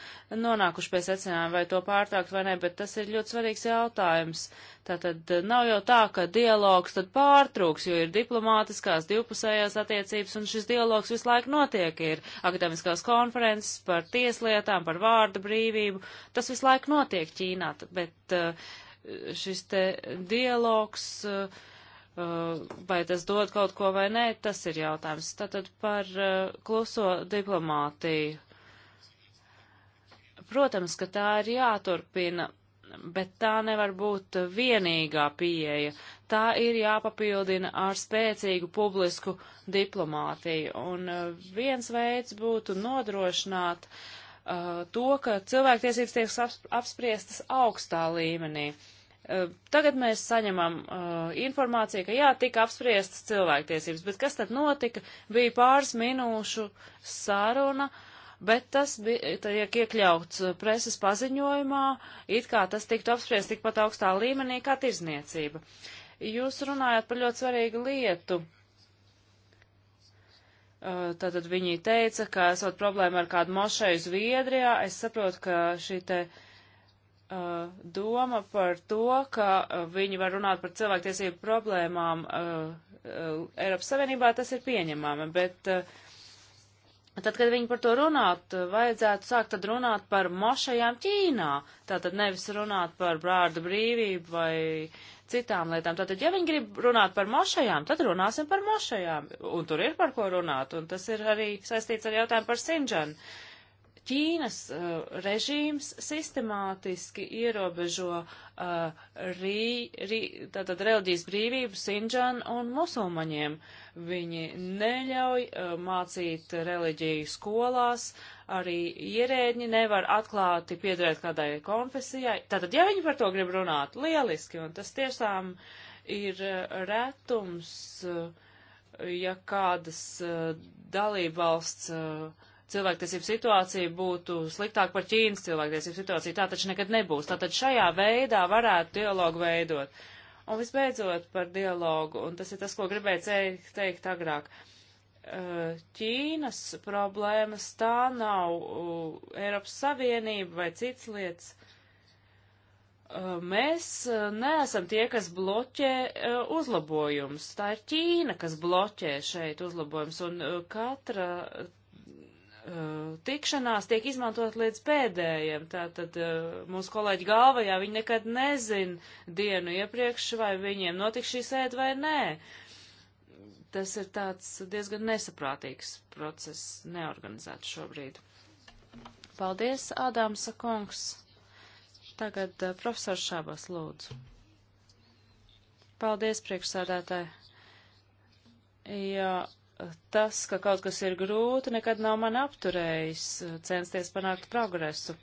nonākuši pie secinājuma, vai to pārtraukt vai ne, bet tas ir ļoti svarīgs jautājums. Tātad eh, nav jau tā, ka dialogs tad pārtrūks, jo ir diplomātiskās divpusējās attiecības, un šis dialogs visu laiku notiek. Ir akademiskās konferences par tieslietām, par vārdu brīvību. Tas visu laiku notiek Ķīnā, bet eh, šis te dialogs. Uh, Uh, vai tas dod kaut ko vai nē, tas ir jautājums. Tātad par uh, kluso diplomātiju. Protams, ka tā ir jāturpina, bet tā nevar būt vienīgā pieeja. Tā ir jāpapildina ar spēcīgu publisku diplomātiju. Un uh, viens veids būtu nodrošināt uh, to, ka cilvēktiesības tiek apspriestas augstā līmenī. Uh, Eh, tagad mēs saņemam uh, informāciju, ka jā, tika apspriestas cilvēktiesības, bet kas tad notika? Bija pāris minūšu saruna, bet tas bija, tiek iekļauts eh, preses paziņojumā, it kā tas tiktu apspriest tikpat augstā līmenī kā tirzniecība. Jūs runājat par ļoti svarīgu lietu. Uh, tātad viņi teica, ka esot problēma ar kādu mošeju Zviedrijā, es saprotu, ka šī te. Uh, uh, doma par to, ka uh, viņi var runāt par cilvēktiesību problēmām uh, uh, Eiropas Savienībā, tas ir pieņemami, bet uh, Tad, kad viņi par to runāt, vajadzētu sākt tad runāt par mašajām Ķīnā. Tātad nevis runāt par brādu brīvību vai citām lietām. Tātad, ja viņi grib runāt par mašajām, tad runāsim par mašajām. Un tur ir par ko runāt. Un tas ir arī saistīts ar jautājumu par Sinžanu. Uh, Ķīnas uh, režīms sistemātiski ierobežo uh, rī, rī, tātad reliģijas brīvību Sinjan un musulmaņiem. Viņi neļauj uh, mācīt reliģiju skolās, arī ierēģi nevar atklāti piedarēt kādai konfesijai. Tātad, ja viņi par to grib runāt, lieliski, un tas tiešām ir uh, retums, uh, ja kādas uh, dalībvalsts. Uh, cilvēktiesību situācija būtu sliktāka par Ķīnas cilvēktiesību situāciju. Tā taču nekad nebūs. Tātad šajā veidā varētu dialogu veidot. Un visbeidzot par dialogu, un tas ir tas, ko gribēju teikt agrāk. Uh, Ķīnas problēmas tā nav uh, Eiropas Savienība vai cits lietas. Uh, mēs neesam tie, kas bloķē uzlabojums. Tā ir Ķīna, kas bloķē šeit uzlabojums, un katra Uh, tikšanās tiek izmantot līdz pēdējiem. Tātad uh, mūsu kolēģi galvajā viņi nekad nezina dienu iepriekš, vai viņiem notiks šī sēde vai nē. Tas ir tāds diezgan nesaprātīgs process, neorganizēts šobrīd. Paldies, Ādāms Kungs. Tagad uh, profesors Šābas lūdzu. Paldies, priekšsādātāji. Jā, tas, ka kaut kas ir grūti, nekad nav man apturējis eh, censties panākt progresu.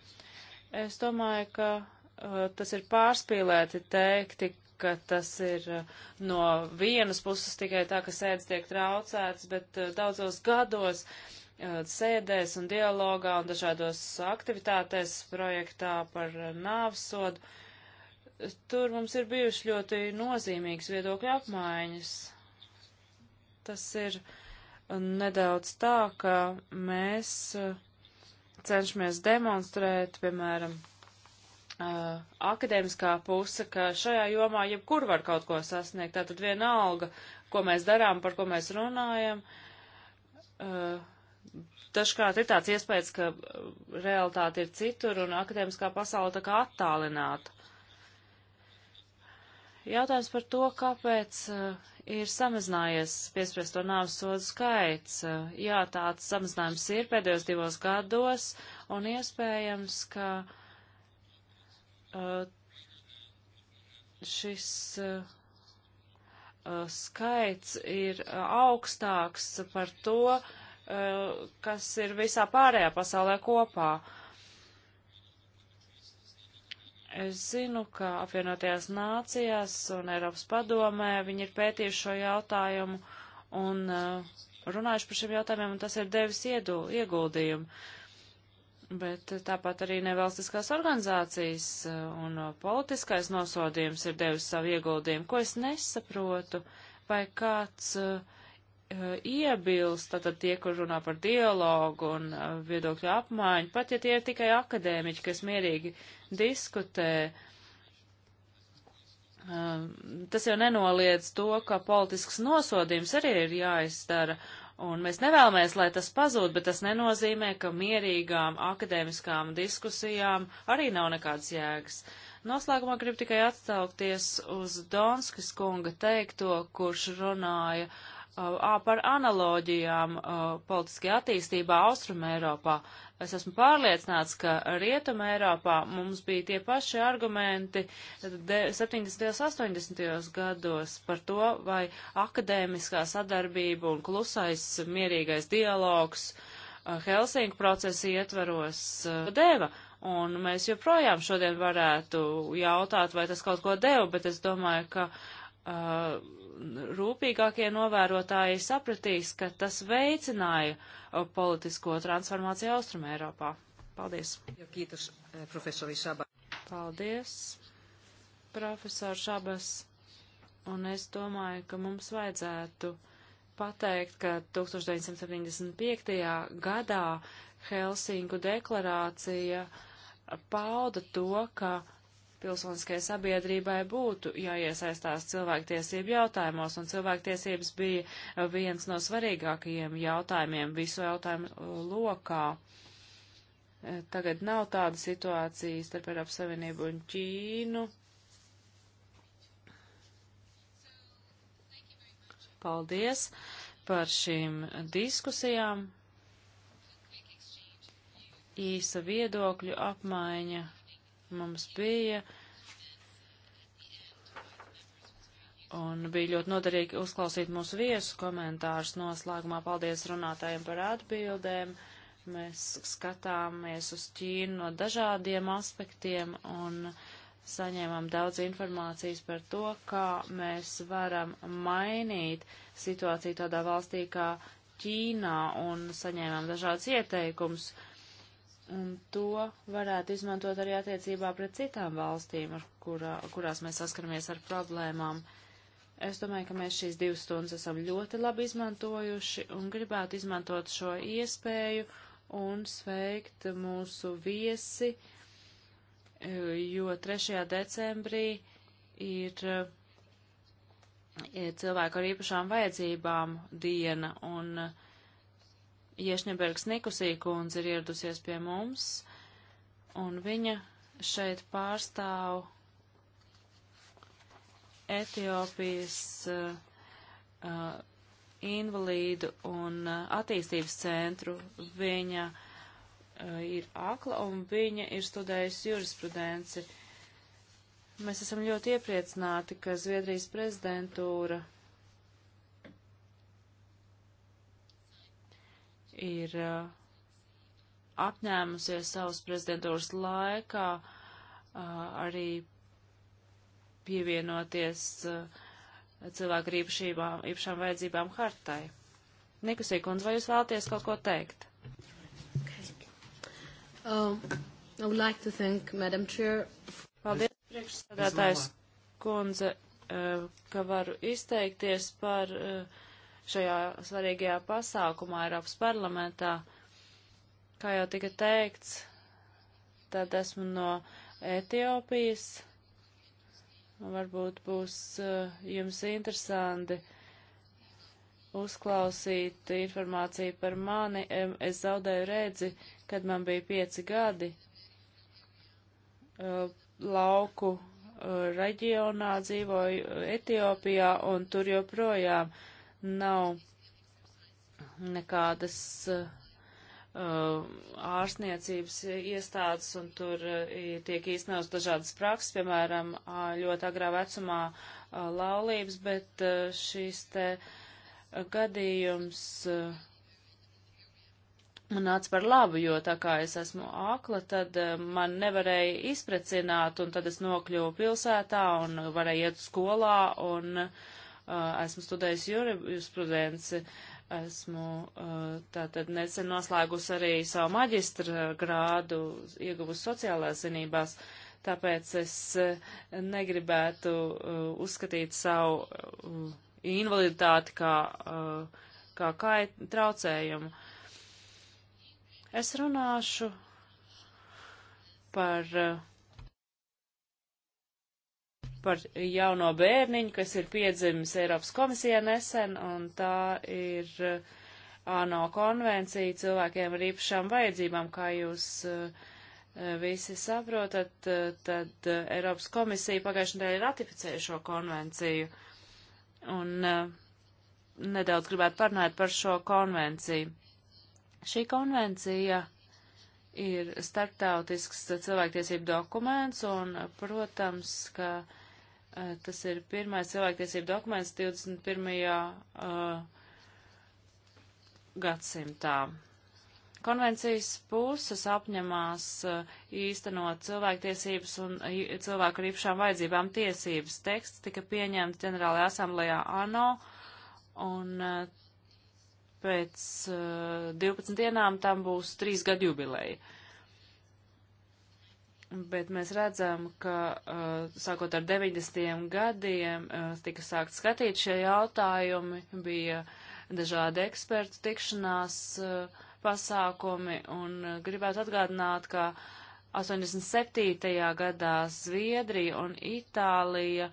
Es domāju, ka uh, tas ir pārspīlēti teikti, ka tas ir eh, no vienas puses tikai tā, ka sēdes tiek traucēts, bet daudzos gados sēdēs un dialogā un dažādos aktivitātēs projektā par nāvsodu. Tur mums ir bijuši ļoti nozīmīgas viedokļa apmaiņas. Tas ir uh, nedaudz tā, ka mēs eh, cenšamies demonstrēt, piemēram, eh, akadēmiskā puse, ka šajā jomā jebkur var kaut ko sasniegt. Tātad viena alga, ko mēs darām, par ko mēs runājam. Eh, dažkārt ir tāds iespējas, ka realitāte ir citur un akadēmiskā pasaule tā kā attālināta. Jautājums par to, kāpēc uh, ir samazinājies piespriesto nāves sodu skaits. Uh, jā, tāds samazinājums ir pēdējos divos gados, un iespējams, ka uh, šis skaits ir augstāks par to, kas ir visā pārējā pasaulē kopā. Uh, Es zinu, ka apvienotajās nācijās un Eiropas padomē viņi ir pētījuši šo jautājumu un uh, runājuši par šiem jautājumiem, un tas ir devis iedu, ieguldījumu. Bet uh, tāpat arī nevalstiskās organizācijas uh, un uh, politiskais nosodījums ir devis savu ieguldījumu, ko es nesaprotu, vai kāds uh, Eh, iebilst, tātad tie, kur runā par dialogu un eh, viedokļu apmaiņu, pat ja tie ir tikai akadēmiķi, kas mierīgi diskutē, eh, tas jau nenoliedz to, ka politisks nosodījums arī ir jāizdara. Un mēs nevēlamies, lai tas pazūd, bet tas nenozīmē, ka mierīgām akadēmiskām diskusijām arī nav nekādas jēgas. Noslēgumā gribu tikai atsaukties uz Donskis kunga teikto, kurš runāja uh, par analoģijām politiskajā attīstībā Austrum Eiropā. Es esmu pārliecināts, ka Rietum Eiropā mums bija tie paši argumenti 70. un 80. gados par to, vai akadēmiskā sadarbība un klusais mierīgais dialogs Helsinku procesa ietvaros deva. Un mēs joprojām šodien varētu jautāt, vai tas kaut ko deva, bet es domāju, ka uh, Uh, rūpīgākie novērotāji sapratīs, ka tas veicināja uh, politisko transformāciju Austrum Eiropā. Paldies. Kītus, eh, profesori Šaba. Paldies, profesor Šabas. Un es domāju, ka mums vajadzētu pateikt, ka 1975. gadā Helsinku deklarācija pauda to, ka pilsoniskajai sabiedrībai būtu jāiesaistās cilvēktiesību jautājumos, un cilvēktiesības bija eh, viens no svarīgākajiem jautājumiem visu jautājumu eh, lokā. Eh, tagad nav tāda situācija starp Eiropas Savienību un Ķīnu. Paldies par šīm diskusijām. Īsa viedokļu apmaiņa mums bija. Un bija ļoti noderīgi uzklausīt mūsu viesu komentārus noslēgumā. Paldies runātājiem par atbildēm. Mēs skatāmies uz Ķīnu no dažādiem aspektiem un saņēmām daudz informācijas par to, kā mēs varam mainīt situāciju tādā valstī kā Ķīnā un saņēmām dažādas ieteikumus un to varētu izmantot arī attiecībā pret citām valstīm, kurā, kurās mēs saskaramies ar problēmām. Es domāju, ka mēs šīs divas stundas esam ļoti labi izmantojuši un gribētu izmantot šo iespēju un sveikt mūsu viesi, e, jo 3. decembrī ir e, cilvēku ar īpašām vajadzībām diena un uh, Iešņebergs Nikusī kundze ir ieradusies pie mums, un viņa šeit pārstāv Etiopijas uh, uh, invalīdu un uh, attīstības centru. Viņa uh, ir akla un viņa ir studējusi jurisprudenci. Mēs esam ļoti iepriecināti, ka Zviedrijas prezidentūra ir uh, apņēmusies savas prezidentūras laikā uh, arī pievienoties uh, cilvēku īpašībām, īpašām vajadzībām hartai. Nikusī kundze, vai jūs vēlaties kaut ko teikt? Okay. Um, oh, like thank, Paldies, priekšsēdētājs kundze, uh, ka varu izteikties par uh, šajā svarīgajā pasākumā Eiropas parlamentā. Kā jau tika teikts, tad esmu no Etiopijas. Varbūt būs eh, jums interesanti uzklausīt informāciju par mani. Es zaudēju redzi, kad man bija pieci gadi eh, lauku eh, reģionā dzīvoju Etiopijā un tur joprojām nav nekādas uh, ārstniecības iestādes, un tur uh, tiek īstenotas dažādas prakses, piemēram, uh, ļoti agrā vecumā uh, laulības, bet uh, šīs te gadījums uh, man nāca par labu, jo tā kā es esmu akla, tad uh, man nevarēja izprecināt, un tad es nokļuvu pilsētā un varēju iet skolā, un uh, Eh, esmu studējusi jurisprudenci, esmu eh, tātad nesen noslēgusi arī savu maģistra grādu, ieguvusi sociālās zinībās, tāpēc es eh, negribētu uzskatīt savu invaliditāti kā, kā kait, traucējumu. Es runāšu par uh, par jauno bērniņu, kas ir piedzimis Eiropas komisijā nesen, un tā ir uh, ANO konvencija cilvēkiem ar īpašām vajadzībām, kā jūs uh, uh, visi saprotat, tad Eiropas komisija pagājušajā nedēļā ratificēja šo konvenciju. Un nedaudz gribētu parunāt par šo konvenciju. Šī konvencija ir starptautisks cilvēktiesību dokuments, un, protams, ka Tas ir pirmais cilvēktiesību dokuments 21. gadsimtā. Konvencijas puses apņemās īstenot cilvēktiesības un cilvēku ar īpašām vajadzībām tiesības. Teksts tika pieņemts ģenerālajā asamblējā ANO un pēc 12 dienām tam būs trīs gadu jubileja. Bet mēs redzam, ka uh, sākot ar 90. gadiem uh, tika sākt skatīt šie jautājumi, bija dažādi ekspertu tikšanās uh, pasākumi, un uh, gribētu atgādināt, ka 87. gadā Zviedrija un Itālija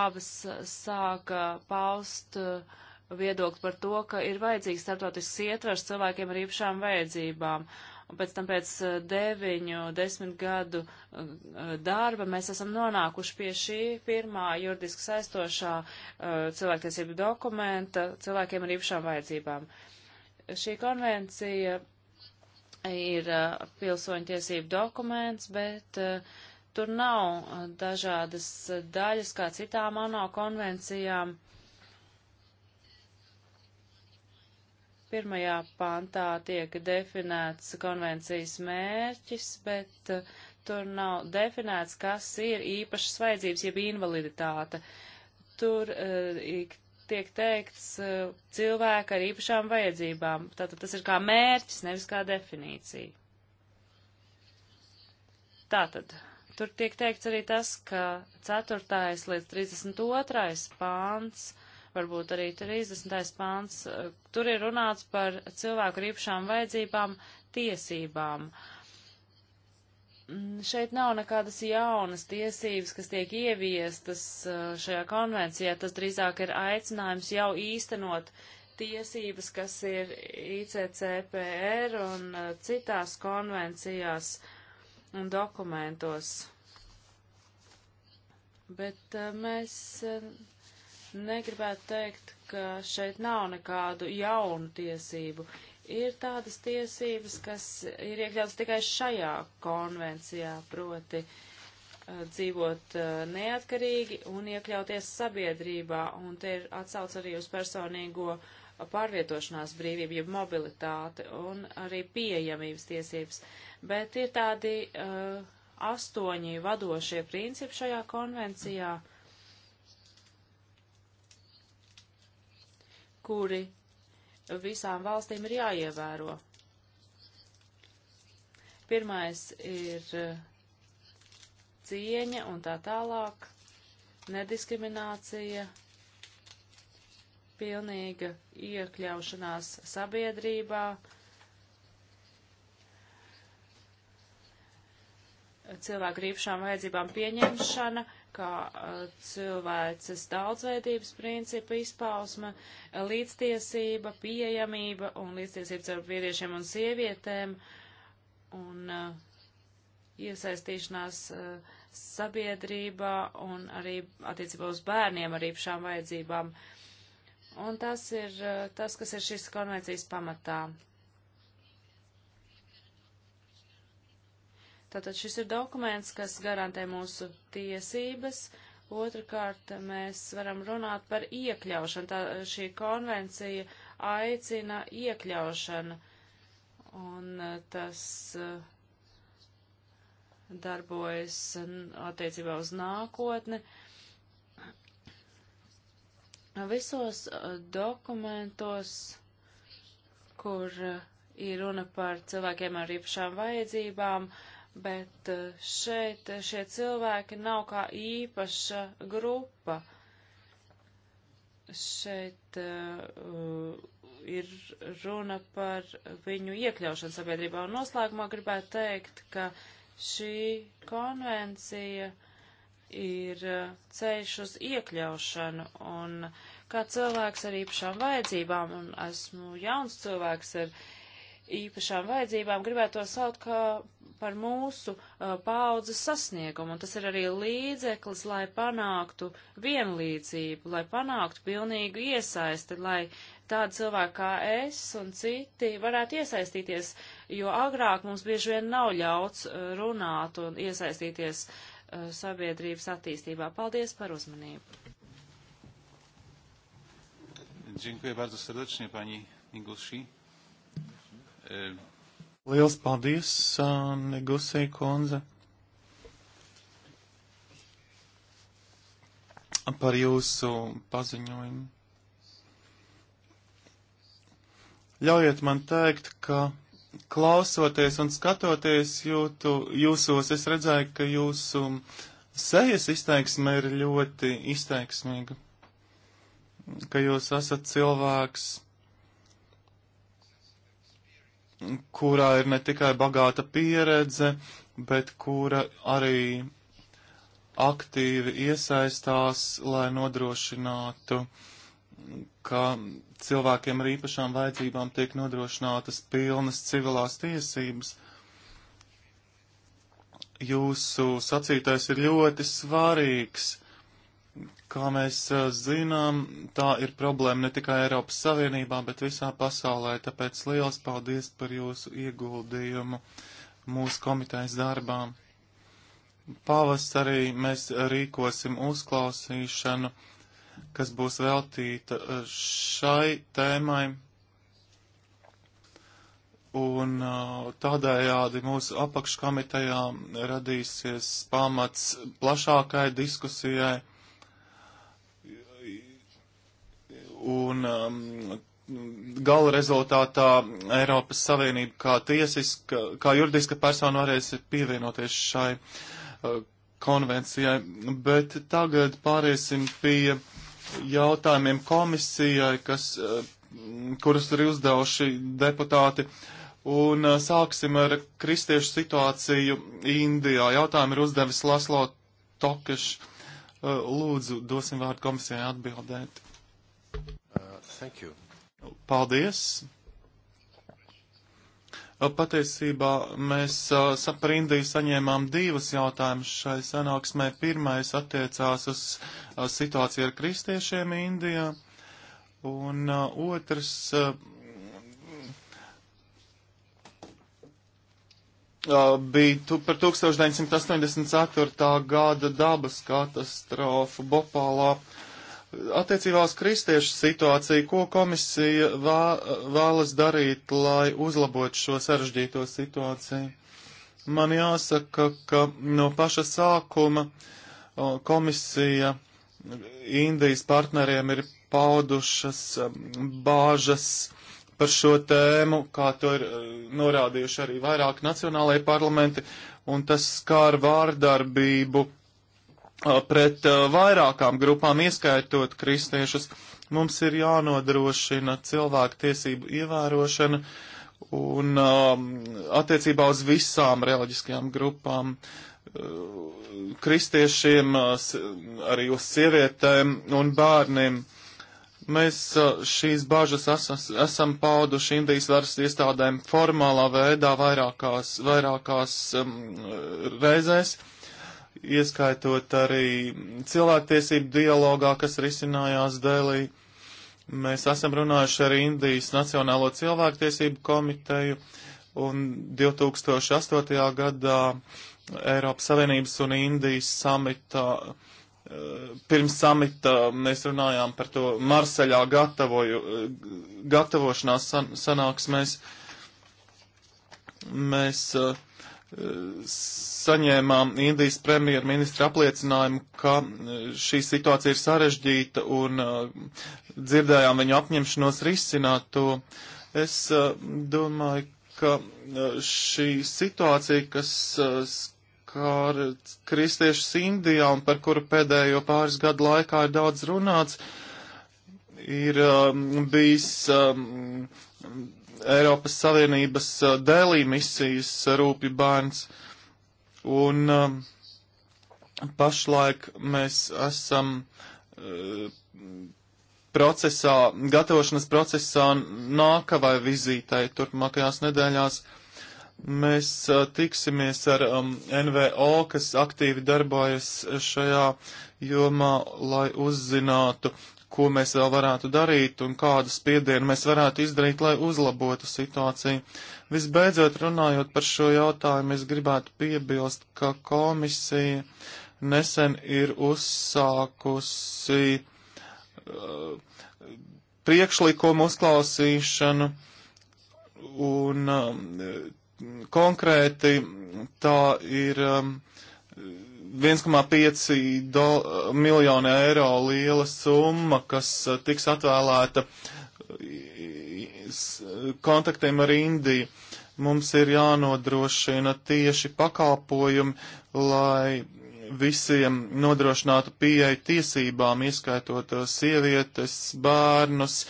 abas sāka paust uh, viedokli par to, ka ir vajadzīgs starptautisks ietvers cilvēkiem ar īpašām vajadzībām. Uh, un pēc tam pēc eh, deviņu, desmit gadu eh, darba mēs esam nonākuši pie šī pirmā juridiski saistošā eh, cilvēktiesību dokumenta cilvēkiem ar īpašām vajadzībām. Šī konvencija ir pilsoņu tiesību dokuments, bet tur nav dažādas daļas kā citām ANO konvencijām pirmajā pantā tiek definēts konvencijas mērķis, bet uh, tur nav definēts, kas ir īpašas vajadzības, jeb invaliditāte. Tur uh, tiek teikts uh, cilvēka ar īpašām vajadzībām. Tātad tas ir kā mērķis, nevis kā definīcija. Tātad. Tur tiek teikts arī tas, ka 4. līdz 32. pāns uh, varbūt arī 30. pāns. Eh, tur ir runāts par cilvēku ar īpašām vajadzībām, tiesībām. Mm, šeit nav nekādas jaunas tiesības, kas tiek ieviestas eh, šajā konvencijā. Tas drīzāk ir aicinājums jau īstenot tiesības, kas ir ICCPR un eh, citās konvencijās un dokumentos. Bet mēs negribētu teikt, ka šeit nav nekādu jaunu tiesību. Ir tādas tiesības, kas ir iekļautas tikai šajā konvencijā, proti uh, dzīvot uh, neatkarīgi un iekļauties sabiedrībā, un te ir atsauc arī uz personīgo pārvietošanās brīvību, jeb mobilitāti un arī pieejamības tiesības. Bet ir tādi uh, astoņi vadošie principi šajā konvencijā. Mm kuri visām valstīm ir jāievēro. Pirmais ir eh, cieņa un tā tālāk, nediskriminācija, pilnīga iekļaušanās sabiedrībā, cilvēku rīpšām vajadzībām pieņemšana kā cilvēces daudzveidības principa izpausme, līdztiesība, pieejamība un līdztiesības ar vīriešiem un sievietēm un uh, iesaistīšanās uh, sabiedrībā un arī attiecībā uz bērniem ar īpašām vajadzībām. Un tas ir uh, tas, kas ir šīs konvencijas pamatā. Tātad šis ir dokuments, kas garantē mūsu tiesības. Otrakārt, mēs varam runāt par iekļaušanu. Tā, šī konvencija aicina iekļaušanu. Un e, tas e, darbojas attiecībā uz nākotni. Visos e, dokumentos, kur ir runa par cilvēkiem ar īpašām vajadzībām, uh, bet eh, šeit šie cilvēki nav kā īpaša grupa. Šeit uh, ir runa par viņu iekļaušanu sabiedrībā. Un noslēgumā gribētu teikt, ka šī konvencija ir eh, ceļš uz iekļaušanu. Un kā cilvēks ar īpašām vajadzībām, un esmu jauns cilvēks ar īpašām vajadzībām, gribētu to saukt kā par mūsu uh, paaudzes sasniegumu, un tas ir arī līdzeklis, lai panāktu vienlīdzību, lai panāktu pilnīgu iesaisti, lai tādi cilvēki kā es un citi varētu iesaistīties, jo agrāk mums bieži vien nav ļauts uh, runāt un iesaistīties uh, sabiedrības attīstībā. Paldies par uzmanību! Dziękuję bardzo serdecznie Pani Migusi. Liels paldies, Negusī Konze, par jūsu paziņojumu. Ļaujiet man teikt, ka klausoties un skatoties jūtu, jūsos, es redzēju, ka jūsu sejas izteiksme ir ļoti izteiksmīga, ka jūs esat cilvēks kurā ir ne tikai bagāta pieredze, bet kura arī aktīvi iesaistās, lai nodrošinātu, ka cilvēkiem ar īpašām vajadzībām tiek nodrošinātas pilnas civilās tiesības. Jūsu sacītais ir ļoti svarīgs Kā mēs uh, zinām, tā ir problēma ne tikai Eiropas Savienībā, bet visā pasaulē, tāpēc liels paldies par jūsu ieguldījumu mūsu komitejas darbā. Pavasarī mēs rīkosim uzklausīšanu, kas būs veltīta šai tēmai, un tādējādi mūsu apakškomitejā radīsies pamats plašākai diskusijai Un um, gala rezultātā Eiropas Savienība kā tiesiska, kā juridiska persona varēs pievienoties šai uh, konvencijai. Bet tagad pāriesim pie jautājumiem komisijai, kas, uh, kurus ir uzdevuši deputāti. Un uh, sāksim ar kristiešu situāciju Indijā. Jautājumu ir uzdevis Laslo Tokešs. Uh, lūdzu, dosim vārdu komisijai atbildēt. Uh, Paldies! Patiesībā mēs saprindī saņēmām divas jautājumas šai sanāksmē. Pirmais attiecās uz situāciju ar kristiešiem Indijā, un otrs bija tu par 1984. gada dabas katastrofu Bopālā. Attiecībā uz kristiešu situāciju, ko komisija vā, vēlas darīt, lai uzlabotu šo sarežģīto situāciju? Man jāsaka, ka no paša sākuma komisija Indijas partneriem ir paudušas bāžas par šo tēmu, kā to ir e, norādījuši arī vairāk nacionālajie parlamenti, un tas skār vārdarbību pret uh, vairākām grupām, ieskaitot kristiešus. Mums ir jānodrošina cilvēku tiesību ievērošana un um, attiecībā uz visām reliģiskajām grupām uh, kristiešiem, uh, arī uz sievietēm un bērniem. Mēs šīs bažas esas, esam pauduši Indijas varas iestādēm formālā veidā vairākās, vairākās um, reizēs. Uh, ieskaitot arī cilvēktiesību dialogā, kas risinājās Dēlī. Mēs esam runājuši ar Indijas Nacionālo cilvēktiesību komiteju un 2008. gadā Eiropas Savienības un Indijas samita, eh, pirms samita mēs runājām par to Marseļā gatavoju, gatavošanās san, sanāksmēs. Mēs, mēs eh, saņēmām Indijas premjerministra apliecinājumu, ka e, šī situācija ir sarežģīta un e, dzirdējām viņu apņemšanos risināt to. Es e, domāju, ka šī situācija, kas skār kristiešus Indijā un par kuru pēdējo pāris gadu laikā ir daudz runāts, ir bijis Eiropas Savienības uh, dēlī misijas uh, rūpi bērns. Un um, pašlaik mēs esam uh, procesā, gatavošanas procesā nākavai vizītei turpmākajās nedēļās. Mēs uh, tiksimies ar um, NVO, kas aktīvi darbojas šajā jomā, lai uzzinātu, ko mēs vēl varētu darīt un kādu spiedienu mēs varētu izdarīt, lai uzlabotu situāciju. Visbeidzot, runājot par šo jautājumu, es gribētu piebilst, ka komisija nesen ir uzsākusi uh, priekšlikumu uzklausīšanu un um, konkrēti tā ir um, 1,5 miljonu eiro liela summa, kas eh, tiks atvēlēta eh, kontaktiem ar Indiju. Mums ir jānodrošina tieši pakalpojumi, lai visiem nodrošinātu pieeju tiesībām, ieskaitot eh, sievietes, bērnus,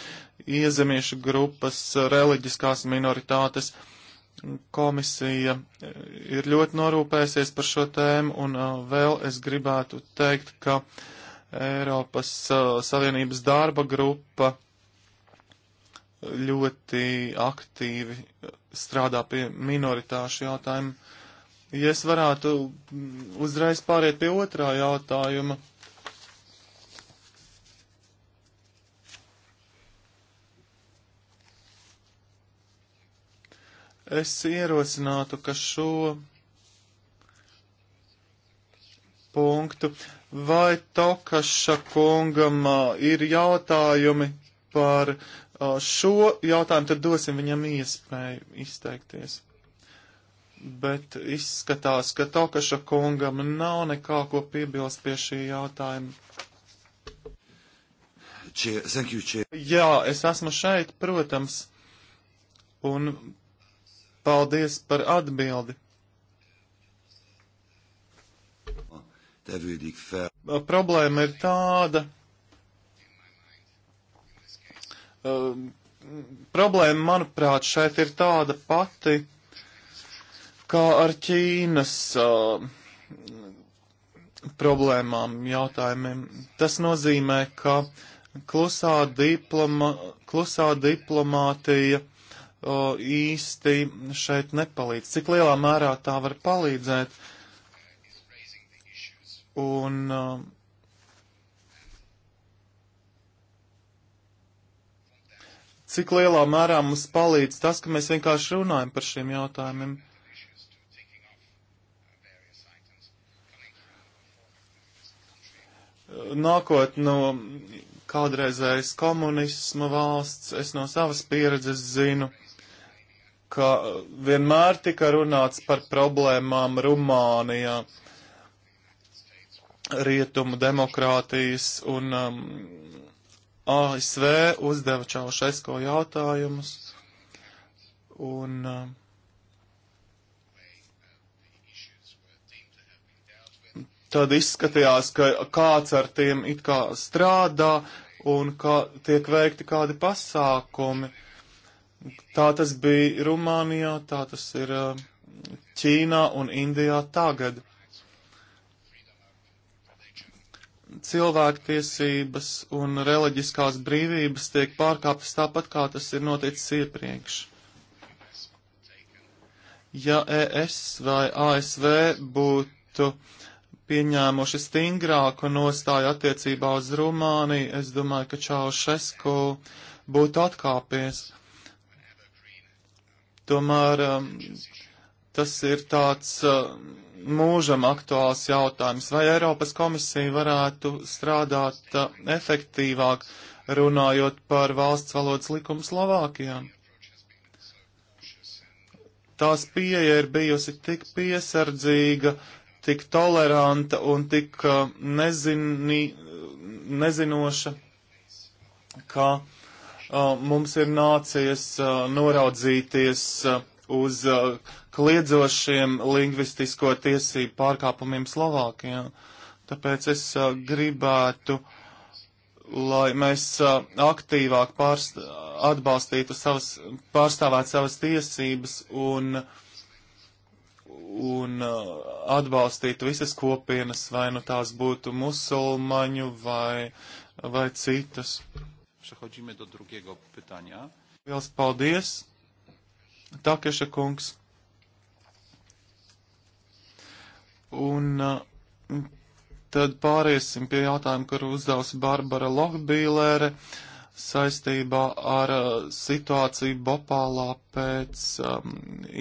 iezemiešu grupas, reliģiskās minoritātes. Uh, Komisija eh, ir ļoti norūpēsies par šo tēmu, un eh, vēl es gribētu teikt, ka Eiropas eh, Savienības darba grupa ļoti aktīvi strādā pie minoritāšu jautājumu. Ja es varētu mm, uzreiz pāriet pie otrā jautājuma Es ierosinātu, ka šo punktu vai Tokaša kungam ir jautājumi par šo jautājumu, tad dosim viņam iespēju izteikties. Bet izskatās, ka Tokaša kungam nav nekā ko piebilst pie šī jautājuma. Cheer. Thank you, cheer. Jā, es esmu šeit, protams. Un Paldies par atbildi. Problēma ir tāda. Um, problēma, manuprāt, šeit ir tāda pati kā ar Ķīnas uh, problēmām, jautājumiem. Tas nozīmē, ka klusā, diploma, klusā diplomātija o, īsti šeit nepalīdz. Cik lielā mērā tā var palīdzēt? Un o, cik lielā mērā mums palīdz tas, ka mēs vienkārši runājam par šiem jautājumiem? Nākot no kādreizējas komunisma valsts, es no savas pieredzes zinu, ka vienmēr tika runāts par problēmām Rumānijā, rietumu demokrātijas un um, ASV uzdeva Čaušesko jautājumus. Un, um, Tad izskatījās, ka kāds ar tiem it kā strādā un kā tiek veikti kādi pasākumi. Uh, Tā tas bija Rumānijā, tā tas ir Ķīnā un Indijā tagad. Cilvēktiesības un reliģiskās brīvības tiek pārkāptas tāpat, kā tas ir noticis iepriekš. Ja ES vai ASV būtu pieņēmuši stingrāku nostāju attiecībā uz Rumāniju, es domāju, ka Čaušesku būtu atkāpies. Tomēr um, tas ir tāds uh, mūžam aktuāls jautājums, vai Eiropas komisija varētu strādāt uh, efektīvāk, runājot par valsts valodas likumu Slovākijā. Tās pieeja ir bijusi tik piesardzīga, tik toleranta un tik uh, nezini, nezinoša, ka uh, Uh, mums ir nācies uh, noraudzīties uh, uz kliedzošiem lingvistisko tiesību pārkāpumiem Slovākijā. Tāpēc es gribētu, lai mēs aktīvāk pārst atbalstītu savas, pārstāvēt savas tiesības un un atbalstītu visas kopienas, vai nu tās būtu musulmaņu vai, vai citas. Przechodzimy do drugiego pytania. Liels paldies, Takeša kungs. Un mm, tad pāriesim pie jautājuma, kuru uzdevusi Barbara Lohbīlere saistībā ar uh, situāciju Bopālā pēc um,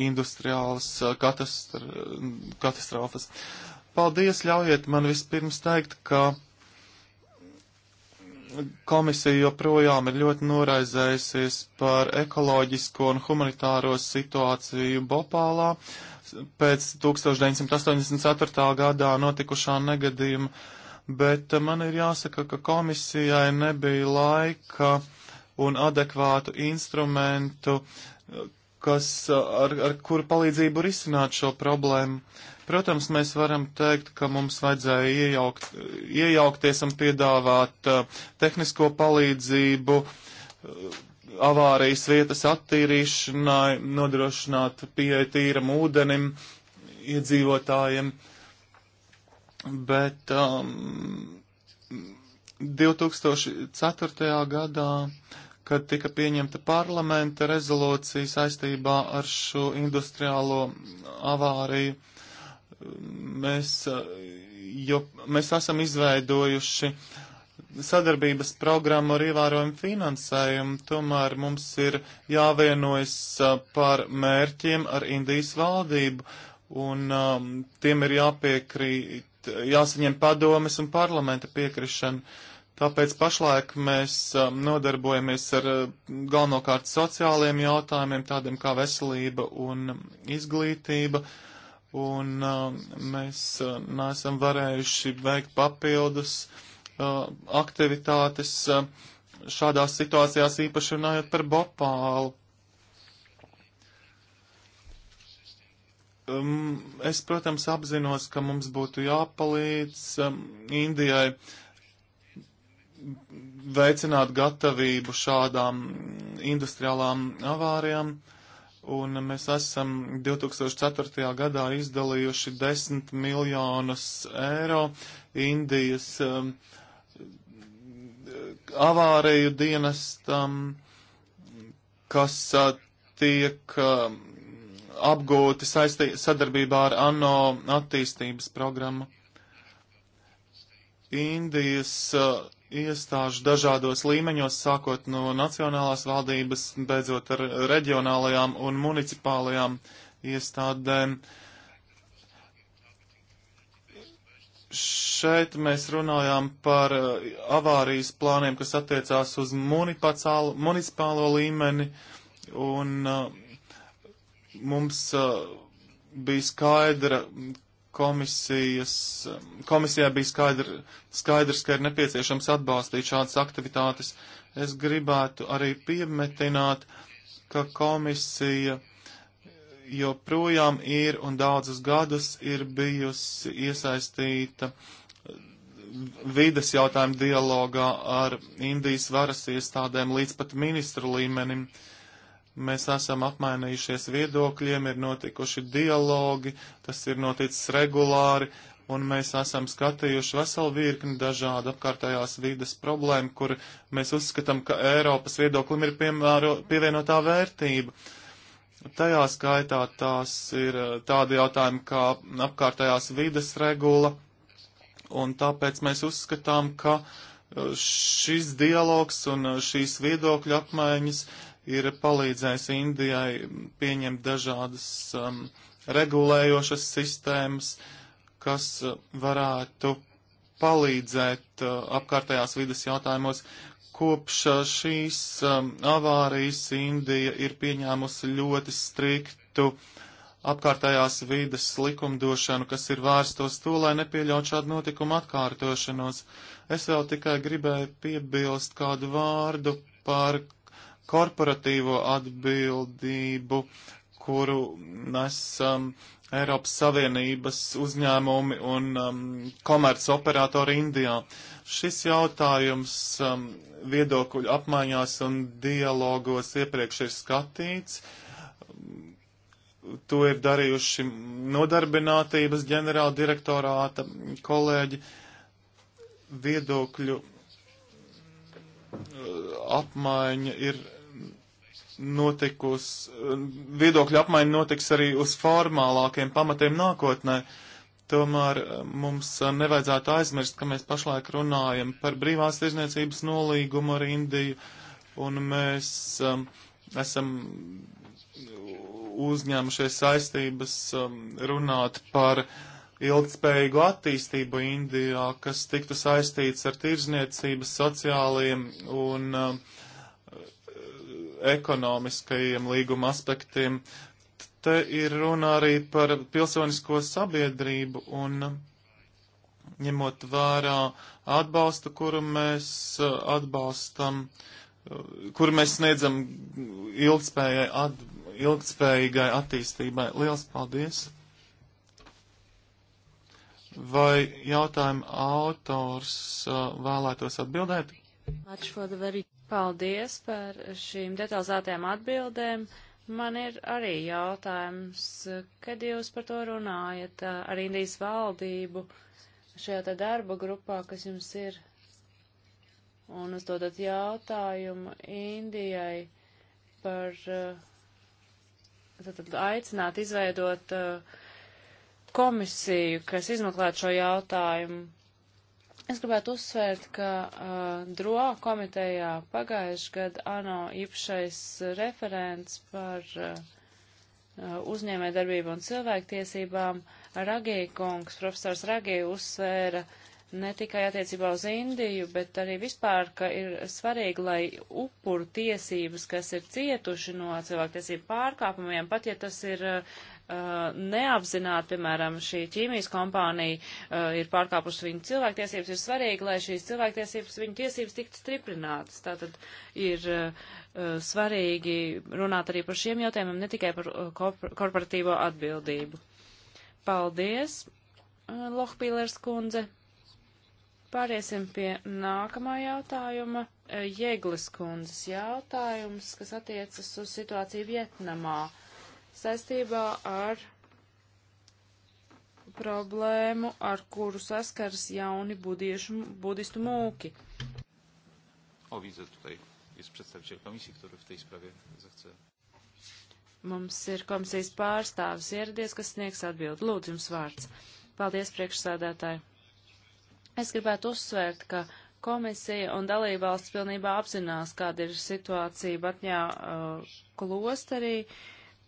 industriālas uh, katastra mm, katastrofas. Paldies, ļaujiet man vispirms teikt, ka Komisija joprojām ir ļoti noraizējusies par ekoloģisko un humanitāro situāciju Bopālā pēc 1984. gadā notikušā negadījuma, bet man ir jāsaka, ka komisijai nebija laika un adekvātu instrumentu, kas, ar, ar kuru palīdzību risināt šo problēmu. Uh, Protams, mēs varam teikt, ka mums vajadzēja iejaukt, iejaukties un piedāvāt uh, tehnisko palīdzību, uh, avārijas vietas attīrīšanai, nodrošināt pieeja tīram ūdenim iedzīvotājiem. Bet um, 2004. gadā, kad tika pieņemta parlamenta rezolūcija saistībā ar šo industriālo avāriju, Mēs, eh, jo, mēs esam izveidojuši sadarbības programmu ar ievērojumu finansējumu, tomēr mums ir jāvienojas eh, par mērķiem ar Indijas valdību, un um, tiem ir jāpiekrīt, jāsaņem padomes un parlamenta piekrišana. Tāpēc pašlaik mēs um, nodarbojamies ar eh, galvenokārt sociāliem jautājumiem, tādiem kā veselība un izglītība. Uh, un uh, mēs uh, neesam varējuši veikt papildus uh, aktivitātes uh, šādās situācijās, īpaši runājot par Bopālu. Um, es, protams, apzinos, ka mums būtu jāpalīdz um, Indijai veicināt gatavību šādām industriālām avārijām. Uh, un mēs esam 2004. gadā izdalījuši 10 miljonus eiro Indijas um, avāriju dienestam, kas uh, tiek uh, apgūti saistī, sadarbībā ar ANO attīstības programmu. Indijas uh, iestāžu dažādos līmeņos, sākot no nacionālās valdības, beidzot ar reģionālajām un municipālajām iestādēm. Šeit mēs runājām par uh, avārijas plāniem, kas attiecās uz municipālo līmeni, un uh, mums uh, bija skaidra komisijas, komisijā bija skaidr, skaidrs, ka ir nepieciešams atbalstīt šādas aktivitātes. Es gribētu arī piemetināt, ka komisija joprojām ir un daudzus gadus ir bijusi iesaistīta vides jautājumu dialogā ar Indijas varas iestādēm līdz pat ministru līmenim. Uh, Mēs esam apmainījušies viedokļiem, ir notikuši dialogi, tas ir noticis regulāri, un mēs esam skatījuši veselu virkni dažādu apkārtējās vīdes problēmu, kur mēs uzskatām, ka Eiropas viedoklim ir piemēro, pievienotā vērtība. Tajā skaitā tās ir eh, tādi jautājumi kā apkārtējās vīdes regula, un tāpēc mēs uzskatām, ka eh, šis dialogs un eh, šīs viedokļu apmaiņas uh, ir palīdzējis Indijai pieņemt dažādas um, regulējošas sistēmas, kas varētu palīdzēt uh, apkārtējās vidas jautājumos. Kopš uh, šīs um, avārijas Indija ir pieņēmusi ļoti striktu apkārtējās vidas likumdošanu, kas ir vērstos to, lai nepieļaut šādu notikumu atkārtošanos. Es vēl tikai gribēju piebilst kādu vārdu par korporatīvo atbildību, kuru nes um, Eiropas Savienības uzņēmumi un um, komerc operatori Indijā. Šis jautājums um, viedokļu apmaiņās un dialogos iepriekš ir skatīts. To ir darījuši nodarbinātības ģenerāla direktorāta kolēģi viedokļu Eh, apmaiņa ir notikus, eh, viedokļa apmaiņa notiks arī uz formālākiem pamatiem nākotnē. Tomēr eh, mums nevajadzētu aizmirst, ka mēs pašlaik runājam par brīvās tirzniecības nolīgumu ar Indiju, un mēs um, esam uzņēmušies saistības um, runāt par uh, ilgspējīgu attīstību Indijā, kas tiktu saistīts ar tirzniecības, sociālajiem un uh, ekonomiskajiem līguma aspektiem. Te ir runa arī par pilsonisko sabiedrību un ņemot vērā atbalstu, kuru mēs uh, atbalstam, uh, kuru mēs sniedzam ilgspējai, at, ilgspējīgai attīstībai. Liels paldies! Vai jautājuma autors uh, vēlētos atbildēt? Very... Paldies par šīm detalizētajām atbildēm. Man ir arī jautājums, kad jūs par to runājat uh, ar Indijas valdību šajā te darba grupā, kas jums ir, un uzdodat jautājumu Indijai par, uh, tad aicināt izveidot uh, komisiju, kas izmeklētu šo jautājumu. Es gribētu uzsvērt, ka uh, DRO komitejā pagājuši gadu ANO īpašais referents par uh, uh uzņēmē darbību un cilvēktiesībām Ragīkungs, profesors Ragī uzsvēra ne tikai attiecībā uz Indiju, bet arī vispār, ka ir svarīgi, lai upuru tiesības, kas ir cietuši no cilvēktiesību pārkāpumiem, pat ja tas ir uh, Uh, neapzināti, piemēram, šī ķīmijas kompānija uh, ir pārkāpusi viņu cilvēktiesības, ir svarīgi, lai šīs cilvēktiesības, viņu tiesības tiktu stiprinātas. Tātad ir uh, svarīgi runāt arī par šiem jautājumiem, ne tikai par korporatīvo atbildību. Paldies, Lohpīlers kundze. Pāriesim pie nākamā jautājuma. Jēglis kundzes jautājums, kas attiecas uz situāciju Vietnamā. Uh, saistībā ar problēmu, ar kuru saskaras jauni budiešu, budistu mūki. O, widzę tutaj jest przedstawiciel komisji, który w tej sprawie zechce. Mums ir komisijas pārstāvis ieradies, kas sniegs atbildi. Lūdzu, jums vārds. Paldies, priekšsādātāji. Es gribētu uzsvērt, ka komisija un dalībvalsts pilnībā apzinās, kāda ir situācija Batņā uh, klosterī. Uh,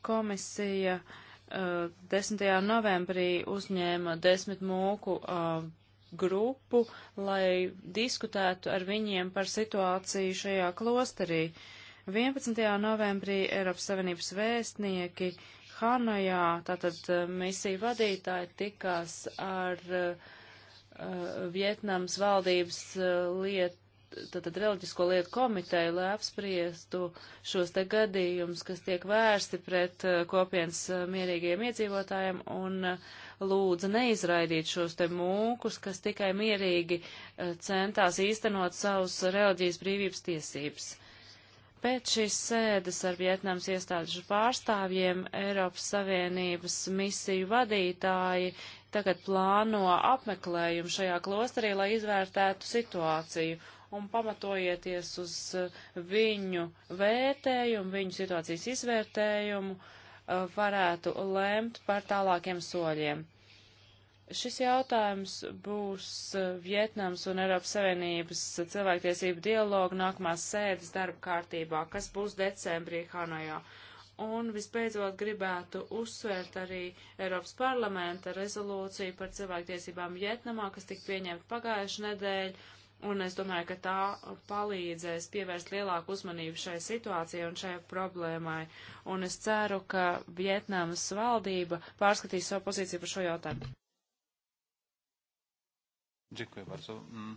Komisija uh, eh, 10. novembrī uzņēma desmit mūku uh, grupu, lai diskutētu ar viņiem par situāciju šajā klosterī. 11. novembrī Eiropas Savienības vēstnieki Hanojā, tātad eh, misija vadītāji, tikās ar uh, Vietnams valdības uh, liet, tātad reliģisko lietu komiteju, lai apspriestu šos te gadījumus, kas tiek vērsti pret eh, kopienas eh, mierīgiem iedzīvotājiem un eh, lūdza neizraidīt šos te mūkus, kas tikai mierīgi centās īstenot savus reliģijas brīvības tiesības. Pēc šīs sēdes ar Vietnams iestāžu pārstāvjiem Eiropas Savienības misiju vadītāji tagad plāno apmeklējumu šajā klosterī, lai izvērtētu situāciju un pamatojieties uz eh, viņu vērtējumu, viņu situācijas izvērtējumu, eh, varētu lēmt par tālākiem soļiem. Šis jautājums būs eh, Vietnams un Eiropas Savienības cilvēktiesību dialogu nākamās sēdes darba kārtībā, kas būs decembrī Hanojā. Un visbeidzot gribētu uzsvērt arī Eiropas parlamenta rezolūciju par cilvēktiesībām Vietnamā, kas tika pieņemta pagājušajā nedēļā, un es domāju, ka tā palīdzēs pievērst lielāku uzmanību šai situācijai un šai problēmai. Un es ceru, ka Vietnamas valdība pārskatīs savu pozīciju par šo jautājumu. Mm,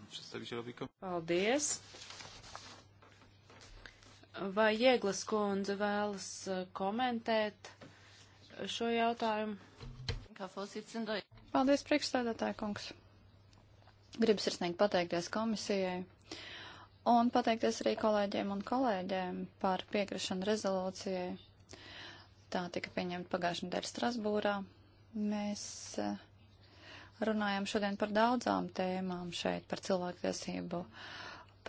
Paldies! Vai Ieglas kundze vēlas eh, komentēt šo jautājumu? Paldies, priekšstādātāja kungs! Gribu sirsnīgi pateikties komisijai un pateikties arī kolēģiem un kolēģiem par piekrišanu rezolūcijai. Tā tika pieņemta pagājušajā nedēļā Strasbūrā. Mēs eh, runājam šodien par daudzām tēmām šeit, par cilvēktiesību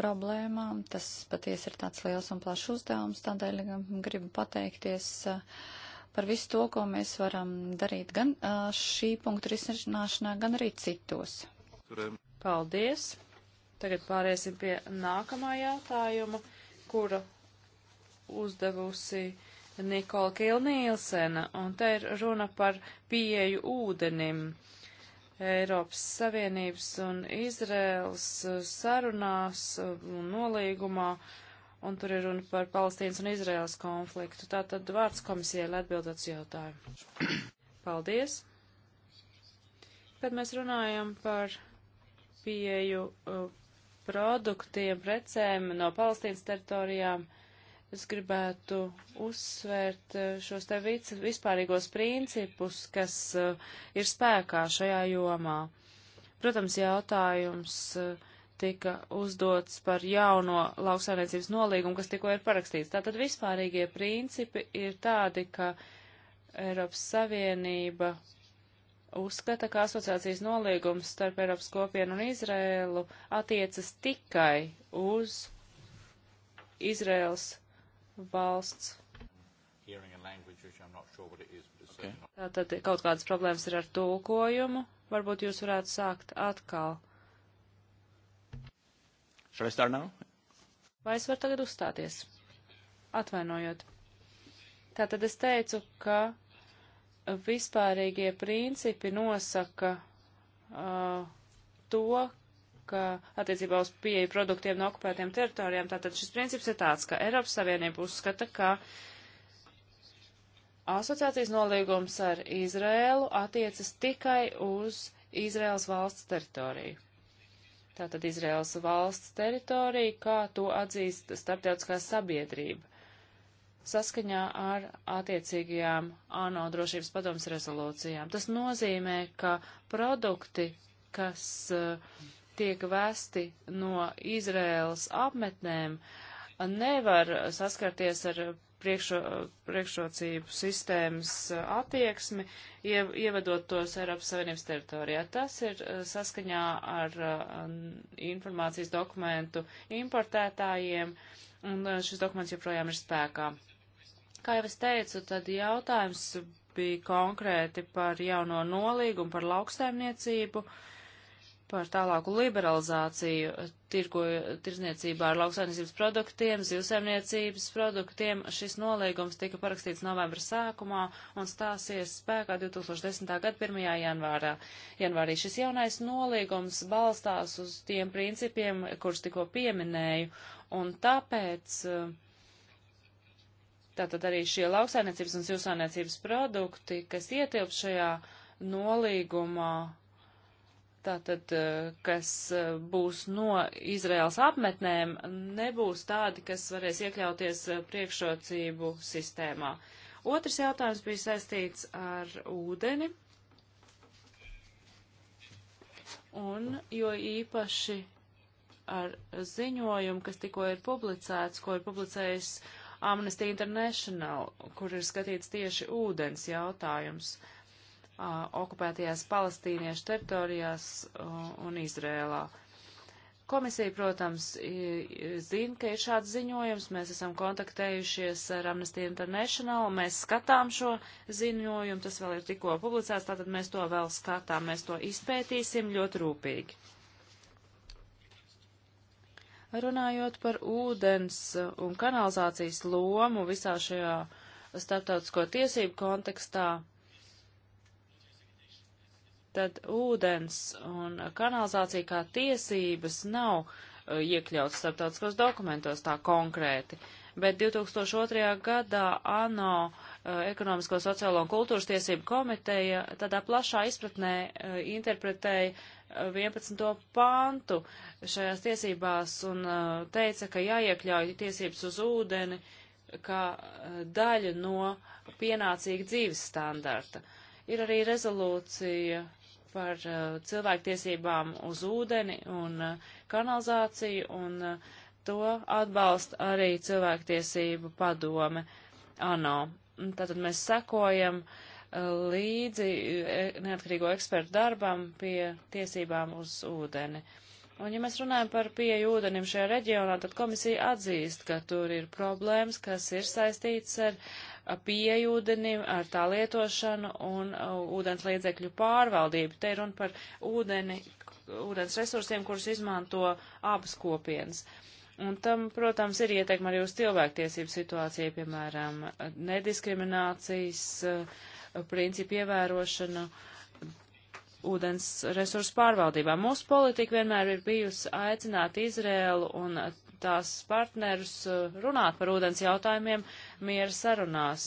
problēmām. Tas patiesi ir tāds liels un plašs uzdevums, tādēļ gribu pateikties eh, par visu to, ko mēs varam darīt gan eh, šī punktu risināšanā, gan arī citos. Turēm. Paldies! Tagad pāriesim pie nākamā jautājuma, kuru uzdevusi Nikola Kilnīlsena, un te ir runa par pieeju ūdenim. Eiropas Savienības un Izraels sarunās un nolīgumā, un tur ir runa par Palestīnas un Izraels konfliktu. Tātad vārds komisijai, lai atbildot uz jautājumu. Paldies! Kad mēs runājam par pieju uh, produktiem, precēm no Palestīnas teritorijām. Es gribētu uzsvērt uh, šos te vispārīgos principus, kas uh, ir spēkā šajā jomā. Protams, jautājums tika uzdots par jauno lauksaimniecības nolīgumu, kas tikko ir parakstīts. Tātad vispārīgie principi ir tādi, ka Eiropas Savienība uzskata, ka asociācijas nolīgums starp Eiropas kopienu un Izrēlu attiecas tikai uz Izrēlas valsts. Okay. Tātad kaut kādas problēmas ir ar tulkojumu. Varbūt jūs varētu sākt atkal. Vai es varu tagad uzstāties? Atvainojot. Tātad es teicu, ka vispārīgie principi nosaka uh, to, ka attiecībā uz pieeju produktiem no okupētiem teritorijām, tātad šis princips ir tāds, ka Eiropas Savienība uzskata, ka asociācijas nolīgums ar Izrēlu attiecas tikai uz Izrēlas valsts teritoriju. Tātad Izrēlas valsts teritorija, kā to atzīst starptautiskā sabiedrība saskaņā ar attiecīgajām ANO drošības padomas rezolūcijām. Tas nozīmē, ka produkti, kas eh, tiek vesti no Izraēlas apmetnēm, nevar saskarties ar priekšro, priekšrocību sistēmas eh, attieksmi, ievedot tos Eiropas Savienības teritorijā. Tas ir eh, saskaņā ar informācijas dokumentu importētājiem, un šis dokuments joprojām ir spēkā. Kā jau es teicu, tad jautājums bija konkrēti par jauno nolīgumu, par lauksaimniecību, par tālāku liberalizāciju tirgo, tirzniecībā ar lauksaimniecības produktiem, zivsaimniecības produktiem. Šis nolīgums tika parakstīts novembra sākumā un stāsies spēkā 2010. gada 1. janvārā. Janvārī šis jaunais nolīgums balstās uz tiem principiem, kurus tikko pieminēju, un tāpēc uh, Tātad arī šie lauksainiecības un zivsainiecības produkti, kas ietilp šajā nolīgumā, tātad, eh, kas eh, būs no Izraels apmetnēm, nebūs tādi, kas varēs iekļauties eh, priekšrocību sistēmā. Otrs jautājums bija saistīts ar ūdeni. Un jo īpaši ar ziņojumu, kas tikko ir publicēts, ko ir publicējis Amnesty International, kur ir skatīts tieši ūdens jautājums uh, okupētajās palestīniešu teritorijās uh, un Izrēlā. Komisija, protams, zina, ka ir šāds ziņojums. Mēs esam kontaktējušies ar Amnesty International, mēs skatām šo ziņojumu, tas vēl ir tikko publicēts, tātad mēs to vēl skatām, mēs to izpētīsim ļoti rūpīgi. Runājot par ūdens un kanalizācijas lomu visā šajā starptautisko tiesību kontekstā, tad ūdens un kanalizācija kā tiesības nav eh, iekļauts starptautiskos dokumentos tā konkrēti. Bet 2002. gadā ANO eh, ekonomisko, sociālo un kultūras tiesību komiteja tādā plašā izpratnē eh, interpretēja 11. pantu šajās tiesībās un teica, ka jāiekļauj tiesības uz ūdeni kā daļa no pienācīga dzīves standarta. Ir arī rezolūcija par cilvēktiesībām uz ūdeni un kanalizāciju, un to atbalsta arī cilvēktiesību padome ANO. Tātad mēs sekojam uh, līdzi e, neatkarīgo ekspertu darbam pie tiesībām uz ūdeni. Un, ja mēs runājam par pieeju ūdenim šajā reģionā, tad komisija atzīst, ka tur ir problēmas, kas ir saistīts ar pieeju ūdenim, ar tā lietošanu un ūdens līdzekļu pārvaldību. Te ir runa par ūdeni, ūdens resursiem, kurus izmanto abas kopienas. Un tam, protams, ir ietekma arī uz cilvēktiesību situāciju, piemēram, nediskriminācijas uh, principu ievērošana ūdens resursu pārvaldībā. Mūsu politika vienmēr ir bijusi aicināt Izrēlu un tās partnerus uh, runāt par ūdens jautājumiem miera sarunās.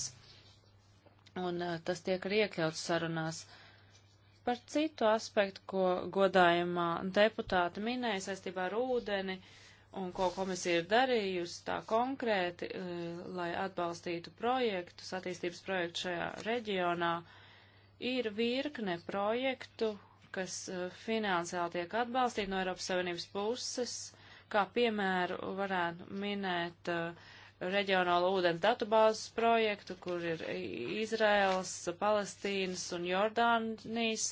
Un uh, tas tiek arī iekļauts sarunās. Par citu aspektu, ko godājumā deputāti minēja saistībā ar ūdeni, uh, un ko komisija ir darījusi tā konkrēti, eh, lai atbalstītu projektus, attīstības projektu šajā reģionā, ir virkne projektu, kas eh, finansiāli tiek atbalstīti no Eiropas Savienības puses, kā piemēru varētu minēt eh, reģionālo ūdens datubāzes projektu, kur ir Izraels, Palestīnas un Jordānijas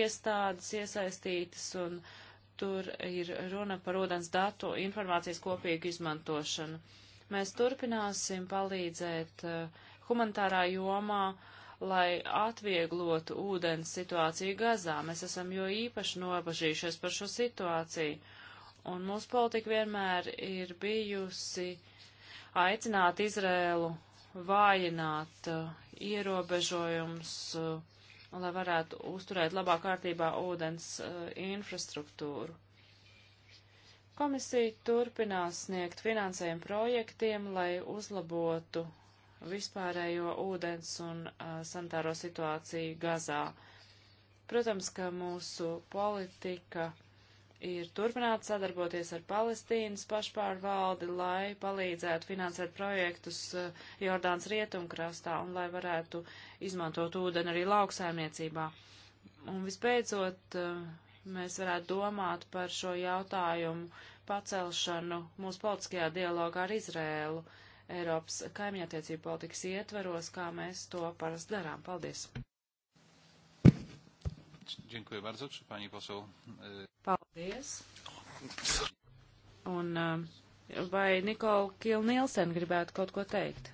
iestādes iesaistītas un uh, Tur ir runa par ūdens datu informācijas kopīgu izmantošanu. Mēs turpināsim palīdzēt eh, humanitārā jomā, lai atvieglotu ūdens situāciju Gazā. Mēs esam jo īpaši nobažījušies par šo situāciju. Un mūsu politika vienmēr ir bijusi aicināt Izrēlu vājināt uh, ierobežojums uh, lai varētu uzturēt labā kārtībā ūdens uh, infrastruktūru. Komisija turpinās sniegt finansējumu projektiem, lai uzlabotu vispārējo ūdens un uh, sanitāro situāciju Gazā. Protams, ka mūsu politika ir turpināt sadarboties ar Palestīnas pašpārvaldi, lai palīdzētu finansēt projektus eh, Jordāns rietumkrastā un lai varētu izmantot ūdeni arī lauksaimniecībā. Un visbeidzot, eh, mēs varētu domāt par šo jautājumu pacelšanu mūsu politiskajā dialogā ar Izrēlu Eiropas kaimiņattiecību politikas ietveros, kā mēs to parasti darām. Paldies! Dziękuję bardzo. Czy pani poseł... E, Paldies. Un e, vai Nikola Kilnielsen gribētu kaut ko teikt?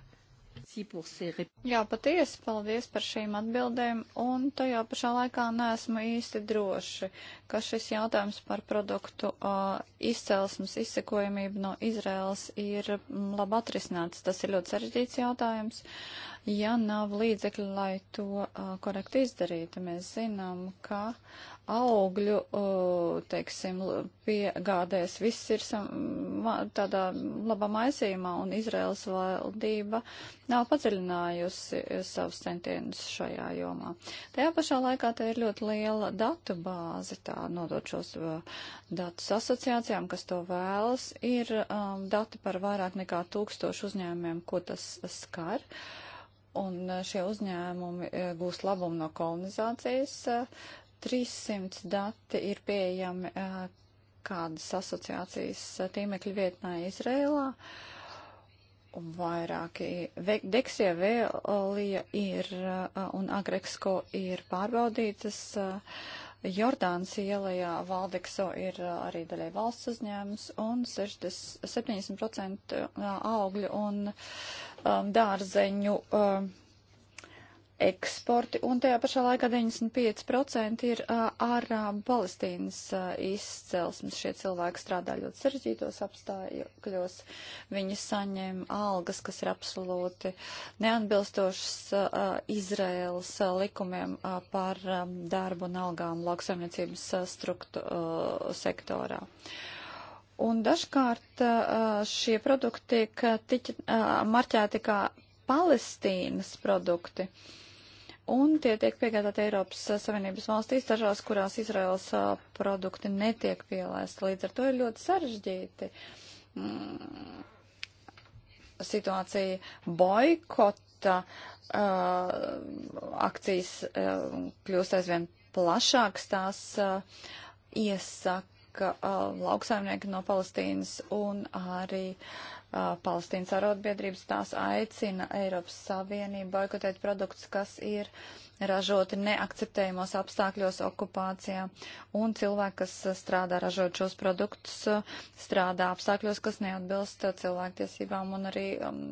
Jā, patiesi, paldies par šīm atbildēm, un tajā pašā laikā neesmu īsti droši, ka šis jautājums par produktu uh, izcelsmes izsekojamību no Izraels ir labi atrisināts. Tas ir ļoti sarežģīts jautājums. Ja nav līdzekļi, lai to uh, korekti izdarītu, mēs zinām, ka augļu, uh, teiksim, piegādēs viss ir tādā labā maisījumā, un Izraels valdība nav padziļinājusi savus centienus šajā jomā. Tajā pašā laikā te ir ļoti liela datu bāze, tā nodot šos uh, datus asociācijām, kas to vēlas, ir um, dati par vairāk nekā tūkstošu uzņēmumiem, ko tas skar. Un uh, šie uzņēmumi gūst labumu no kolonizācijas, 300 dati ir pieejami kādas asociācijas tīmekļa vietnē Izrēlā. Un vairāki Deksija Vēlija ir un Agreksko ir pārbaudītas. Jordānas ielajā Valdekso ir arī daļai valsts uzņēmums un 60, 70% augļu un um, dārzeņu um, eksporti, un tajā pašā laikā 95% ir ārām Palestīnas izcelsmes. Šie cilvēki strādā ļoti sarežģītos apstākļos, viņi saņem algas, kas ir absolūti neatbilstošas Izraēlas likumiem par darbu un algām lauksaimniecības sektorā. Un dažkārt šie produkti tiek marķēti kā Palestīnas produkti. Uh, un tie tiek piegādāti Eiropas Savienības valstīs, dažās, kurās Izraels produkti netiek pielaisti. Līdz ar to ir ļoti sarežģīti mm, situācija boikota uh, akcijas uh, kļūst aizvien plašāks, tās uh, iesaka uh, lauksaimnieki no Palestīnas un arī uh, Uh, Palestīnas arotbiedrības, tās aicina Eiropas Savienību boikotēt produktus, kas ir ražoti neakceptējumos apstākļos okupācijā, un cilvēki, kas uh, strādā ražot šos produktus, uh, strādā apstākļos, kas neatbilst cilvēktiesībām un arī um,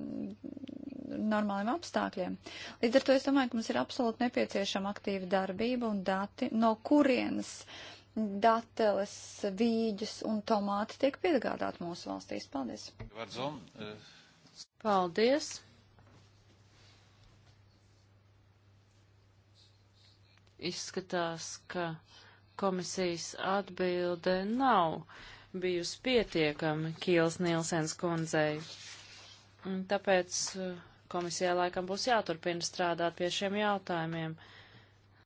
normāliem apstākļiem. Līdz ar to es domāju, ka mums ir absolūti nepieciešama aktīva darbība un dati, no kurienes uh, dateles, vīģus un tomāti tiek piegādāt mūsu valstīs. Paldies! Eh, Paldies! Izskatās, ka komisijas atbilde nav bijusi pietiekami Kīls Nielsens kundzei. Un tāpēc eh, komisijā laikam būs jāturpina strādāt pie šiem jautājumiem.